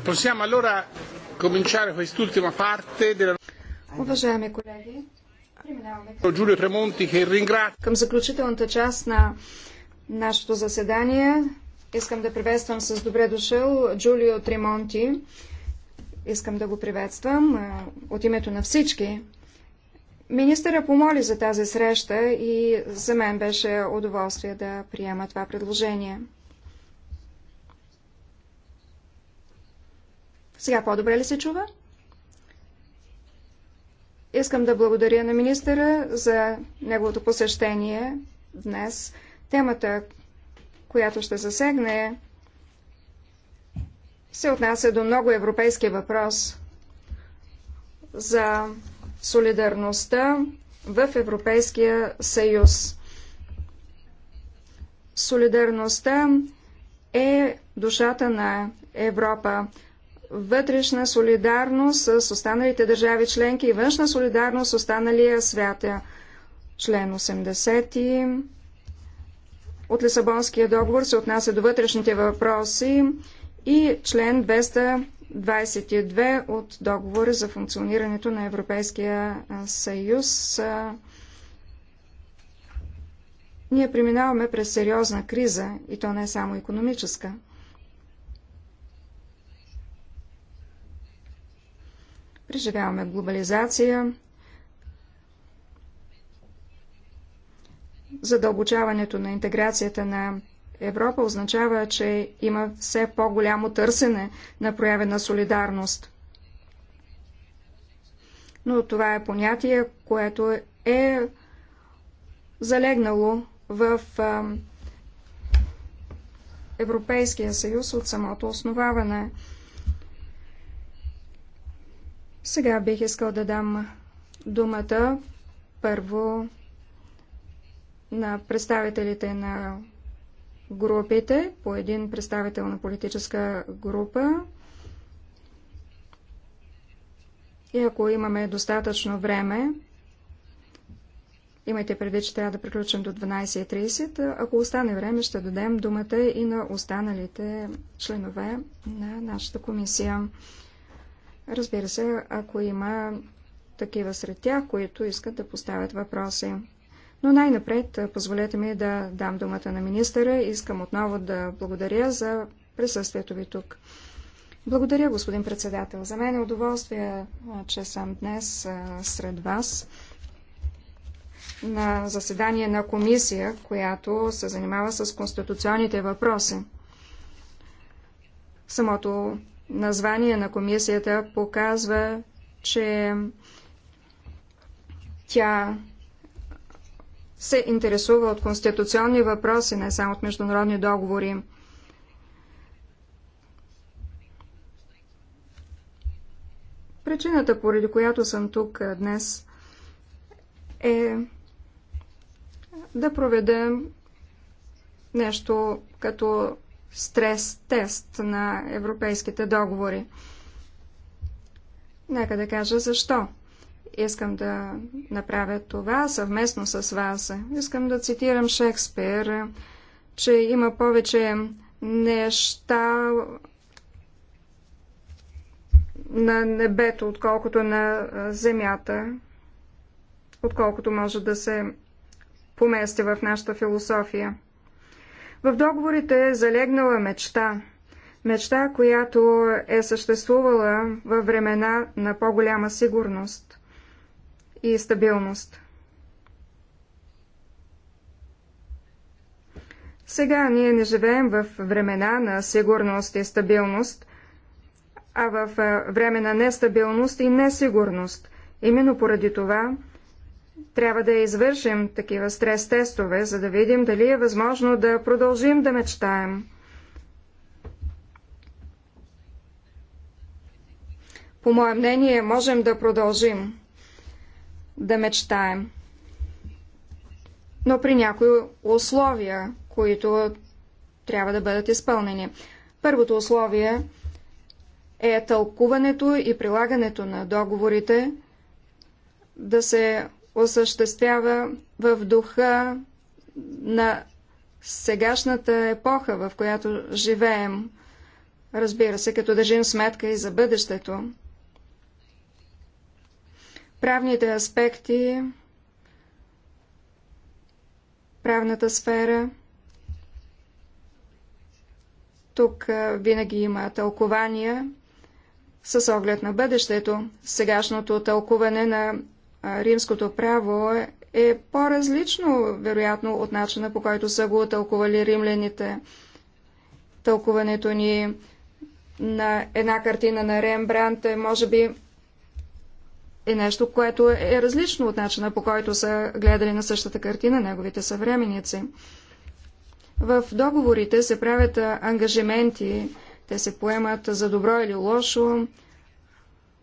Possiamo allora cominciare quest'ultima parte della... Уважаеми колеги, преминаваме към заключителната част на нашето заседание. Искам да приветствам с добре дошъл Джулио Тримонти. Искам да го приветствам от името на всички. Министъра помоли за тази среща и за мен беше удоволствие да приема това предложение. Сега по-добре ли се чува? Искам да благодаря на министъра за неговото посещение днес. Темата, която ще засегне, се отнася до много европейски въпрос за солидарността в Европейския съюз. Солидарността е душата на Европа вътрешна солидарност с останалите държави членки и външна солидарност с останалия свят. Член 80 от Лисабонския договор се отнася до вътрешните въпроси и член 222 от договора за функционирането на Европейския съюз. Ние преминаваме през сериозна криза и то не е само економическа. Преживяваме глобализация, задълбочаването на интеграцията на Европа означава, че има все по-голямо търсене на проявена солидарност. Но това е понятие, което е залегнало в Европейския съюз от самото основаване. Сега бих искал да дам думата първо на представителите на групите, по един представител на политическа група. И ако имаме достатъчно време, имайте преди, че трябва да приключим до 12.30, ако остане време, ще дадем думата и на останалите членове на нашата комисия. Разбира се, ако има такива сред тях, които искат да поставят въпроси. Но най-напред позволете ми да дам думата на министъра. Искам отново да благодаря за присъствието ви тук. Благодаря, господин председател. За мен е удоволствие, че съм днес сред вас на заседание на комисия, която се занимава с конституционните въпроси. Самото название на комисията показва, че тя се интересува от конституционни въпроси, не само от международни договори. Причината, поради която съм тук днес, е да проведа нещо като стрес-тест на европейските договори. Нека да кажа защо. Искам да направя това съвместно с вас. Искам да цитирам Шекспир, че има повече неща на небето, отколкото на земята, отколкото може да се помести в нашата философия. В договорите е залегнала мечта. Мечта, която е съществувала във времена на по-голяма сигурност и стабилност. Сега ние не живеем в времена на сигурност и стабилност, а в време на нестабилност и несигурност. Именно поради това трябва да извършим такива стрес-тестове, за да видим дали е възможно да продължим да мечтаем. По мое мнение, можем да продължим да мечтаем. Но при някои условия, които трябва да бъдат изпълнени. Първото условие е тълкуването и прилагането на договорите да се осъществява в духа на сегашната епоха, в която живеем, разбира се, като държим сметка и за бъдещето. Правните аспекти, правната сфера, тук винаги има тълкования с оглед на бъдещето. Сегашното тълкуване на римското право е по-различно, вероятно, от начина по който са го тълкували римляните. Тълкуването ни на една картина на Рембрандт е, може би, е нещо, което е различно от начина по който са гледали на същата картина неговите съвременици. В договорите се правят ангажименти, те се поемат за добро или лошо,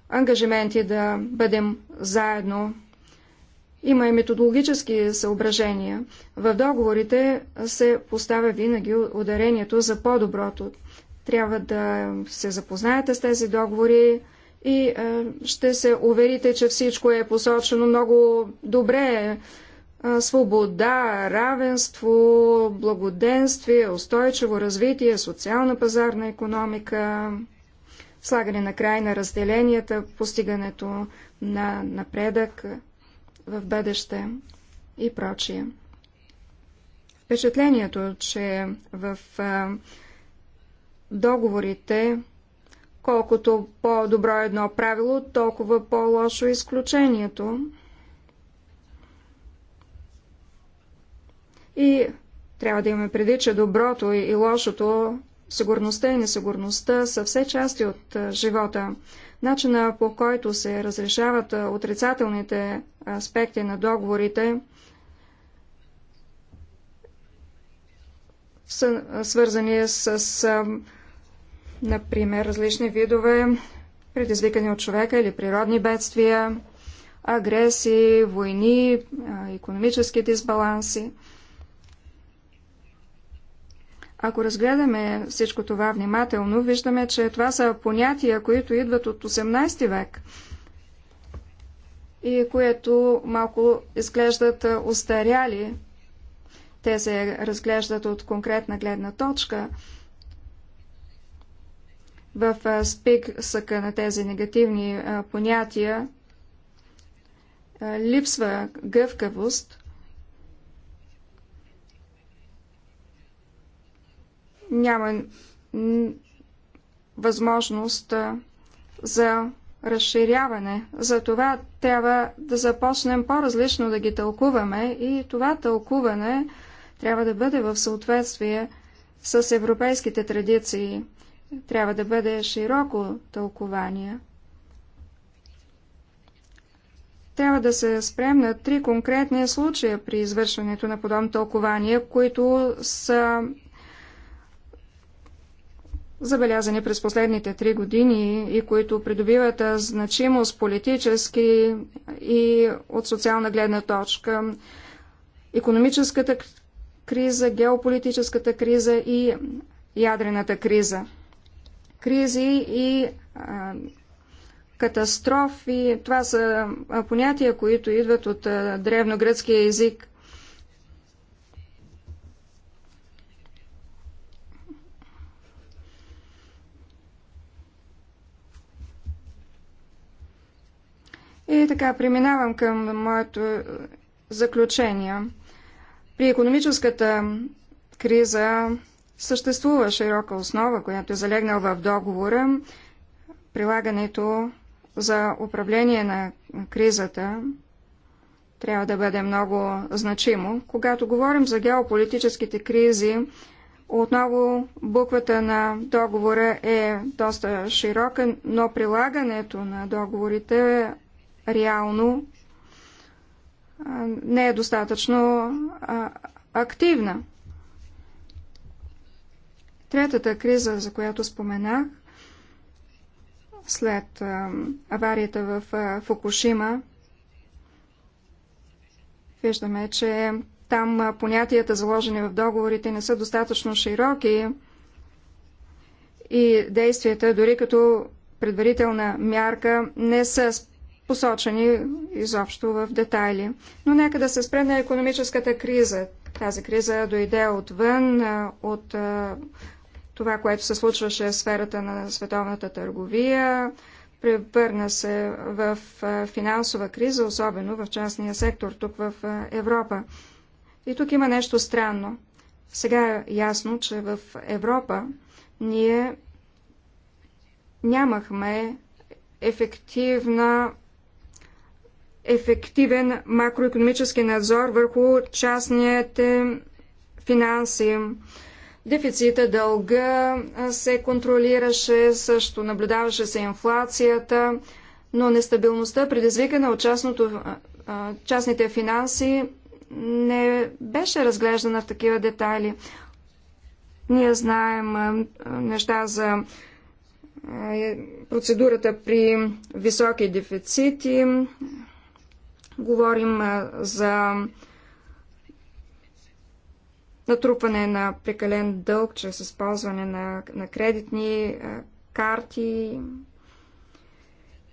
ангажименти е да бъдем заедно. Има и методологически съображения. В договорите се поставя винаги ударението за по-доброто. Трябва да се запознаете с тези договори и ще се уверите, че всичко е посочено много добре. свобода, равенство, благоденствие, устойчиво развитие, социална пазарна економика слагане на край на разделенията, постигането на напредък в бъдеще и прочие. Впечатлението, че в договорите, колкото по-добро е едно правило, толкова по-лошо е изключението. И трябва да имаме преди, че доброто и лошото Сигурността и несигурността са все части от живота. Начина по който се разрешават отрицателните аспекти на договорите са свързани с, например, различни видове предизвикани от човека или природни бедствия, агресии, войни, економически дисбаланси – ако разгледаме всичко това внимателно, виждаме, че това са понятия, които идват от 18 век и което малко изглеждат устаряли. Те се разглеждат от конкретна гледна точка. В списъка на тези негативни понятия липсва гъвкавост, няма възможност за разширяване. Затова трябва да започнем по-различно да ги тълкуваме и това тълкуване трябва да бъде в съответствие с европейските традиции. Трябва да бъде широко тълкование. Трябва да се спрем на три конкретни случая при извършването на подобно тълкование, които са забелязани през последните три години и които придобиват значимост политически и от социална гледна точка. Економическата криза, геополитическата криза и ядрената криза. Кризи и а, катастрофи, това са понятия, които идват от древногръцкия език. И така преминавам към моето е, заключение. При економическата криза съществува широка основа, която е залегнала в договора, прилагането за управление на кризата трябва да бъде много значимо. Когато говорим за геополитическите кризи, отново буквата на договора е доста широка, но прилагането на договорите реално не е достатъчно активна. Третата криза, за която споменах, след аварията в Фукушима, виждаме, че там понятията, заложени в договорите, не са достатъчно широки и действията, дори като предварителна мярка, не са посочени изобщо в детайли. Но нека да се спре на економическата криза. Тази криза дойде отвън, от това, което се случваше в сферата на световната търговия, превърна се в финансова криза, особено в частния сектор тук в Европа. И тук има нещо странно. Сега е ясно, че в Европа ние нямахме ефективна ефективен макроекономически надзор върху частните финанси. Дефицита дълга се контролираше, също наблюдаваше се инфлацията, но нестабилността, предизвикана от частното, частните финанси, не беше разглеждана в такива детайли. Ние знаем неща за процедурата при високи дефицити, Говорим за натрупване на прекален дълг чрез използване на, на кредитни карти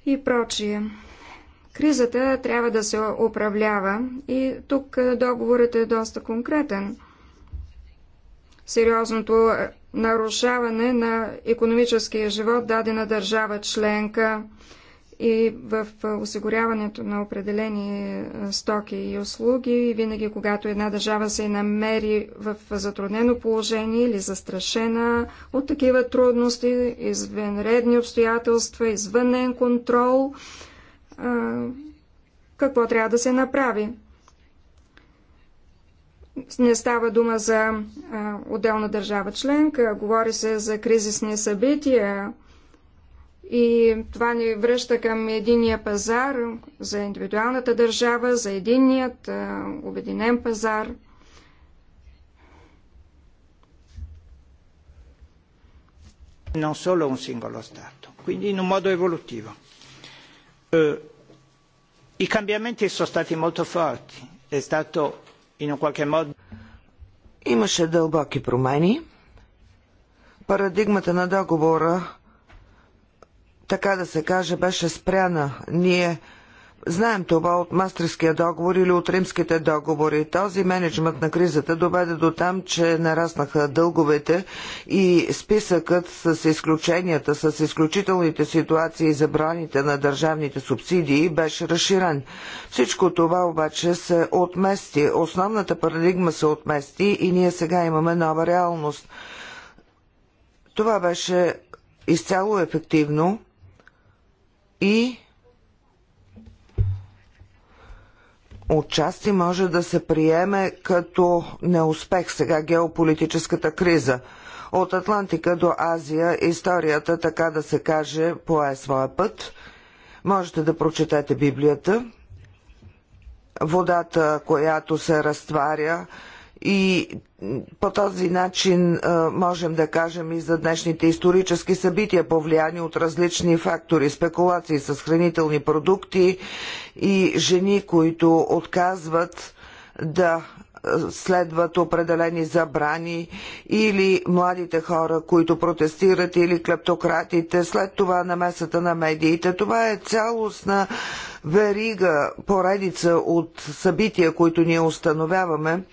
и прочие. Кризата трябва да се управлява и тук договорът е доста конкретен. Сериозното нарушаване на економическия живот дадена държава членка, и в осигуряването на определени стоки и услуги. И винаги, когато една държава се намери в затруднено положение или застрашена от такива трудности, извънредни обстоятелства, извънен контрол, какво трябва да се направи? не става дума за а, отделна държава членка, говори се за кризисни събития, и това ни връща към единия пазар за индивидуалната държава, за единният а, обединен пазар. Non solo un singolo Stato, quindi in un modo evolutivo. Eh, I cambiamenti sono stati molto forti, è stato in un qualche modo. Имаше дълбоки промени. Парадигмата на договора така да се каже, беше спряна. Ние Знаем това от Мастриския договор или от римските договори. Този менеджмент на кризата доведе до там, че нараснаха дълговете и списъкът с изключенията, с изключителните ситуации и забраните на държавните субсидии беше разширен. Всичко това обаче се отмести. Основната парадигма се отмести и ние сега имаме нова реалност. Това беше изцяло ефективно и отчасти може да се приеме като неуспех сега геополитическата криза. От Атлантика до Азия историята, така да се каже, пое своя път. Можете да прочетете Библията. Водата, която се разтваря, и по този начин можем да кажем и за днешните исторически събития, повлияни от различни фактори, спекулации с хранителни продукти и жени, които отказват да следват определени забрани или младите хора, които протестират или клептократите, след това намесата на медиите. Това е цялостна верига, поредица от събития, които ние установяваме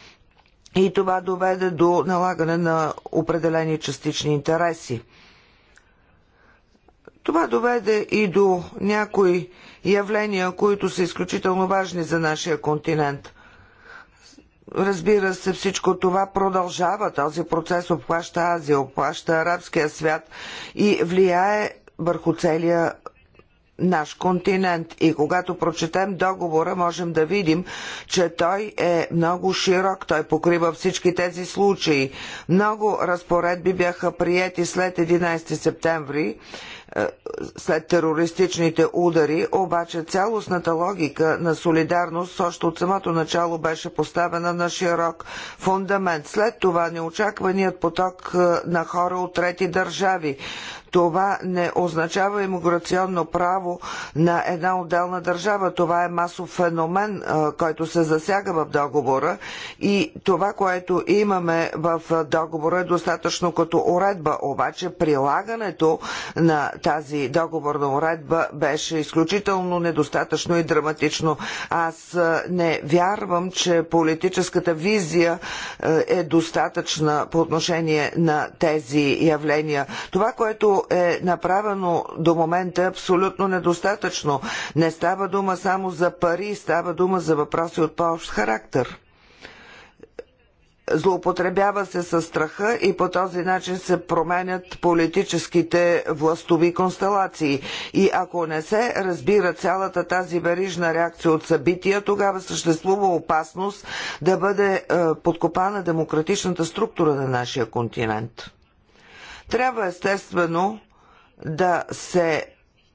и това доведе до налагане на определени частични интереси. Това доведе и до някои явления, които са изключително важни за нашия континент. Разбира се, всичко това продължава. Този процес обхваща Азия, обхваща арабския свят и влияе върху целия наш континент. И когато прочетем договора, можем да видим, че той е много широк. Той покрива всички тези случаи. Много разпоредби бяха приети след 11 септември е, след терористичните удари, обаче цялостната логика на солидарност още от самото начало беше поставена на широк фундамент. След това неочакваният поток е, на хора от трети държави това не означава иммиграционно право на една отделна държава. Това е масов феномен, който се засяга в договора и това, което имаме в договора е достатъчно като уредба. Обаче прилагането на тази договорна уредба беше изключително недостатъчно и драматично. Аз не вярвам, че политическата визия е достатъчна по отношение на тези явления. Това, което е направено до момента е абсолютно недостатъчно. Не става дума само за пари, става дума за въпроси от по-общ характер. Злоупотребява се със страха и по този начин се променят политическите властови констелации. И ако не се разбира цялата тази верижна реакция от събития, тогава съществува опасност да бъде е, подкопана демократичната структура на нашия континент. Трябва естествено да се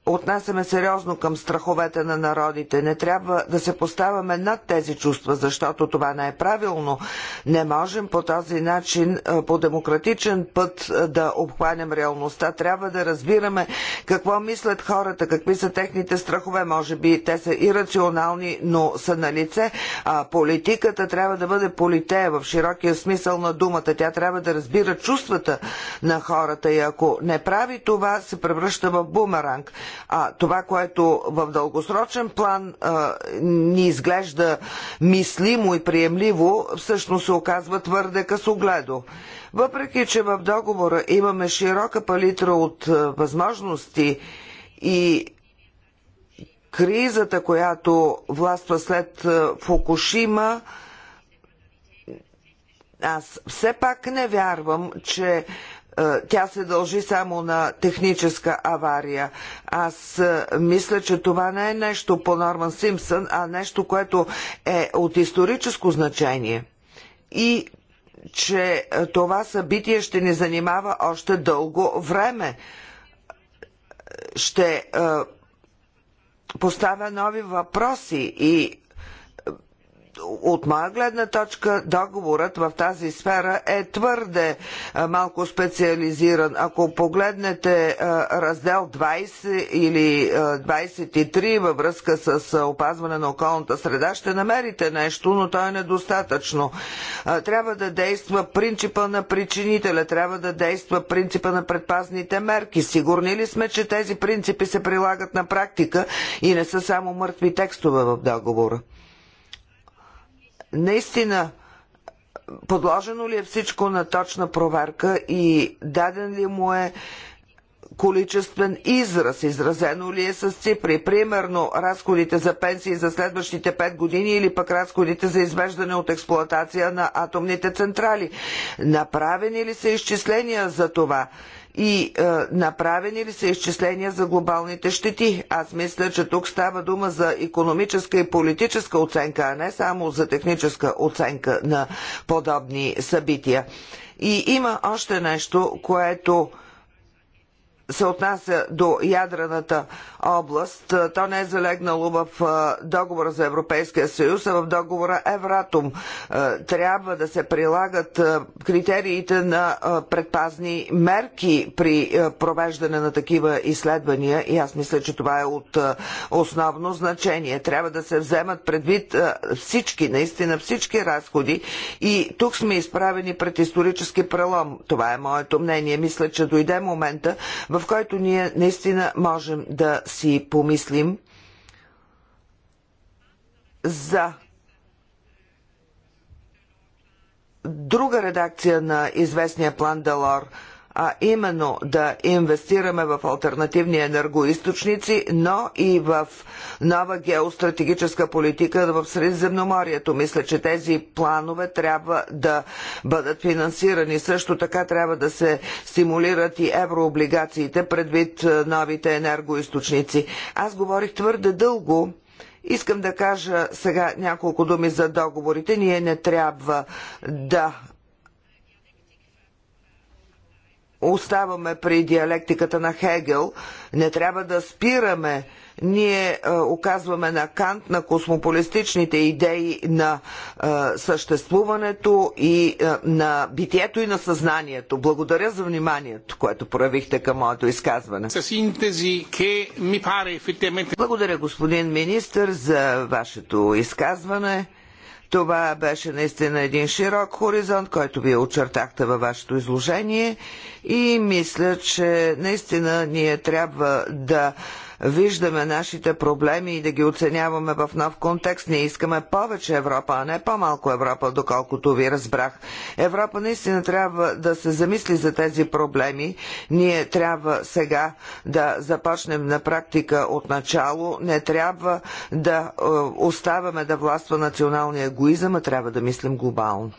отнасяме сериозно към страховете на народите. Не трябва да се поставяме над тези чувства, защото това не е правилно. Не можем по този начин, по демократичен път да обхванем реалността. Трябва да разбираме какво мислят хората, какви са техните страхове. Може би те са ирационални, но са на лице. А политиката трябва да бъде политея в широкия смисъл на думата. Тя трябва да разбира чувствата на хората и ако не прави това, се превръща в бумеранг. А това, което в дългосрочен план а, ни изглежда мислимо и приемливо, всъщност се оказва твърде късогледо. Въпреки, че в договора имаме широка палитра от а, възможности и кризата, която властва след а, Фукушима, аз все пак не вярвам, че е, тя се дължи само на техническа авария. Аз е, мисля, че това не е нещо по Норман Симпсън, а нещо, което е от историческо значение. И че е, това събитие ще ни занимава още дълго време. Ще поставя нови въпроси и от моя гледна точка договорът в тази сфера е твърде малко специализиран. Ако погледнете раздел 20 или 23 във връзка с опазване на околната среда, ще намерите нещо, но то е недостатъчно. Трябва да действа принципа на причинителя, трябва да действа принципа на предпазните мерки. Сигурни ли сме, че тези принципи се прилагат на практика и не са само мъртви текстове в договора? наистина подложено ли е всичко на точна проверка и даден ли му е количествен израз, изразено ли е с цифри, примерно разходите за пенсии за следващите 5 години или пък разходите за извеждане от експлоатация на атомните централи. Направени ли са изчисления за това? и е, направени ли са изчисления за глобалните щети? Аз мисля, че тук става дума за економическа и политическа оценка, а не само за техническа оценка на подобни събития. И има още нещо, което се отнася до ядрената област, то не е залегнало в договора за Европейския съюз, а в договора Евратум. Трябва да се прилагат критериите на предпазни мерки при провеждане на такива изследвания и аз мисля, че това е от основно значение. Трябва да се вземат предвид всички, наистина всички разходи и тук сме изправени пред исторически прелом. Това е моето мнение. Мисля, че дойде момента, в в който ние наистина можем да си помислим за друга редакция на известния план Делор – а именно да инвестираме в альтернативни енергоисточници, но и в нова геостратегическа политика в Средиземноморието. Мисля, че тези планове трябва да бъдат финансирани. Също така трябва да се стимулират и еврооблигациите предвид новите енергоисточници. Аз говорих твърде дълго. Искам да кажа сега няколко думи за договорите. Ние не трябва да оставаме при диалектиката на Хегел, не трябва да спираме. Ние е, оказваме на Кант, на космополистичните идеи на е, съществуването и е, на битието и на съзнанието. Благодаря за вниманието, което проявихте към моето изказване. Благодаря, господин министр, за вашето изказване. Това беше наистина един широк хоризонт, който вие очертахте във вашето изложение и мисля, че наистина ние трябва да виждаме нашите проблеми и да ги оценяваме в нов контекст. Ние искаме повече Европа, а не по-малко Европа, доколкото ви разбрах. Европа наистина трябва да се замисли за тези проблеми. Ние трябва сега да започнем на практика от начало. Не трябва да е, оставаме да властва националния егоизъм, а трябва да мислим глобално.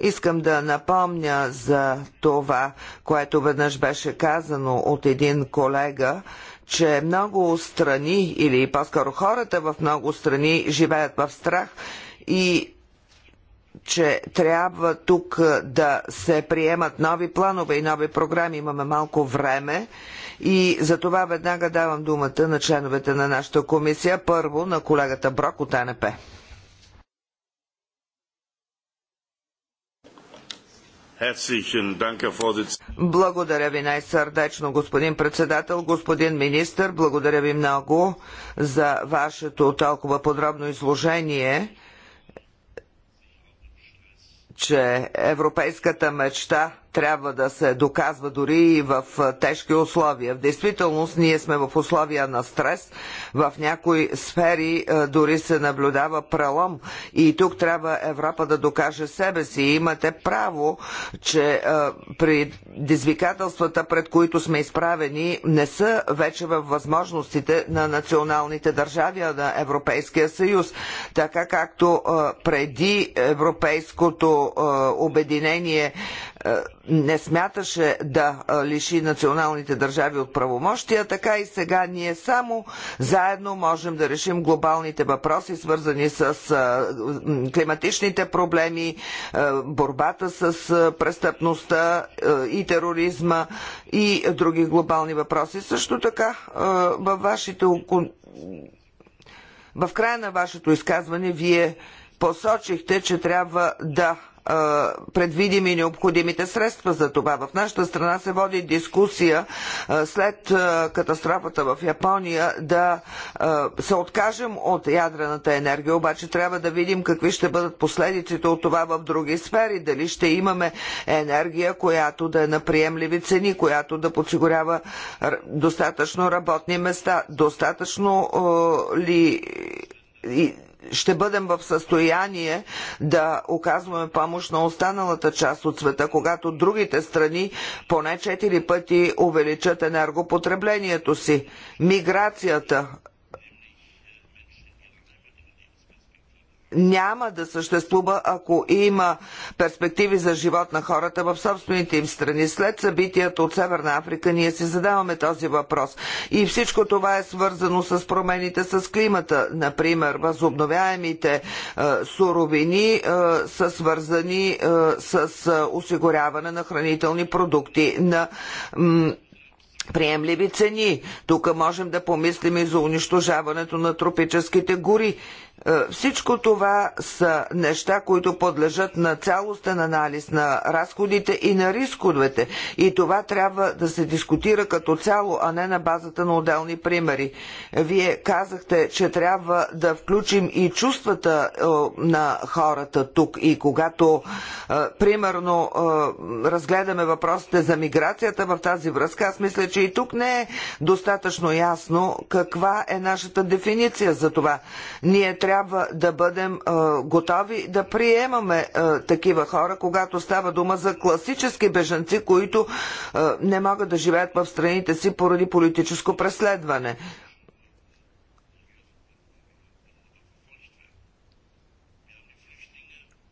Искам да напомня за това, което веднъж беше казано от един колега, че много страни, или по-скоро хората в много страни, живеят в страх и че трябва тук да се приемат нови планове и нови програми. Имаме малко време и за това веднага давам думата на членовете на нашата комисия. Първо на колегата Брок от АНП. Благодаря ви най-сърдечно, господин председател, господин министр. Благодаря ви много за вашето толкова подробно изложение, че европейската мечта трябва да се доказва дори и в тежки условия. В действителност ние сме в условия на стрес. В някои сфери дори се наблюдава прелом. И тук трябва Европа да докаже себе си. И имате право, че при дизвикателствата, пред които сме изправени, не са вече във възможностите на националните държави, а на Европейския съюз. Така както преди европейското обединение е, не смяташе да е, лиши националните държави от правомощия, така и сега ние само заедно можем да решим глобалните въпроси, свързани с е, климатичните проблеми, борбата с престъпността и тероризма и други глобални въпроси. Също така във вашите в края на вашето изказване вие посочихте, че трябва да предвидим и необходимите средства за това. В нашата страна се води дискусия след катастрофата в Япония да се откажем от ядрената енергия, обаче трябва да видим какви ще бъдат последиците от това в други сфери. Дали ще имаме енергия, която да е на приемливи цени, която да подсигурява достатъчно работни места, достатъчно ли ще бъдем в състояние да оказваме помощ на останалата част от света, когато другите страни поне 4 пъти увеличат енергопотреблението си. Миграцията няма да съществува, ако има перспективи за живот на хората в собствените им страни. След събитията от Северна Африка ние си задаваме този въпрос. И всичко това е свързано с промените с климата. Например, възобновяемите е, суровини е, са свързани е, с е, осигуряване на хранителни продукти на приемливи цени. Тук можем да помислим и за унищожаването на тропическите гори. Е, всичко това са неща, които подлежат на цялостен анализ на разходите и на рисковете. И това трябва да се дискутира като цяло, а не на базата на отделни примери. Вие казахте, че трябва да включим и чувствата е, на хората тук. И когато, е, примерно, разгледаме въпросите за миграцията в тази връзка, аз мисля, че и тук не е достатъчно ясно каква е нашата дефиниция за това. Ние трябва да бъдем готови да приемаме такива хора, когато става дума за класически бежанци, които не могат да живеят в страните си поради политическо преследване.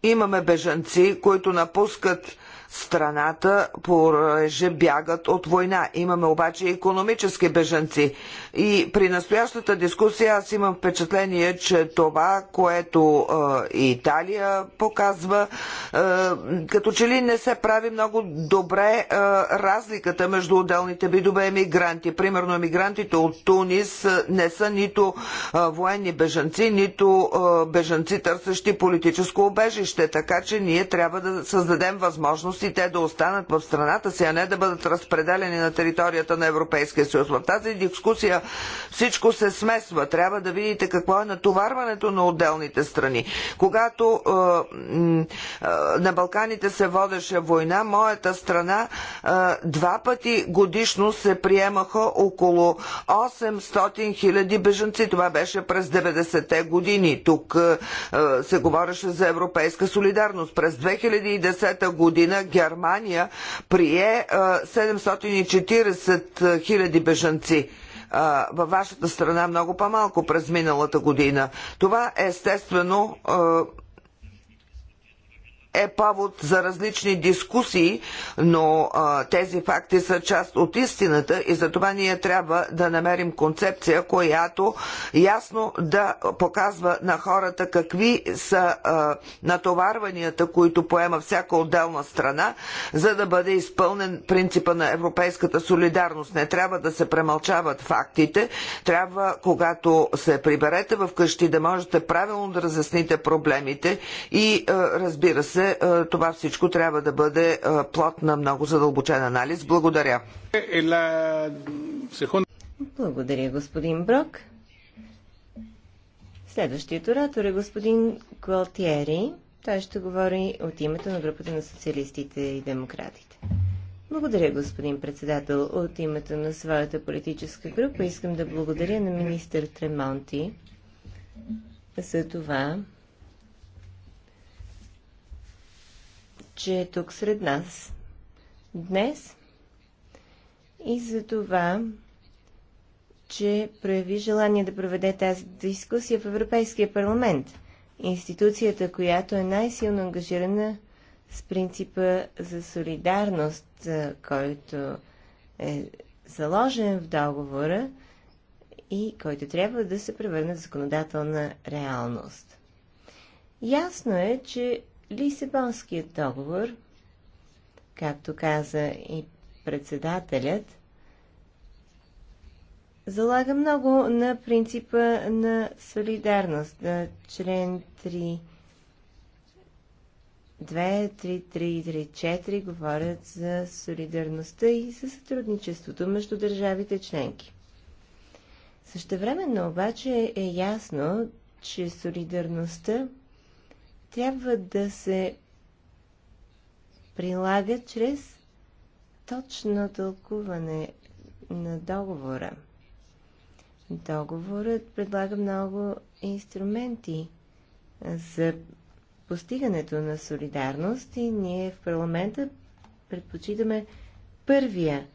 Имаме бежанци, които напускат страната реже бягат от война. Имаме обаче економически бежанци. И при настоящата дискусия аз имам впечатление, че това, което е, Италия показва, е, като че ли не се прави много добре е, разликата между отделните видове емигранти. Примерно емигрантите от Тунис не са нито е, военни бежанци, нито е, бежанци търсещи политическо убежище. Така че ние трябва да създадем възможности ресурси те да останат в страната си, а не да бъдат разпределени на територията на Европейския съюз. В тази дискусия всичко се смесва. Трябва да видите какво е натоварването на отделните страни. Когато е, е на Балканите се водеше война, моята страна е, два пъти годишно се приемаха около 800 000 бежанци. Това беше през 90-те години. Тук е, е, се говореше за европейска солидарност. През 2010 година Германия прие 740 хиляди бежанци във вашата страна много по-малко през миналата година. Това е естествено е повод за различни дискусии, но а, тези факти са част от истината и затова ние трябва да намерим концепция, която ясно да показва на хората какви са а, натоварванията, които поема всяка отделна страна, за да бъде изпълнен принципа на европейската солидарност. Не трябва да се премълчават фактите, трябва когато се приберете в къщи да можете правилно да разясните проблемите и а, разбира се, че е, това всичко трябва да бъде е, плод на много задълбочен анализ. Благодаря. Благодаря, господин Брок. Следващият оратор е господин Гуалтиери. Той ще говори от името на групата на социалистите и демократите. Благодаря, господин председател. От името на своята политическа група искам да благодаря на министър Тремонти за това, че е тук сред нас днес и за това, че прояви желание да проведе тази дискусия в Европейския парламент, институцията, която е най-силно ангажирана с принципа за солидарност, който е заложен в договора и който трябва да се превърне в законодателна реалност. Ясно е, че Лисабонският договор, както каза и председателят, залага много на принципа на солидарност. На член 3, 2, 3, 3 3, 4 говорят за солидарността и за сътрудничеството между държавите членки. Същевременно обаче е ясно, че солидарността трябва да се прилага чрез точно тълкуване на договора. Договорът предлага много инструменти за постигането на солидарност и ние в парламента предпочитаме първия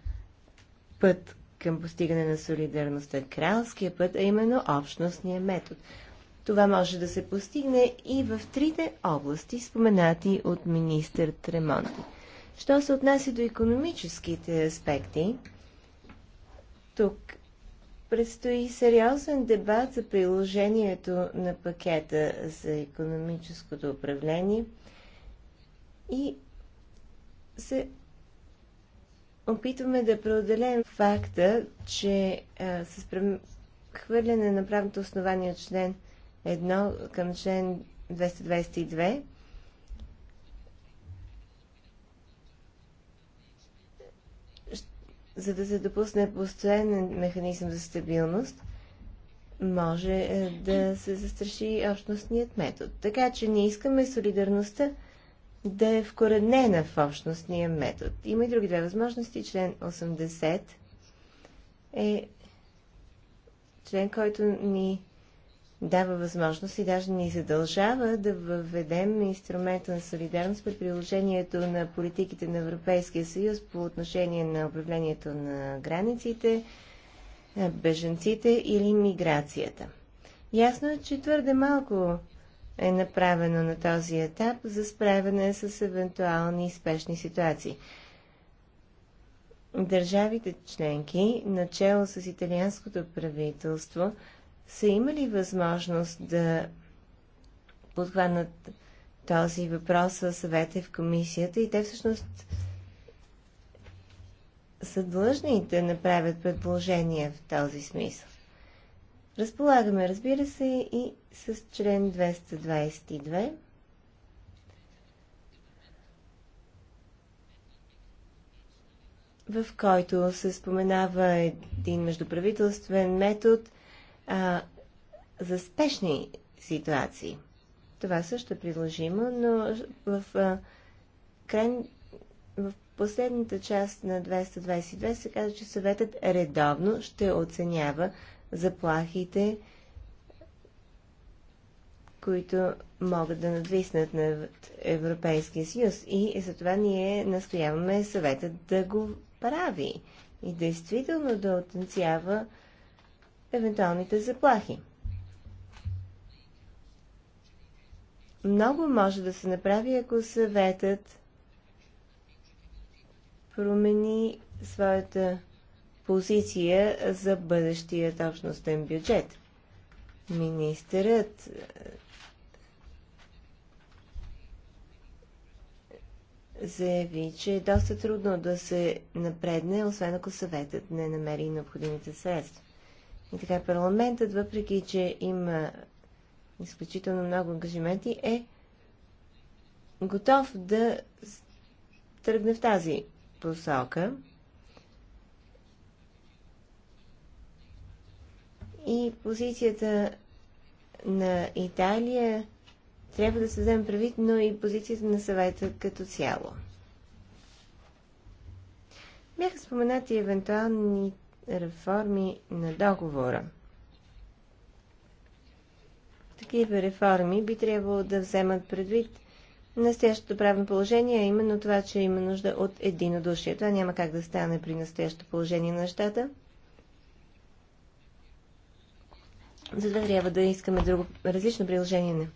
път към постигане на солидарността, кралския път, а именно общностния метод. Това може да се постигне и в трите области, споменати от министър Тремонти. Що се отнася до економическите аспекти, тук предстои сериозен дебат за приложението на пакета за економическото управление и се опитваме да преодолеем факта, че а, с хвърляне на правното основание от член Едно към член 222. За да се допусне постоянен механизъм за стабилност, може е, да се застраши общностният метод. Така че не искаме солидарността да е вкоренена в общностния метод. Има и други две възможности. Член 80 е член, който ни дава възможност и даже ни задължава да въведем инструмента на солидарност при приложението на политиките на Европейския съюз по отношение на управлението на границите, е, беженците или миграцията. Ясно е, че твърде малко е направено на този етап за справяне с евентуални спешни ситуации. Държавите членки, начало с италианското правителство, са имали възможност да подхванат този въпрос със съвете в комисията и те всъщност са длъжни да направят предложения в този смисъл. Разполагаме, разбира се, и с член 222. в който се споменава един междуправителствен метод – а, за спешни ситуации. Това също е приложимо, но в, а, край, в последната част на 222 се казва, че съветът редовно ще оценява заплахите, които могат да надвиснат на Европейския съюз. И за това ние настояваме съветът да го прави и действително да оценява евентуалните заплахи. Много може да се направи, ако съветът промени своята позиция за бъдещият общностен бюджет. Министърът е, заяви, че е доста трудно да се напредне, освен ако съветът не намери необходимите средства. И така парламентът, въпреки че има изключително много ангажименти, е готов да тръгне в тази посока. И позицията на Италия трябва да се вземе правит, но и позицията на съвета като цяло. Бяха споменати евентуални реформи на договора. Такива реформи би трябвало да вземат предвид настоящото правно положение, а именно това, че има нужда от единодушие. Това няма как да стане при настоящото положение на нещата. За да трябва да искаме друго, различно приложение на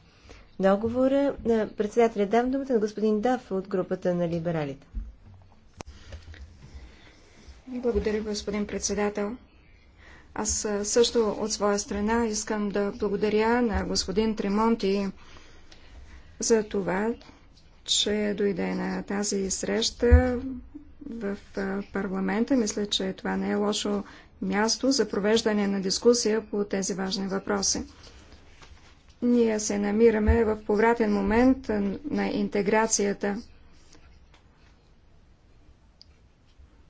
договора. Председателя дам думата на господин Дав от групата на либералите. Благодаря, господин председател. Аз също от своя страна искам да благодаря на господин Тремонти за това, че дойде на тази среща в парламента. Мисля, че това не е лошо място за провеждане на дискусия по тези важни въпроси. Ние се намираме в повратен момент на интеграцията.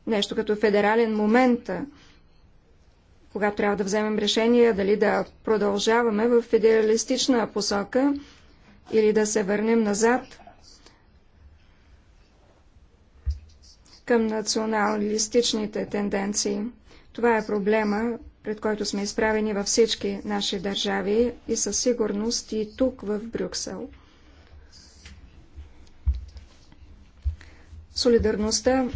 нещо като федерален момент, когато трябва да вземем решение дали да продължаваме в федералистична посока или да се върнем назад към националистичните тенденции. Това е проблема, пред който сме изправени във всички наши държави и със сигурност и тук в Брюксел. Солидарността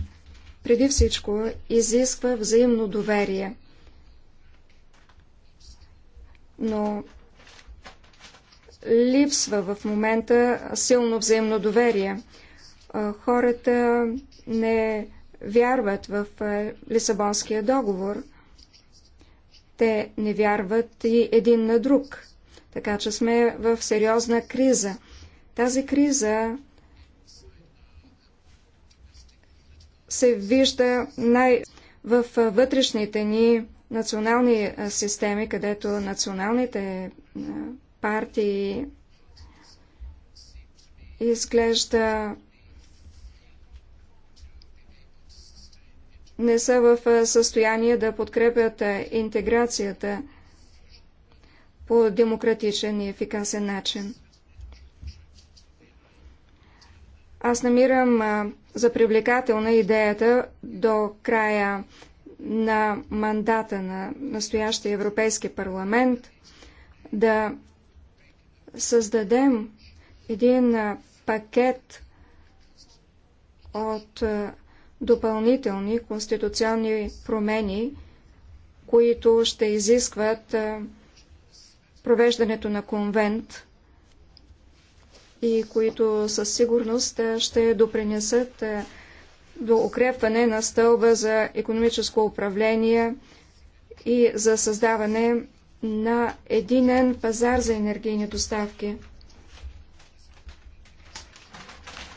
преди всичко изисква взаимно доверие. Но липсва в момента силно взаимно доверие. Хората не вярват в Лисабонския договор. Те не вярват и един на друг. Така че сме в сериозна криза. Тази криза се вижда най- в вътрешните ни национални системи, където националните партии изглежда не са в състояние да подкрепят интеграцията по демократичен и ефикасен начин. Аз намирам за привлекателна идеята до края на мандата на настоящия Европейски парламент да създадем един пакет от допълнителни конституционни промени, които ще изискват провеждането на конвент и които със сигурност е, ще допринесат е, до укрепване на стълба за економическо управление и за създаване на единен пазар за енергийни доставки.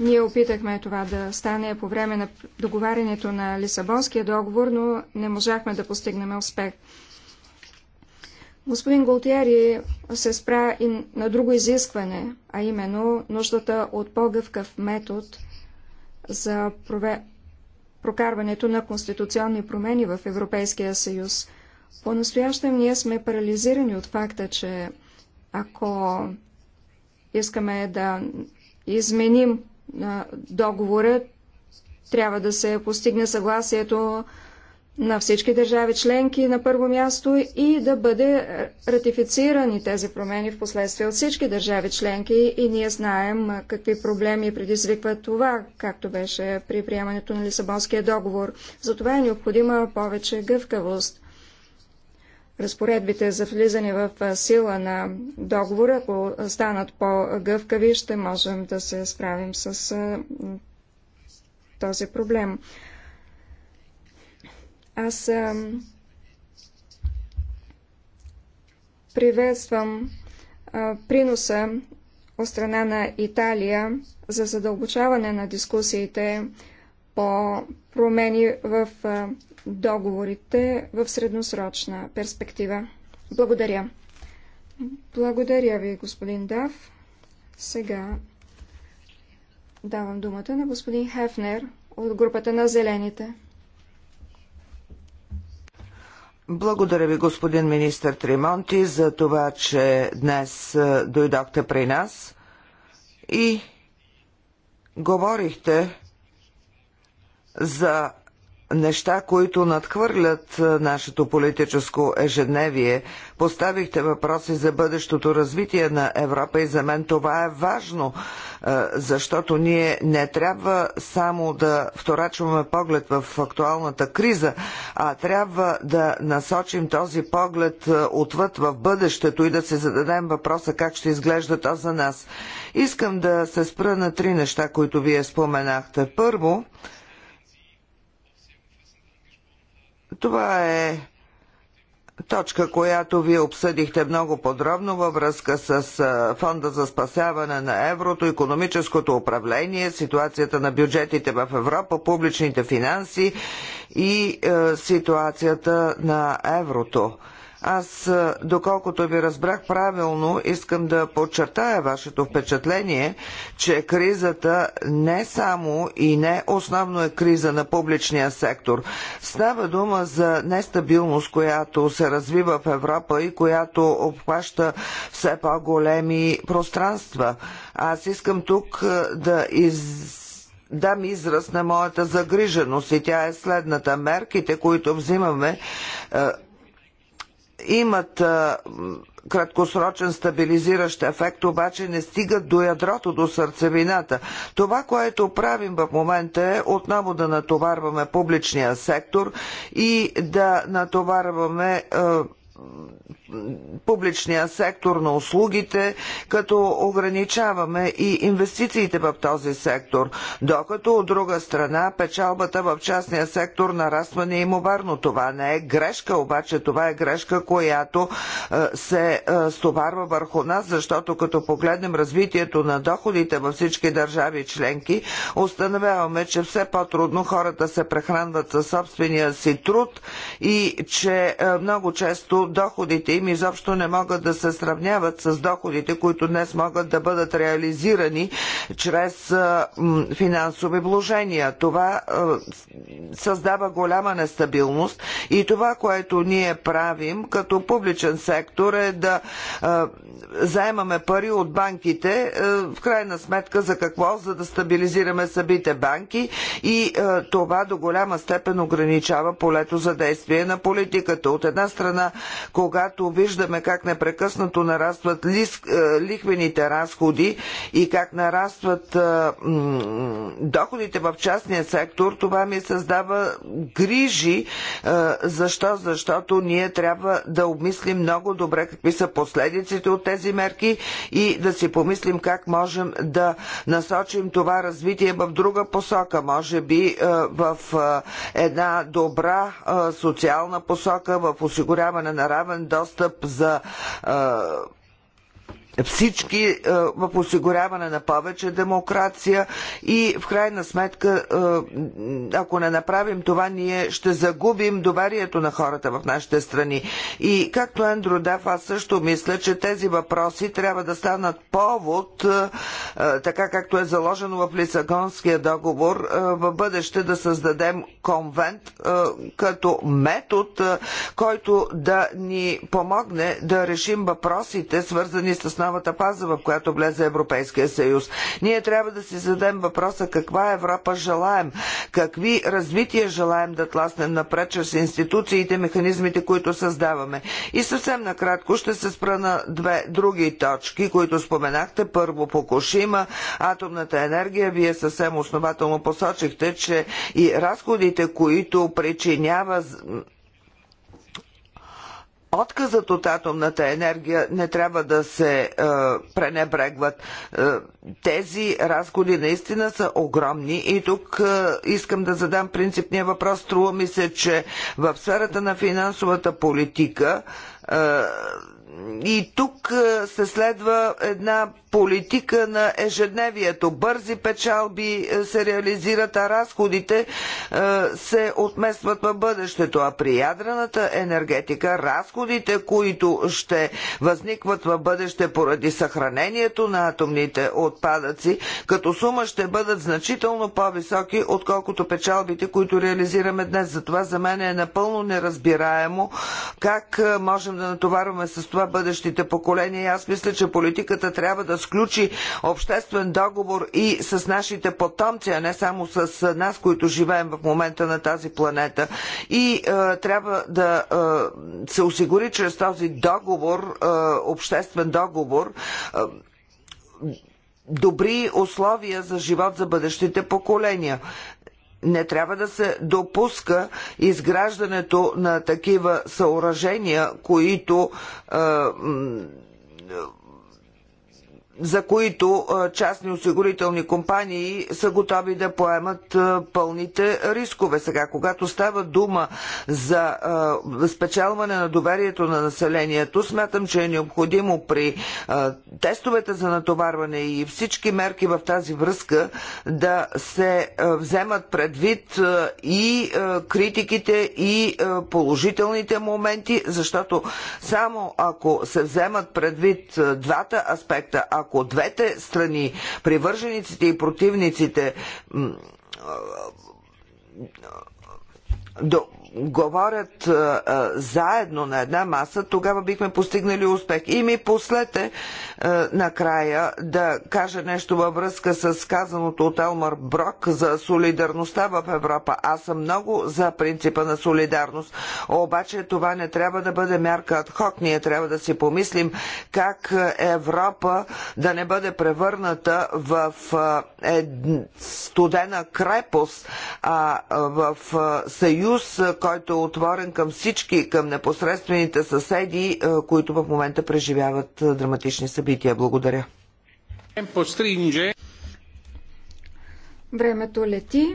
Ние опитахме това да стане по време на договарянето на Лисабонския договор, но не можахме да постигнем успех. Господин Голтиери се спра и на друго изискване, а именно нуждата от по-гъвкав метод за прове... прокарването на конституционни промени в Европейския съюз. По-настоящем ние сме парализирани от факта, че ако искаме да изменим договора, трябва да се постигне съгласието на всички държави членки на първо място и да бъде ратифицирани тези промени в последствие от всички държави членки и ние знаем какви проблеми предизвиква това, както беше при приемането на Лисабонския договор. Затова е необходима повече гъвкавост. Разпоредбите за влизане в сила на договора, ако станат по-гъвкави, ще можем да се справим с този проблем. Аз ам, приветствам а, приноса от страна на Италия за задълбочаване на дискусиите по промени в а, договорите в средносрочна перспектива. Благодаря. Благодаря ви, господин Дав. Сега давам думата на господин Хефнер от групата на Зелените. Благодаря ви, господин министр Тримонти, за това, че днес дойдохте при нас и говорихте за неща, които надхвърлят нашето политическо ежедневие. Поставихте въпроси за бъдещото развитие на Европа и за мен това е важно, защото ние не трябва само да вторачваме поглед в актуалната криза, а трябва да насочим този поглед отвъд в бъдещето и да се зададем въпроса как ще изглежда то за нас. Искам да се спра на три неща, които вие споменахте. Първо, Това е точка, която вие обсъдихте много подробно във връзка с Фонда за спасяване на еврото, економическото управление, ситуацията на бюджетите в Европа, публичните финанси и е, ситуацията на еврото. Аз, е, доколкото ви разбрах правилно, искам да подчертая вашето впечатление, че кризата не само и не основно е криза на публичния сектор. Става дума за нестабилност, която се развива в Европа и която обхваща все по-големи пространства. Аз искам тук е, да из дам израз на моята загриженост и тя е следната. Мерките, които взимаме е, имат краткосрочен стабилизиращ ефект, обаче не стигат до ядрото, до сърцевината. Това, което правим в момента е отново да натоварваме публичния сектор и да натоварваме публичния сектор на услугите, като ограничаваме и инвестициите в този сектор, докато от друга страна печалбата в частния сектор нараства неимоверно. Това не е грешка, обаче това е грешка, която е, се е, стоварва върху нас, защото като погледнем развитието на доходите във всички държави членки, установяваме, че все по-трудно хората се прехранват със собствения си труд и че е, много често доходите им изобщо не могат да се сравняват с доходите, които днес могат да бъдат реализирани чрез финансови вложения. Това създава голяма нестабилност и това, което ние правим като публичен сектор е да заемаме пари от банките, в крайна сметка за какво? За да стабилизираме самите банки и това до голяма степен ограничава полето за действие на политиката. От една страна, когато виждаме как непрекъснато нарастват е, лихвените разходи и как нарастват е, доходите в частния сектор, това ми създава грижи. Е, защо? Защото ние трябва да обмислим много добре какви са последиците от тези мерки и да си помислим как можем да насочим това развитие в друга посока. Може би в една добра социална посока, в осигуряване на равен достъп достъп за всички е, в осигуряване на повече демокрация и в крайна сметка, е, ако не направим това, ние ще загубим доверието на хората в нашите страни. И както Ендро Дев, аз също мисля, че тези въпроси трябва да станат повод, е, така както е заложено в Лисагонския договор, в бъдеще да създадем конвент като метод, който да ни помогне да решим въпросите, свързани с новата фаза, в която влезе Европейския съюз. Ние трябва да си зададем въпроса каква Европа желаем, какви развития желаем да тласнем напред чрез институциите, механизмите, които създаваме. И съвсем накратко ще се спра на две други точки, които споменахте. Първо Покушима, атомната енергия. Вие съвсем основателно посочихте, че и разходите, които причинява отказът от атомната енергия не трябва да се е, пренебрегват. Е, тези разходи наистина са огромни и тук е, искам да задам принципния въпрос. Струва ми се, че в сферата на финансовата политика е, и тук е, се следва една политика на ежедневието. Бързи печалби е, се реализират, а разходите е, се отместват в бъдещето. А при ядрената енергетика разходите, които ще възникват в бъдеще поради съхранението на атомните отпадъци, като сума ще бъдат значително по-високи, отколкото печалбите, които реализираме днес. Затова за мен е напълно неразбираемо как можем да натоварваме с това това бъдещите поколения. И аз мисля, че политиката трябва да сключи обществен договор и с нашите потомци, а не само с нас, които живеем в момента на тази планета. И е, трябва да е, се осигури чрез този договор, е, обществен договор, е, добри условия за живот за бъдещите поколения не трябва да се допуска изграждането на такива съоръжения, които е, за които частни осигурителни компании са готови да поемат пълните рискове. Сега, когато става дума за спечелване на доверието на населението, смятам, че е необходимо при тестовете за натоварване и всички мерки в тази връзка да се вземат предвид и критиките, и положителните моменти, защото само ако се вземат предвид двата аспекта, ако ако двете страни, привържениците и противниците, говорят а, а, заедно на една маса, тогава бихме постигнали успех. И ми послете а, накрая да кажа нещо във връзка с казаното от Елмар Брок за солидарността в Европа. Аз съм много за принципа на солидарност, обаче това не трябва да бъде мярка адхок. Ние трябва да си помислим как Европа да не бъде превърната в е, студена крепост, а в съюз, който е отворен към всички, към непосредствените съседи, е, които в момента преживяват е, драматични събития. Благодаря. Времето лети.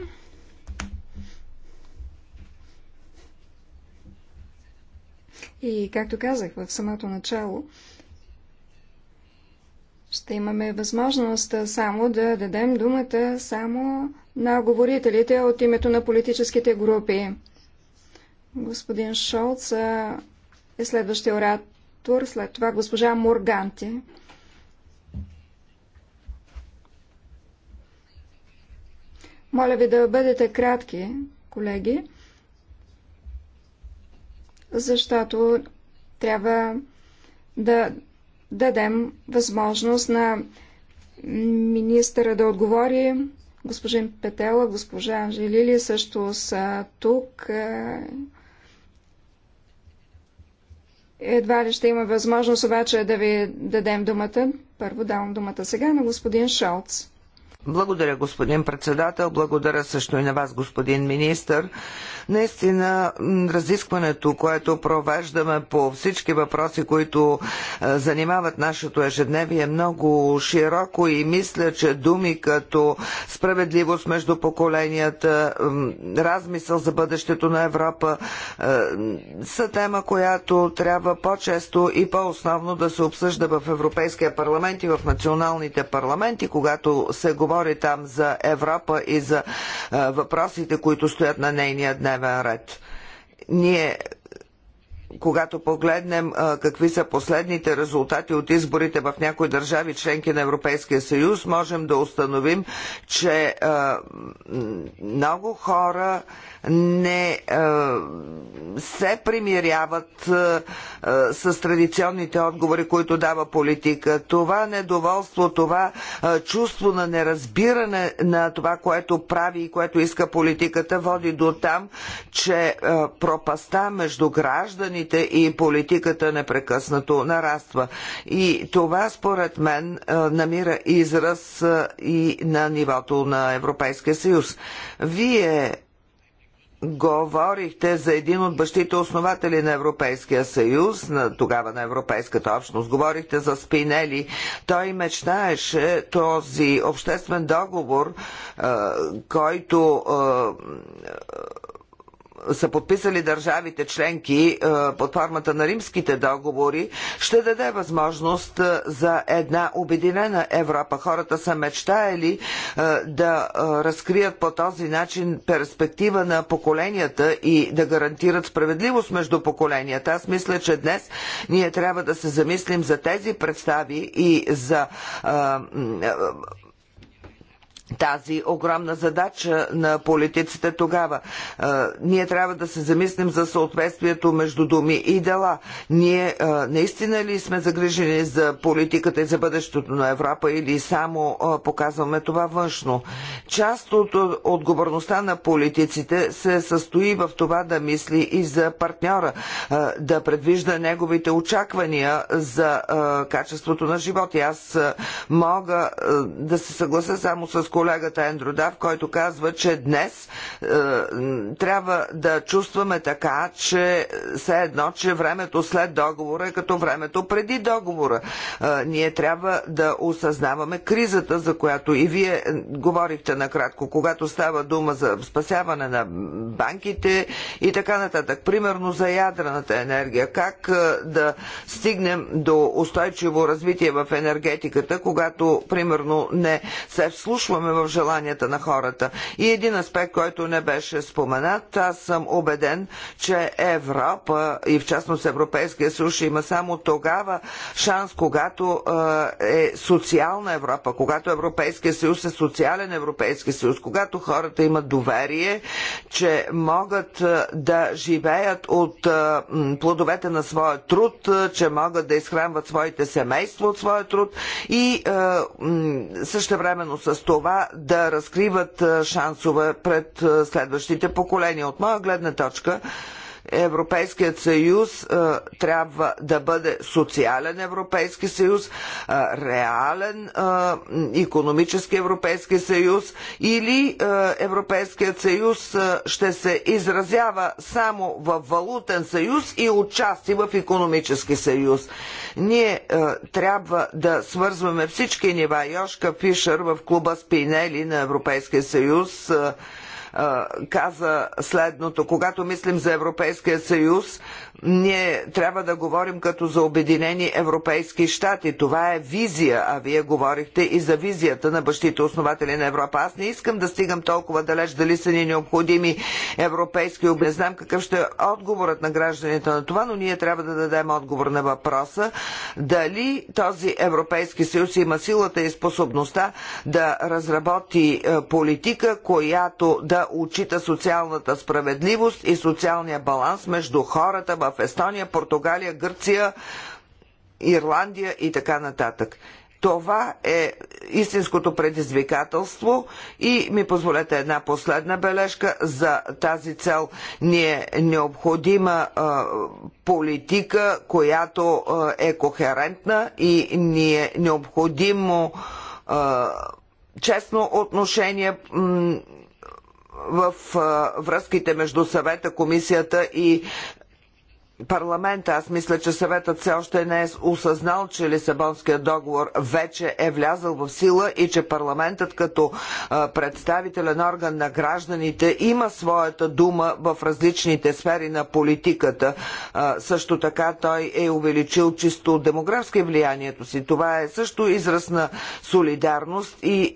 И както казах в самото начало, ще имаме възможност само да дадем думата само на говорителите от името на политическите групи. Господин Шолц е следващия оратор, след това госпожа Морганти. Моля ви да бъдете кратки, колеги, защото трябва да дадем възможност на министъра да отговори. Госпожин Петела, госпожа Анжелили също са тук. Едва ли ще има възможност обаче да ви дадем думата. Първо давам думата сега на господин Шолц. Благодаря, господин председател. Благодаря също и на вас, господин министър. Наистина, разискването, което провеждаме по всички въпроси, които е, занимават нашето ежедневие, е много широко и мисля, че думи като справедливост между поколенията, е, размисъл за бъдещето на Европа е, са тема, която трябва по-често и по-основно да се обсъжда в Европейския парламент и в националните парламенти, когато се говори говори там за Европа и за е, въпросите, които стоят на нейния дневен ред. Ние когато погледнем е, какви са последните резултати от изборите в някои държави членки на Европейския съюз, можем да установим, че е, много хора не е, се примиряват е, е, с традиционните отговори, които дава политика. Това недоволство, това чувство на неразбиране на това, което прави и което иска политиката, води до там, че пропаста между гражданите и политиката непрекъснато нараства. И това, според мен, намира израз и на нивото на Европейския съюз. Вие говорихте за един от бащите основатели на Европейския съюз, на, тогава на Европейската общност. Говорихте за Спинели. Той мечтаеше този обществен договор, който са подписали държавите членки е, под формата на римските договори, ще даде възможност е, за една обединена Европа. Хората са мечтаели е, да разкрият по този начин перспектива на поколенията и да гарантират справедливост между поколенията. Аз мисля, че днес ние трябва да се замислим за тези представи и за тази огромна задача на политиците тогава. ние трябва да се замислим за съответствието между думи и дела. Ние наистина ли сме загрижени за политиката и за бъдещето на Европа или само показваме това външно? Част от отговорността на политиците се състои в това да мисли и за партньора, да предвижда неговите очаквания за качеството на живот. И аз мога да се съглася само с колегите, колегата Ендрю Дав, който казва, че днес е, трябва да чувстваме така, че все едно, че времето след договора е като времето преди договора. Е, ние трябва да осъзнаваме кризата, за която и вие говорихте накратко, когато става дума за спасяване на банките и така нататък. Примерно за ядрената енергия. Как е, да стигнем до устойчиво развитие в енергетиката, когато, примерно, не се вслушваме вярваме в желанията на хората. И един аспект, който не беше споменат, аз съм убеден, че Европа и в частност Европейския съюз има само тогава шанс, когато е, е социална Европа, когато Европейския съюз е социален Европейски съюз, когато хората имат доверие, че могат е, да живеят от е, плодовете на своя труд, че могат да изхранват своите семейства от своя труд и същевременно с това да разкриват шансове пред следващите поколения. От моя гледна точка, Европейският съюз трябва да бъде социален Европейски съюз, реален економически Европейски съюз или Европейският съюз ще се изразява само в валутен съюз и отчасти в економически съюз. Ние трябва да свързваме всички нива. Йошка Фишер в клуба Спинели на Европейския съюз каза следното. Когато мислим за Европейския съюз, ние трябва да говорим като за обединени европейски щати. Това е визия, а вие говорихте и за визията на бащите основатели на Европа. Аз не искам да стигам толкова далеч, дали са ни необходими европейски обединени. Не знам какъв ще е отговорът на гражданите на това, но ние трябва да дадем отговор на въпроса дали този Европейски съюз има силата и способността да разработи е, политика, която да учита социалната справедливост и социалния баланс между хората в в Естония, Португалия, Гърция, Ирландия и така нататък. Това е истинското предизвикателство и ми позволете една последна бележка. За тази цел ни е необходима политика, която е кохерентна и ни е необходимо честно отношение в връзките между съвета, комисията и парламента, аз мисля, че съветът все още не е осъзнал, че Лисабонският договор вече е влязъл в сила и че парламентът като представителен орган на гражданите има своята дума в различните сфери на политиката. Също така той е увеличил чисто демографски влиянието си. Това е също израз на солидарност и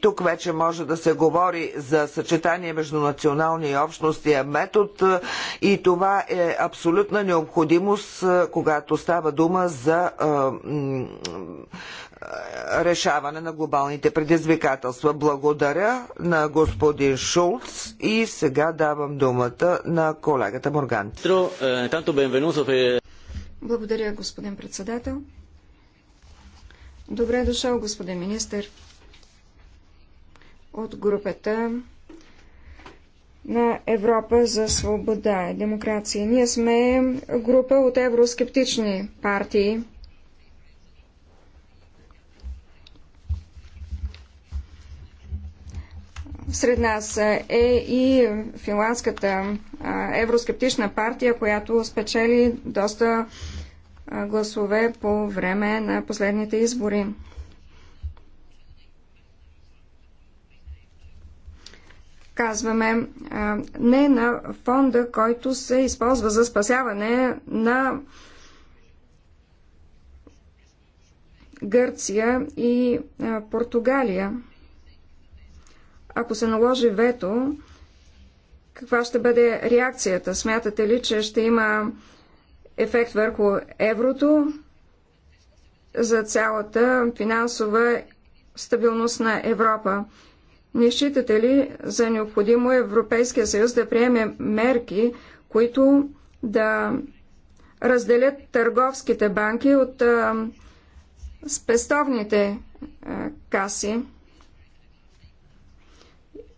тук вече може да се говори за съчетание между националния и общностия е метод и това е абсолютно абсолютна необходимост, когато става дума за решаване на глобалните предизвикателства. Благодаря на господин Шулц и сега давам думата на колегата Морган. Благодаря, господин председател. Добре дошъл, господин министр. От групата на Европа за свобода и демокрация. Ние сме група от евроскептични партии. Сред нас е и финландската евроскептична партия, която спечели доста гласове по време на последните избори. казваме не на фонда, който се използва за спасяване на Гърция и Португалия. Ако се наложи вето, каква ще бъде реакцията? Смятате ли, че ще има ефект върху еврото за цялата финансова стабилност на Европа? Не считате ли за необходимо Европейския съюз да приеме мерки, които да разделят търговските банки от а, спестовните а, каси?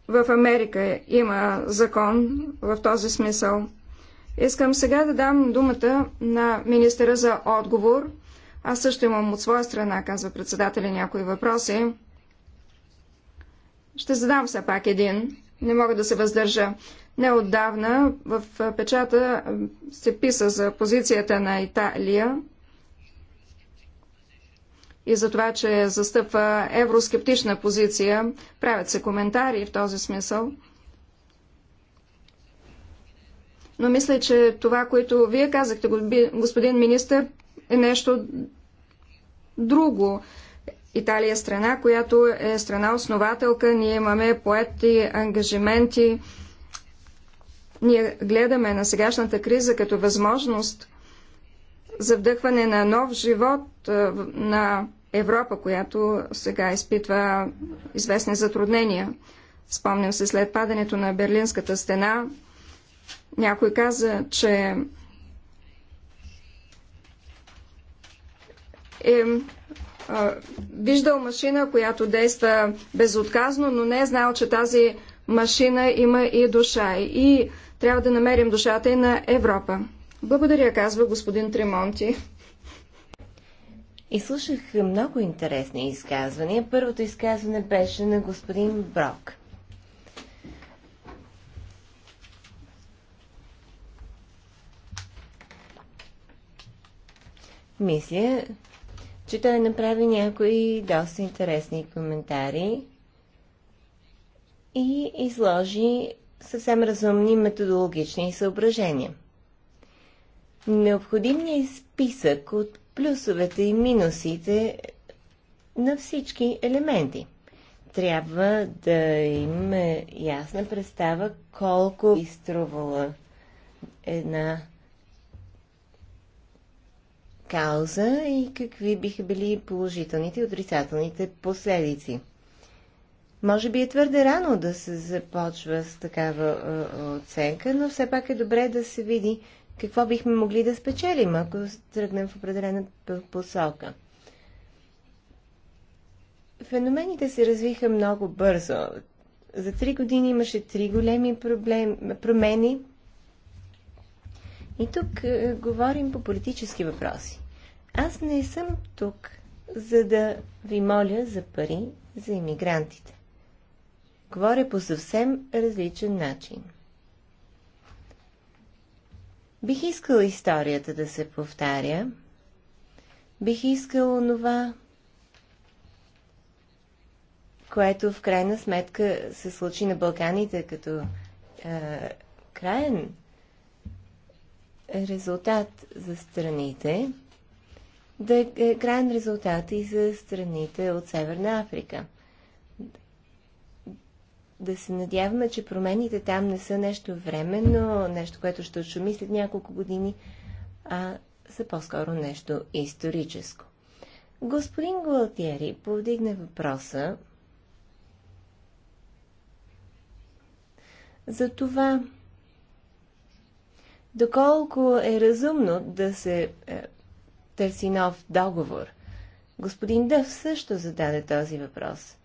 В Америка има закон в този смисъл. Искам сега да дам думата на министъра за отговор. Аз също имам от своя страна, казва председателя, някои въпроси. Ще задам все пак един. Не мога да се въздържа. Неотдавна в печата се писа за позицията на Италия и за това, че застъпва евроскептична позиция. Правят се коментари в този смисъл. Но мисля, че това, което вие казахте, господин министър, е нещо друго. Италия е страна, която е страна основателка. Ние имаме поети ангажименти. Ние гледаме на сегашната криза като възможност за вдъхване на нов живот е, на Европа, която сега изпитва известни затруднения. Спомням се след падането на Берлинската стена. Някой каза, че е виждал машина, която действа безотказно, но не е знал, че тази машина има и душа. И трябва да намерим душата и на Европа. Благодаря, казва господин Тремонти. И слушах много интересни изказвания. Първото изказване беше на господин Брок. Мисля, че той направи някои доста интересни коментари и изложи съвсем разумни методологични съображения. Необходимният е списък от плюсовете и минусите на всички елементи. Трябва да им ясна представа колко изтрувала една кауза и какви биха били положителните и отрицателните последици. Може би е твърде рано да се започва с такава оценка, но все пак е добре да се види какво бихме могли да спечелим, ако тръгнем в определена посока. Феномените се развиха много бързо. За три години имаше три големи проблем, промени – и тук е, говорим по политически въпроси. Аз не съм тук, за да ви моля за пари за иммигрантите. Говоря по съвсем различен начин. Бих искала историята да се повтаря. Бих искал онова, което в крайна сметка се случи на Балканите като е, краен резултат за страните, да е, е крайен резултат и за страните от Северна Африка. Да се надяваме, че промените там не са нещо временно, нещо, което ще отшуми след няколко години, а са по-скоро нещо историческо. Господин Гуалтиери повдигна въпроса за това, доколко е разумно да се е, търси нов договор. Господин Дъв също зададе този въпрос.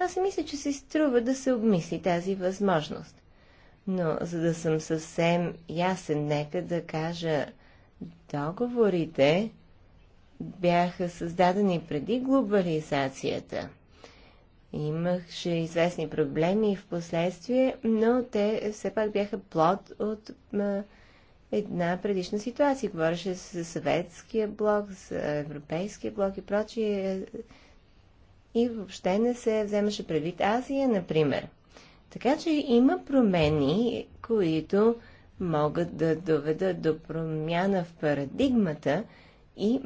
Аз си мисля, че си струва да се обмисли тази възможност. Но за да съм съвсем ясен, нека да кажа, договорите бяха създадени преди глобализацията. Имаше известни проблеми в последствие, но те все пак бяха плод от една предишна ситуация. Говореше за съветския блок, за европейския блок и прочие. И въобще не се вземаше предвид Азия, например. Така че има промени, които могат да доведат до промяна в парадигмата и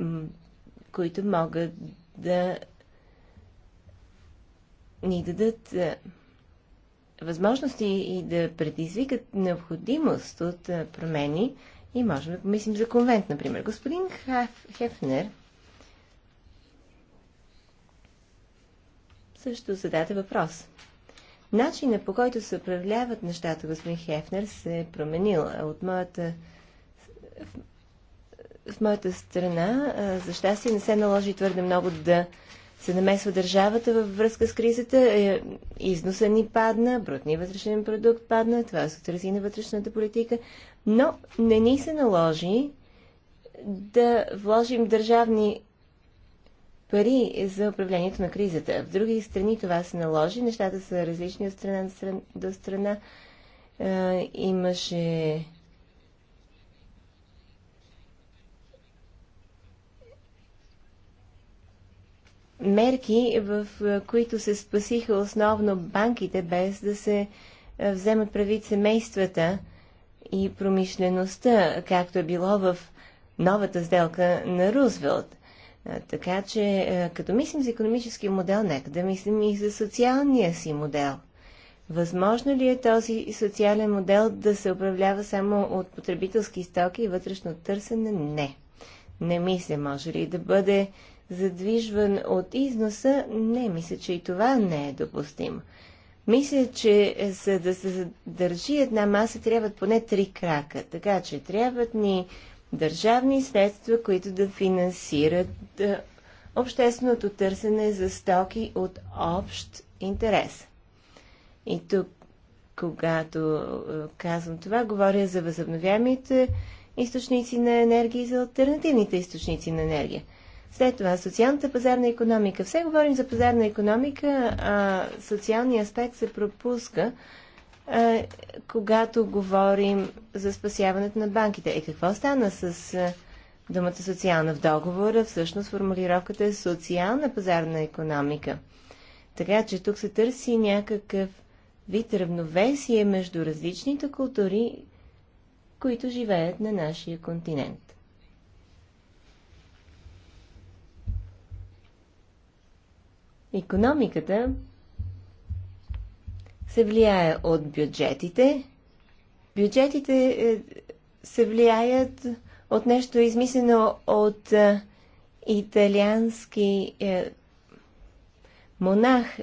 които могат да ни дадат е, възможности и да предизвикат необходимост от промени и можем да помислим за конвент, например. Господин Хефнер също зададе въпрос. Начинът по който се управляват нещата, господин Хефнер, се е променил. От моята, в, в моята страна, за щастие, не се наложи твърде много да се намесва държавата във връзка с кризата, е, износа ни падна, брутния вътрешен продукт падна, това се отрази на вътрешната политика, но не ни се наложи да вложим държавни пари за управлението на кризата. В други страни това се наложи, нещата са различни от страна до страна. Е, имаше мерки, в които се спасиха основно банките, без да се вземат правит семействата и промишлеността, както е било в новата сделка на Рузвелт. Така че, като мислим за економически модел, нека да мислим и за социалния си модел. Възможно ли е този социален модел да се управлява само от потребителски стоки и вътрешно търсене? Не. Не мисля, може ли да бъде задвижван от износа, не, мисля, че и това не е допустимо. Мисля, че за да се задържи една маса, трябват поне три крака. Така че трябват ни държавни средства, които да финансират да, е, общественото търсене за стоки от общ интерес. И тук, когато е, казвам това, говоря за възобновяемите източници на енергия и за альтернативните източници на енергия – след това социалната пазарна економика. Все говорим за пазарна економика, а социалния аспект се пропуска, а, когато говорим за спасяването на банките. Е, какво стана с а, думата социална в договора? Всъщност формулировката е социална пазарна економика. Така че тук се търси някакъв вид равновесие между различните култури, които живеят на нашия континент. економиката се влияе от бюджетите. Бюджетите е, се влияят от нещо измислено от е, италиански е, монах,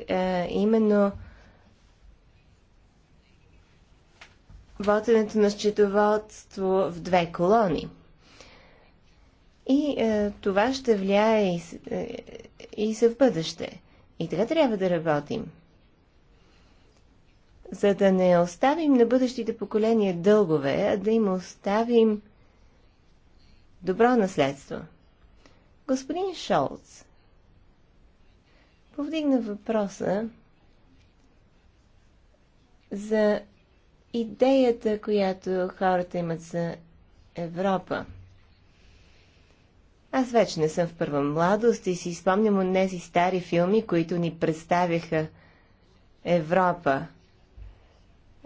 именно воденето на счетоводство в две колони. И е, това ще влияе и, е, и за в бъдеще. И така трябва да работим. За да не оставим на бъдещите поколения дългове, а да им оставим добро наследство. Господин Шолц повдигна въпроса за идеята, която хората имат за Европа – аз вече не съм в първа младост и си спомням от тези стари филми, които ни представяха Европа.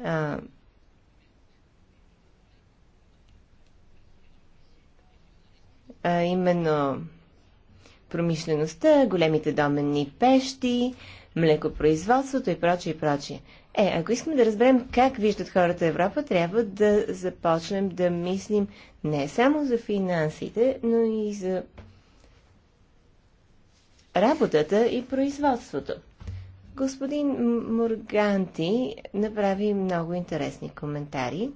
А... а именно промишлеността, големите доменни пещи, млекопроизводството и прочее, и прочее. Е, ако искаме да разберем как виждат хората Европа, трябва да започнем да мислим не само за финансите, но и за работата и производството. Господин Морганти направи много интересни коментари.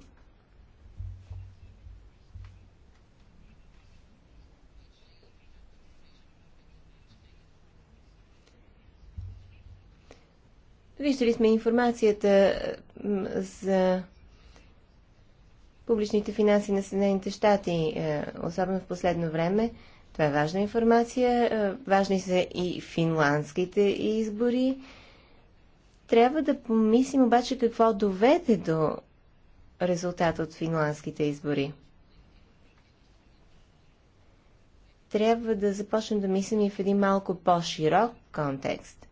Виждали сме информацията за публичните финанси на Съединените щати, е, особено в последно време. Това е важна информация. Е, важни са и финландските избори. Трябва да помислим обаче какво доведе до резултата от финландските избори. Трябва да започнем да мислим и в един малко по-широк контекст.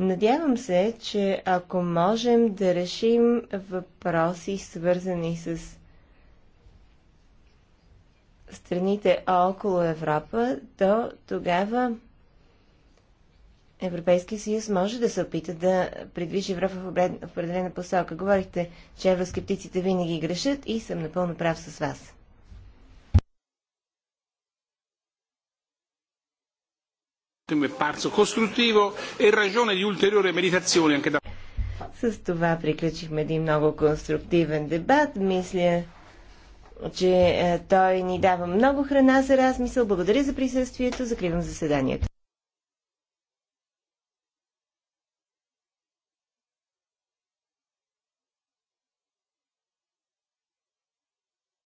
Надявам се, че ако можем да решим въпроси, свързани с страните около Европа, то тогава Европейския съюз може да се опита да придвижи Европа в определена посока. Говорихте, че евроскептиците винаги грешат и съм напълно прав с вас. Ми е парцо конструктиво и ragione di ulteriore meditazione anche da... С това приключихме един много конструктивен дебат. Мисля, че е, той ни дава много храна за размисъл. Благодаря за присъствието. Закривам заседанието.